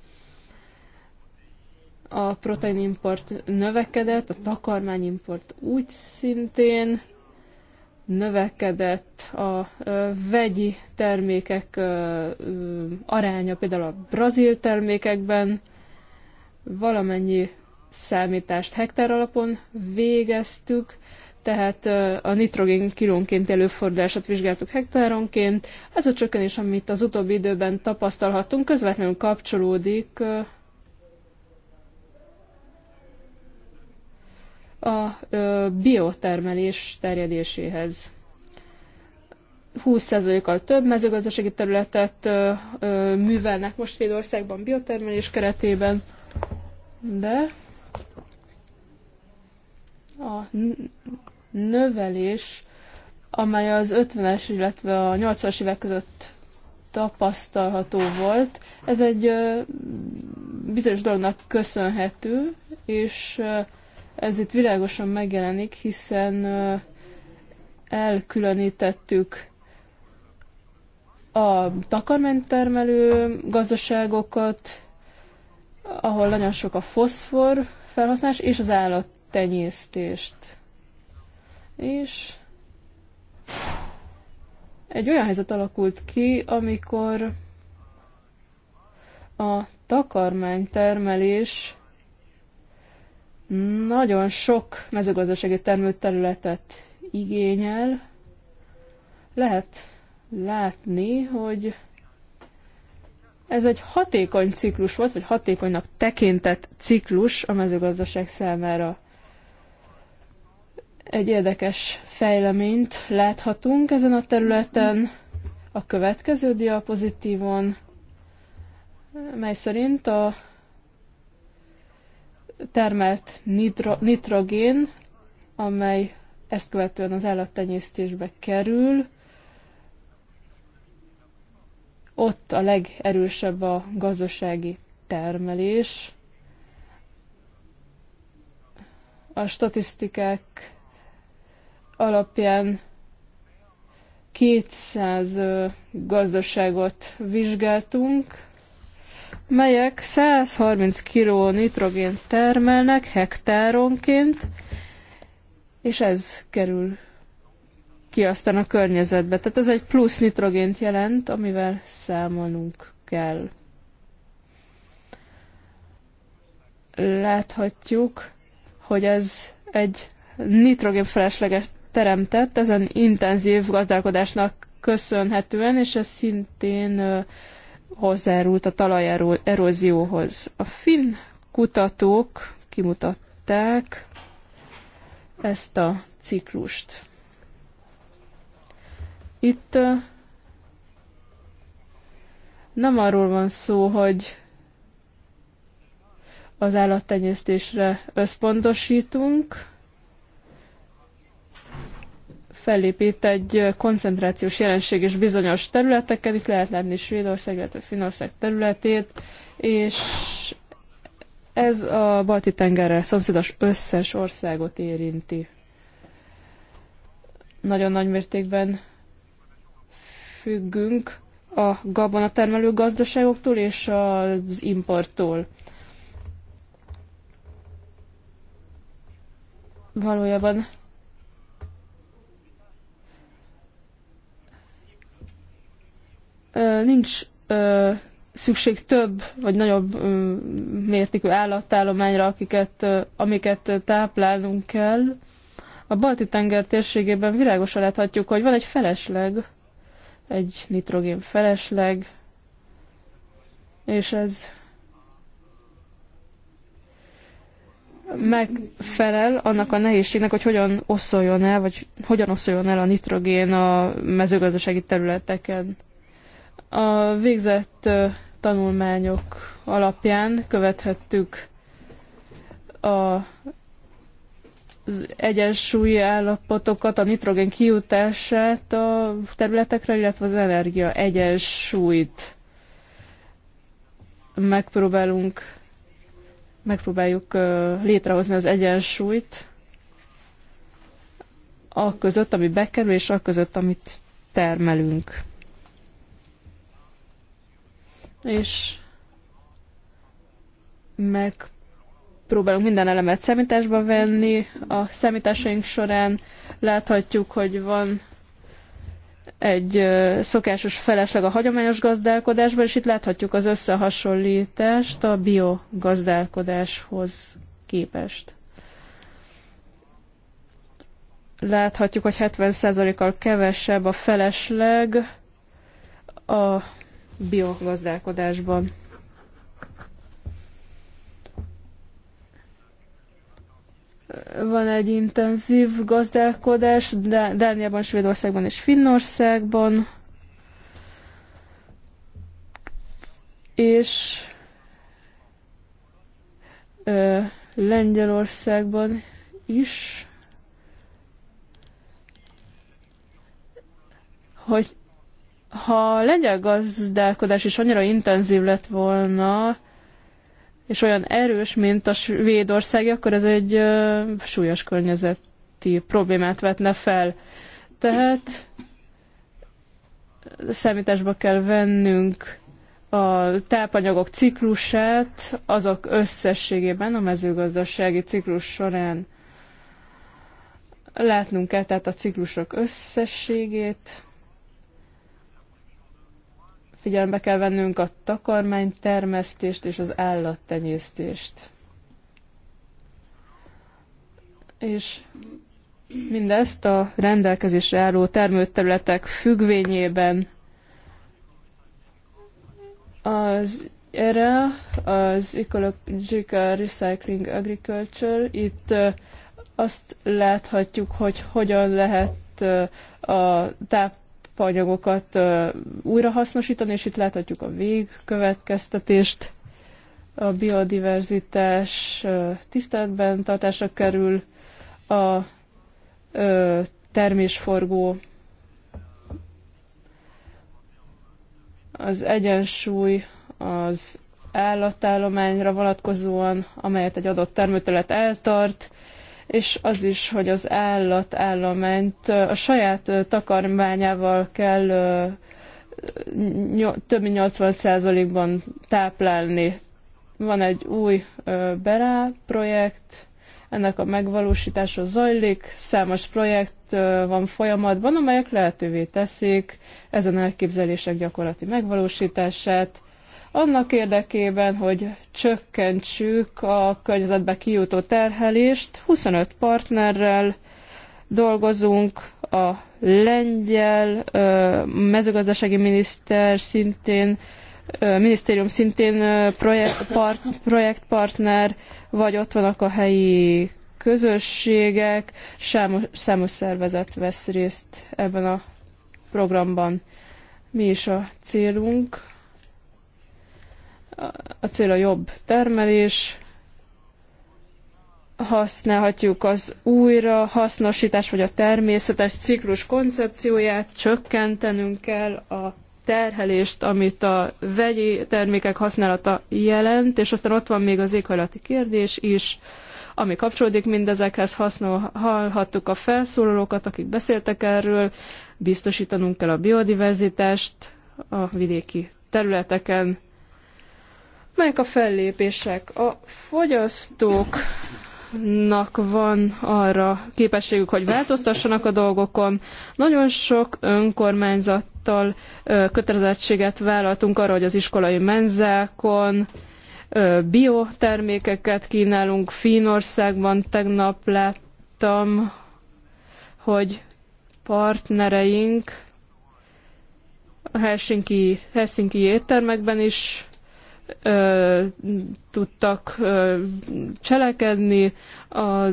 A proteinimport növekedett, a takarmányimport úgy szintén, növekedett a vegyi termékek aránya, például a brazil termékekben valamennyi számítást hektár alapon végeztük, tehát a nitrogén kilónként előfordulását vizsgáltuk hektáronként. Ez a csökkenés, amit az utóbbi időben tapasztalhattunk, közvetlenül kapcsolódik a biotermelés terjedéséhez. 20%-kal több mezőgazdasági területet művelnek most Svédországban biotermelés keretében, de a növelés, amely az 50-es, illetve a 80-as évek között tapasztalható volt, ez egy bizonyos dolognak köszönhető, és ez itt világosan megjelenik, hiszen elkülönítettük a takarmánytermelő gazdaságokat, ahol nagyon sok a foszfor felhasználás, és az állattenyésztést. És egy olyan helyzet alakult ki, amikor a takarmánytermelés nagyon sok mezőgazdasági termőterületet igényel. Lehet látni, hogy ez egy hatékony ciklus volt, vagy hatékonynak tekintett ciklus a mezőgazdaság számára. Egy érdekes fejleményt láthatunk ezen a területen, a következő diapozitívon, mely szerint a termelt nitro, nitrogén, amely ezt követően az állattenyésztésbe kerül, ott a legerősebb a gazdasági termelés. A statisztikák alapján 200 gazdaságot vizsgáltunk, melyek 130 kg nitrogént termelnek hektáronként, és ez kerül ki aztán a környezetbe. Tehát ez egy plusz nitrogént jelent, amivel számolnunk kell. Láthatjuk, hogy ez egy nitrogén felesleges teremtett, ezen intenzív gazdálkodásnak köszönhetően, és ez szintén hozzárult a talajerózióhoz. A finn kutatók kimutatták ezt a ciklust. Itt nem arról van szó, hogy az állattenyésztésre összpontosítunk, fellépít egy koncentrációs jelenség és bizonyos területeken, itt lehet lenni Svédország, illetve Finország területét, és ez a balti tengerrel szomszédos összes országot érinti. Nagyon nagy mértékben függünk a gabonatermelő gazdaságoktól és az importtól. Valójában nincs szükség több vagy nagyobb mértékű állatállományra, akiket, amiket táplálnunk kell. A Balti-tenger térségében világosan láthatjuk, hogy van egy felesleg, egy nitrogén felesleg, és ez megfelel annak a nehézségnek, hogy hogyan oszoljon el, vagy hogyan oszoljon el a nitrogén a mezőgazdasági területeken. A végzett tanulmányok alapján követhettük a az egyensúlyi állapotokat, a nitrogén kijutását a területekre, illetve az energia egyensúlyt megpróbálunk, megpróbáljuk létrehozni az egyensúlyt a között, ami bekerül, és a között, amit termelünk és megpróbálunk minden elemet számításba venni. A számításaink során láthatjuk, hogy van egy szokásos felesleg a hagyományos gazdálkodásban, és itt láthatjuk az összehasonlítást a biogazdálkodáshoz képest. Láthatjuk, hogy 70%-kal kevesebb a felesleg a biogazdálkodásban. Van egy intenzív gazdálkodás Dániában, Svédországban és Finnországban, és ö, Lengyelországban is, hogy ha a lengyel gazdálkodás is annyira intenzív lett volna, és olyan erős, mint a Svédország, akkor ez egy ö, súlyos környezeti problémát vetne fel. Tehát számításba kell vennünk a tápanyagok ciklusát, azok összességében a mezőgazdasági ciklus során látnunk kell tehát a ciklusok összességét, Figyelembe kell vennünk a termesztést és az állattenyésztést. És mindezt a rendelkezésre álló termőterületek függvényében az erre az Ecological Recycling Agriculture, itt azt láthatjuk, hogy hogyan lehet a táp faanyagokat újrahasznosítani, és itt láthatjuk a végkövetkeztetést. A biodiverzitás tiszteletben tartásra kerül, a termésforgó az egyensúly az állatállományra vonatkozóan, amelyet egy adott termőtelet eltart, és az is, hogy az állományt a saját takarmányával kell több mint 80%-ban táplálni. Van egy új Berá projekt, ennek a megvalósítása zajlik, számos projekt van folyamatban, amelyek lehetővé teszik ezen elképzelések gyakorlati megvalósítását, annak érdekében, hogy csökkentsük a környezetbe kijutó terhelést. 25 partnerrel dolgozunk, a lengyel mezőgazdasági miniszter szintén minisztérium szintén projekt, part, projektpartner, vagy ott vannak a helyi közösségek, számos szervezet vesz részt ebben a programban. Mi is a célunk? A cél a jobb termelés, használhatjuk az újrahasznosítás vagy a természetes ciklus koncepcióját, csökkentenünk kell a terhelést, amit a vegyi termékek használata jelent, és aztán ott van még az éghajlati kérdés is, ami kapcsolódik mindezekhez, használ, hallhattuk a felszólalókat, akik beszéltek erről, biztosítanunk kell a biodiverzitást a vidéki területeken, Melyek a fellépések? A fogyasztóknak van arra képességük, hogy változtassanak a dolgokon. Nagyon sok önkormányzattal kötelezettséget vállaltunk arra, hogy az iskolai menzákon, biotermékeket kínálunk. Finországban tegnap láttam, hogy partnereink a Helsinki, Helsinki éttermekben is ö, tudtak ö, cselekedni a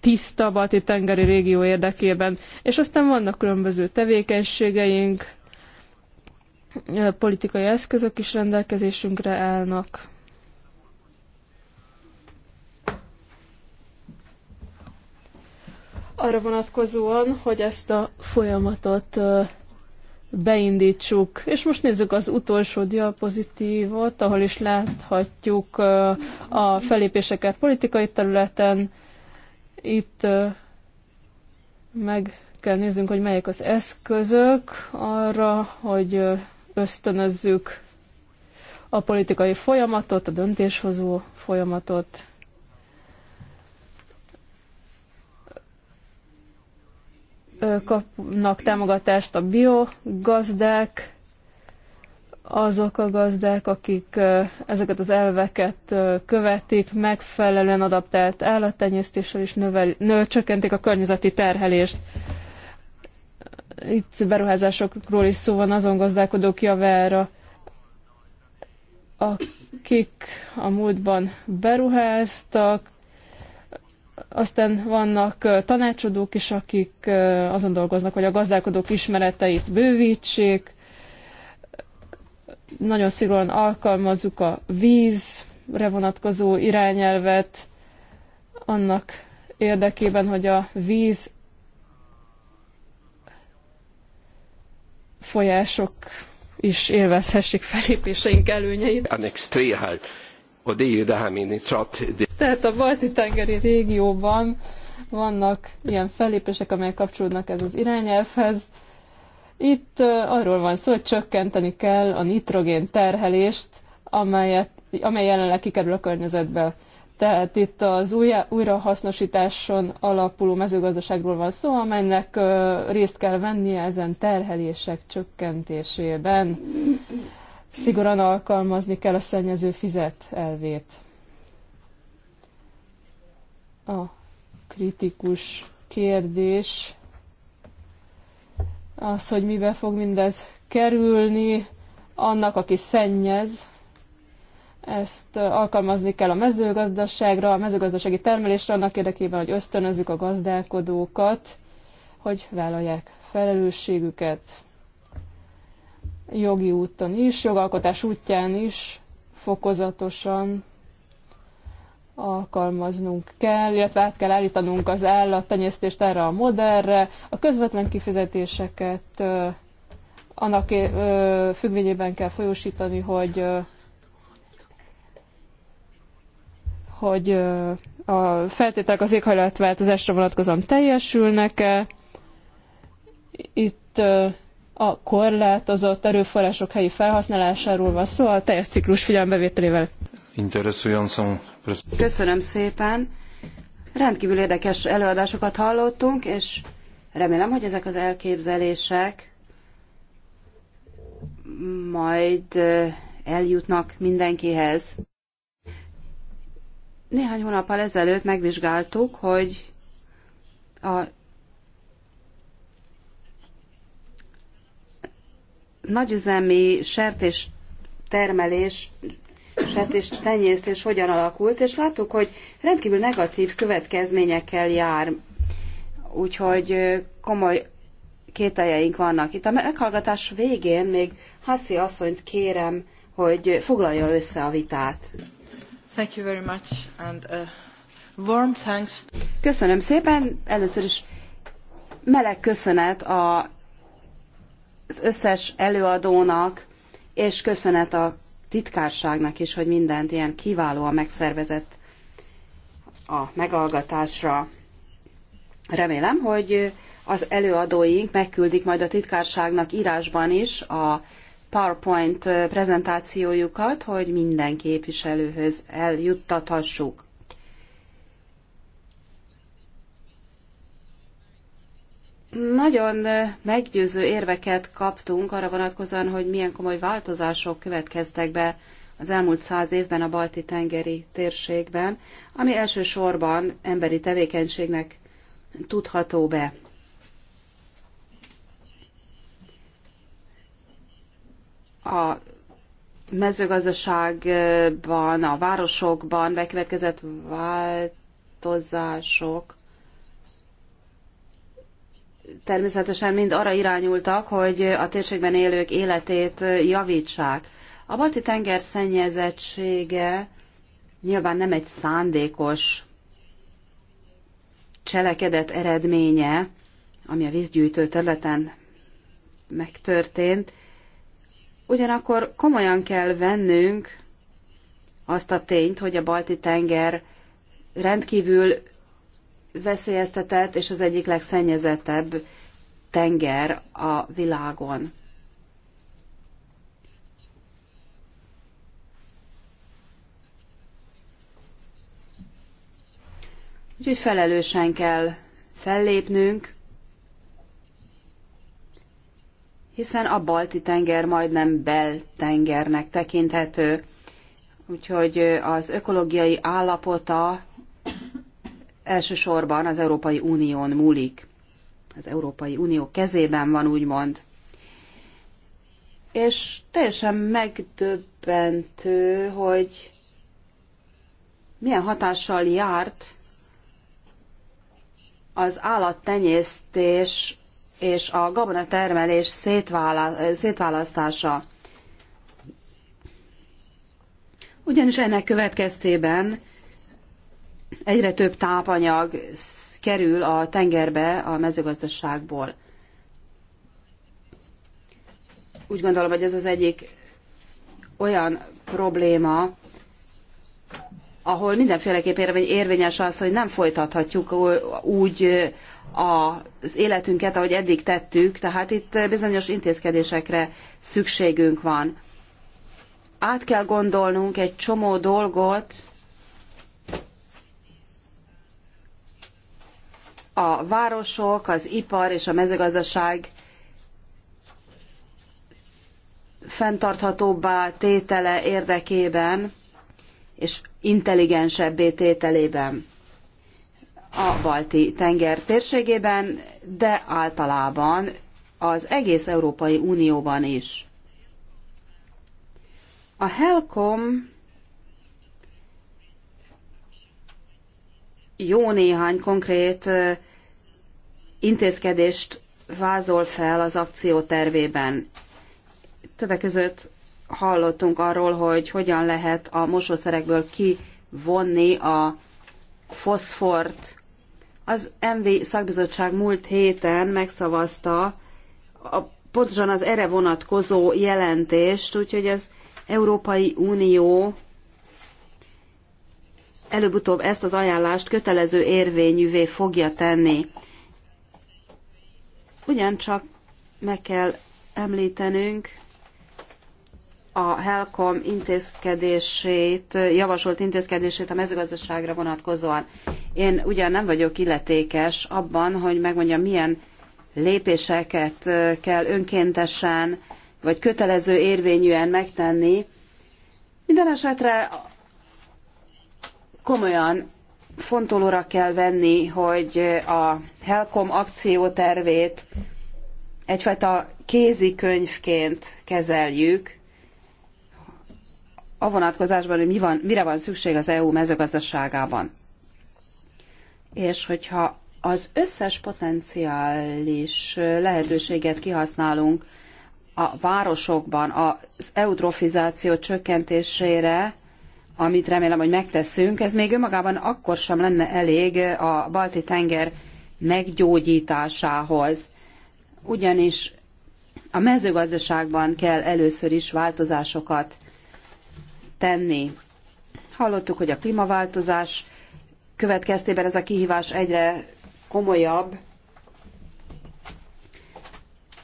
tiszta balti tengeri régió érdekében. És aztán vannak különböző tevékenységeink, ö, politikai eszközök is rendelkezésünkre állnak. Arra vonatkozóan, hogy ezt a folyamatot beindítsuk. És most nézzük az utolsó diapozitívot, ahol is láthatjuk a felépéseket politikai területen. Itt meg kell néznünk, hogy melyek az eszközök arra, hogy ösztönözzük a politikai folyamatot, a döntéshozó folyamatot. kapnak támogatást a biogazdák, azok a gazdák, akik ezeket az elveket követik, megfelelően adaptált állattenyésztéssel is növel, nő, csökkentik a környezeti terhelést. Itt beruházásokról is szó van azon gazdálkodók javára, akik a múltban beruháztak, aztán vannak tanácsadók is, akik azon dolgoznak, hogy a gazdálkodók ismereteit bővítsék. Nagyon szigorúan alkalmazzuk a vízre vonatkozó irányelvet annak érdekében, hogy a víz folyások is élvezhessék felépéseink előnyeit. Annex 3 tehát a balti-tengeri régióban vannak ilyen fellépések, amelyek kapcsolódnak ez az irányelvhez. Itt arról van szó, hogy csökkenteni kell a nitrogén terhelést, amelyet, amely jelenleg kikerül a környezetbe. Tehát itt az újrahasznosításon alapuló mezőgazdaságról van szó, amelynek részt kell vennie ezen terhelések csökkentésében. Szigorúan alkalmazni kell a szennyező fizet elvét. A kritikus kérdés az, hogy mibe fog mindez kerülni annak, aki szennyez, ezt alkalmazni kell a mezőgazdaságra, a mezőgazdasági termelésre, annak érdekében, hogy ösztönözzük a gazdálkodókat, hogy vállalják felelősségüket jogi úton is, jogalkotás útján is fokozatosan alkalmaznunk kell, illetve át kell állítanunk az állattenyésztést erre a modellre, a közvetlen kifizetéseket annak függvényében kell folyósítani, hogy hogy a feltételek az éghajlatváltozásra vonatkozóan teljesülnek-e. Itt a korlátozott erőforrások helyi felhasználásáról van szó a teljes ciklus figyelembevételével. Köszönöm szépen. Rendkívül érdekes előadásokat hallottunk, és remélem, hogy ezek az elképzelések majd eljutnak mindenkihez. Néhány hónappal ezelőtt megvizsgáltuk, hogy a nagyüzemi sertés termelés, sertés tenyésztés hogyan alakult, és láttuk, hogy rendkívül negatív következményekkel jár. Úgyhogy komoly kételjeink vannak. Itt a meghallgatás végén még Hassi asszonyt kérem, hogy foglalja össze a vitát. Thank you very much and uh, warm thanks. Köszönöm szépen. Először is meleg köszönet a az összes előadónak, és köszönet a titkárságnak is, hogy mindent ilyen kiválóan megszervezett a meghallgatásra. Remélem, hogy az előadóink megküldik majd a titkárságnak írásban is a PowerPoint prezentációjukat, hogy minden képviselőhöz eljuttathassuk. Nagyon meggyőző érveket kaptunk arra vonatkozóan, hogy milyen komoly változások következtek be az elmúlt száz évben a balti tengeri térségben, ami elsősorban emberi tevékenységnek tudható be. A mezőgazdaságban, a városokban bekövetkezett változások természetesen mind arra irányultak, hogy a térségben élők életét javítsák. A balti tenger szennyezettsége nyilván nem egy szándékos cselekedet eredménye, ami a vízgyűjtő területen megtörtént. Ugyanakkor komolyan kell vennünk azt a tényt, hogy a Balti tenger rendkívül legveszélyeztetett és az egyik legszennyezettebb tenger a világon. Úgyhogy felelősen kell fellépnünk, hiszen a balti tenger majdnem beltengernek tekinthető, úgyhogy az ökológiai állapota elsősorban az Európai Unión múlik. Az Európai Unió kezében van, úgymond. És teljesen megdöbbentő, hogy milyen hatással járt az állattenyésztés és a gabonatermelés szétválasztása. Ugyanis ennek következtében egyre több tápanyag kerül a tengerbe a mezőgazdaságból. Úgy gondolom, hogy ez az egyik olyan probléma, ahol mindenféleképp érvényes az, hogy nem folytathatjuk úgy az életünket, ahogy eddig tettük, tehát itt bizonyos intézkedésekre szükségünk van. Át kell gondolnunk egy csomó dolgot, a városok, az ipar és a mezőgazdaság fenntarthatóbbá tétele érdekében és intelligensebbé tételében a balti tenger térségében, de általában az egész Európai Unióban is. A Helcom jó néhány konkrét intézkedést vázol fel az akciótervében. Többek között hallottunk arról, hogy hogyan lehet a mosószerekből kivonni a foszfort. Az MV szakbizottság múlt héten megszavazta a, pontosan az erre vonatkozó jelentést, úgyhogy az Európai Unió előbb-utóbb ezt az ajánlást kötelező érvényűvé fogja tenni. Ugyancsak meg kell említenünk a Helcom intézkedését, javasolt intézkedését a mezőgazdaságra vonatkozóan. Én ugyan nem vagyok illetékes abban, hogy megmondjam, milyen lépéseket kell önkéntesen vagy kötelező érvényűen megtenni. Minden esetre komolyan fontolóra kell venni, hogy a Helcom akciótervét egyfajta kézikönyvként kezeljük, a vonatkozásban, hogy mi van, mire van szükség az EU mezőgazdaságában. És hogyha az összes potenciális lehetőséget kihasználunk a városokban az eutrofizáció csökkentésére, amit remélem, hogy megteszünk, ez még önmagában akkor sem lenne elég a balti tenger meggyógyításához. Ugyanis a mezőgazdaságban kell először is változásokat tenni. Hallottuk, hogy a klímaváltozás következtében ez a kihívás egyre komolyabb,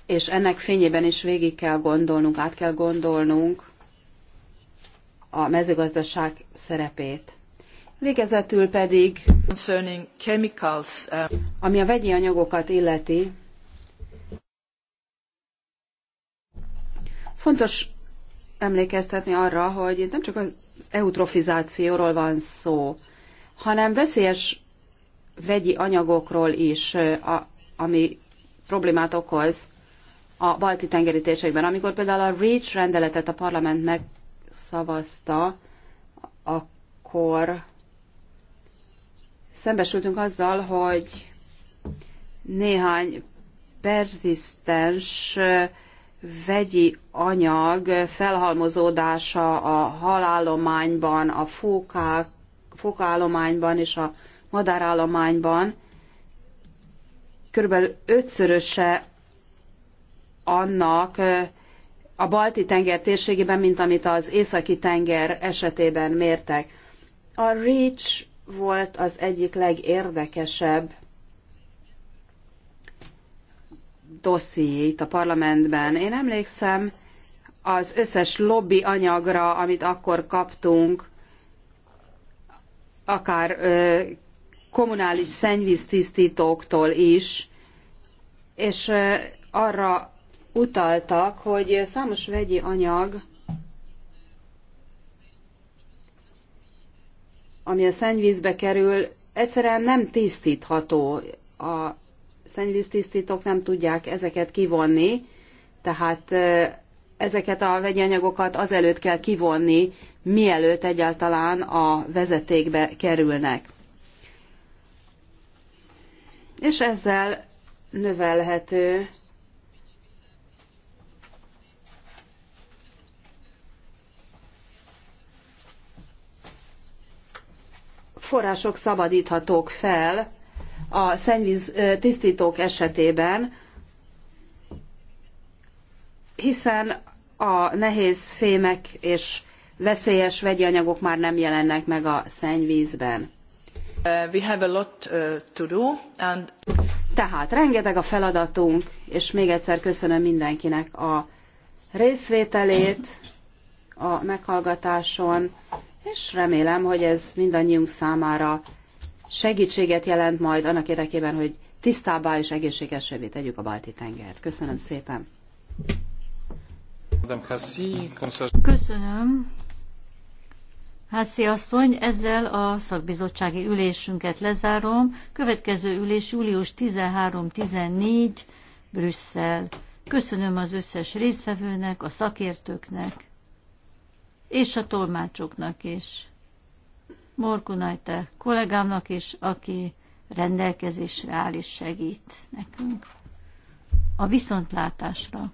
és ennek fényében is végig kell gondolnunk, át kell gondolnunk a mezőgazdaság szerepét. Végezetül pedig, uh, ami a vegyi anyagokat illeti, fontos emlékeztetni arra, hogy itt nem csak az eutrofizációról van szó, hanem veszélyes vegyi anyagokról is, uh, ami problémát okoz a balti tengeri térségben. Amikor például a REACH rendeletet a parlament meg szavazta, akkor szembesültünk azzal, hogy néhány perzisztens vegyi anyag felhalmozódása a halállományban, a fókák, fókállományban és a madárállományban körülbelül ötszöröse annak, a balti tenger térségében, mint amit az északi tenger esetében mértek. A REACH volt az egyik legérdekesebb dosszié itt a parlamentben. Én emlékszem az összes lobby anyagra, amit akkor kaptunk, akár ö, kommunális szennyvíztisztítóktól is, és ö, arra utaltak, hogy számos vegyi anyag, ami a szennyvízbe kerül, egyszerűen nem tisztítható. A szennyvíztisztítók nem tudják ezeket kivonni, tehát ezeket a vegyi anyagokat azelőtt kell kivonni, mielőtt egyáltalán a vezetékbe kerülnek. És ezzel növelhető források szabadíthatók fel a szennyvíz tisztítók esetében, hiszen a nehéz fémek és veszélyes vegyi anyagok már nem jelennek meg a szennyvízben. Uh, we have a lot uh, to do and... Tehát rengeteg a feladatunk, és még egyszer köszönöm mindenkinek a részvételét a meghallgatáson, és remélem, hogy ez mindannyiunk számára segítséget jelent majd annak érdekében, hogy tisztábbá és egészségesebbé tegyük a balti tengert. Köszönöm szépen! Köszönöm. Hászi asszony, ezzel a szakbizottsági ülésünket lezárom. Következő ülés július 13-14 Brüsszel. Köszönöm az összes résztvevőnek, a szakértőknek és a tolmácsoknak is. Morkunajte kollégámnak is, aki rendelkezésre áll és segít nekünk a viszontlátásra.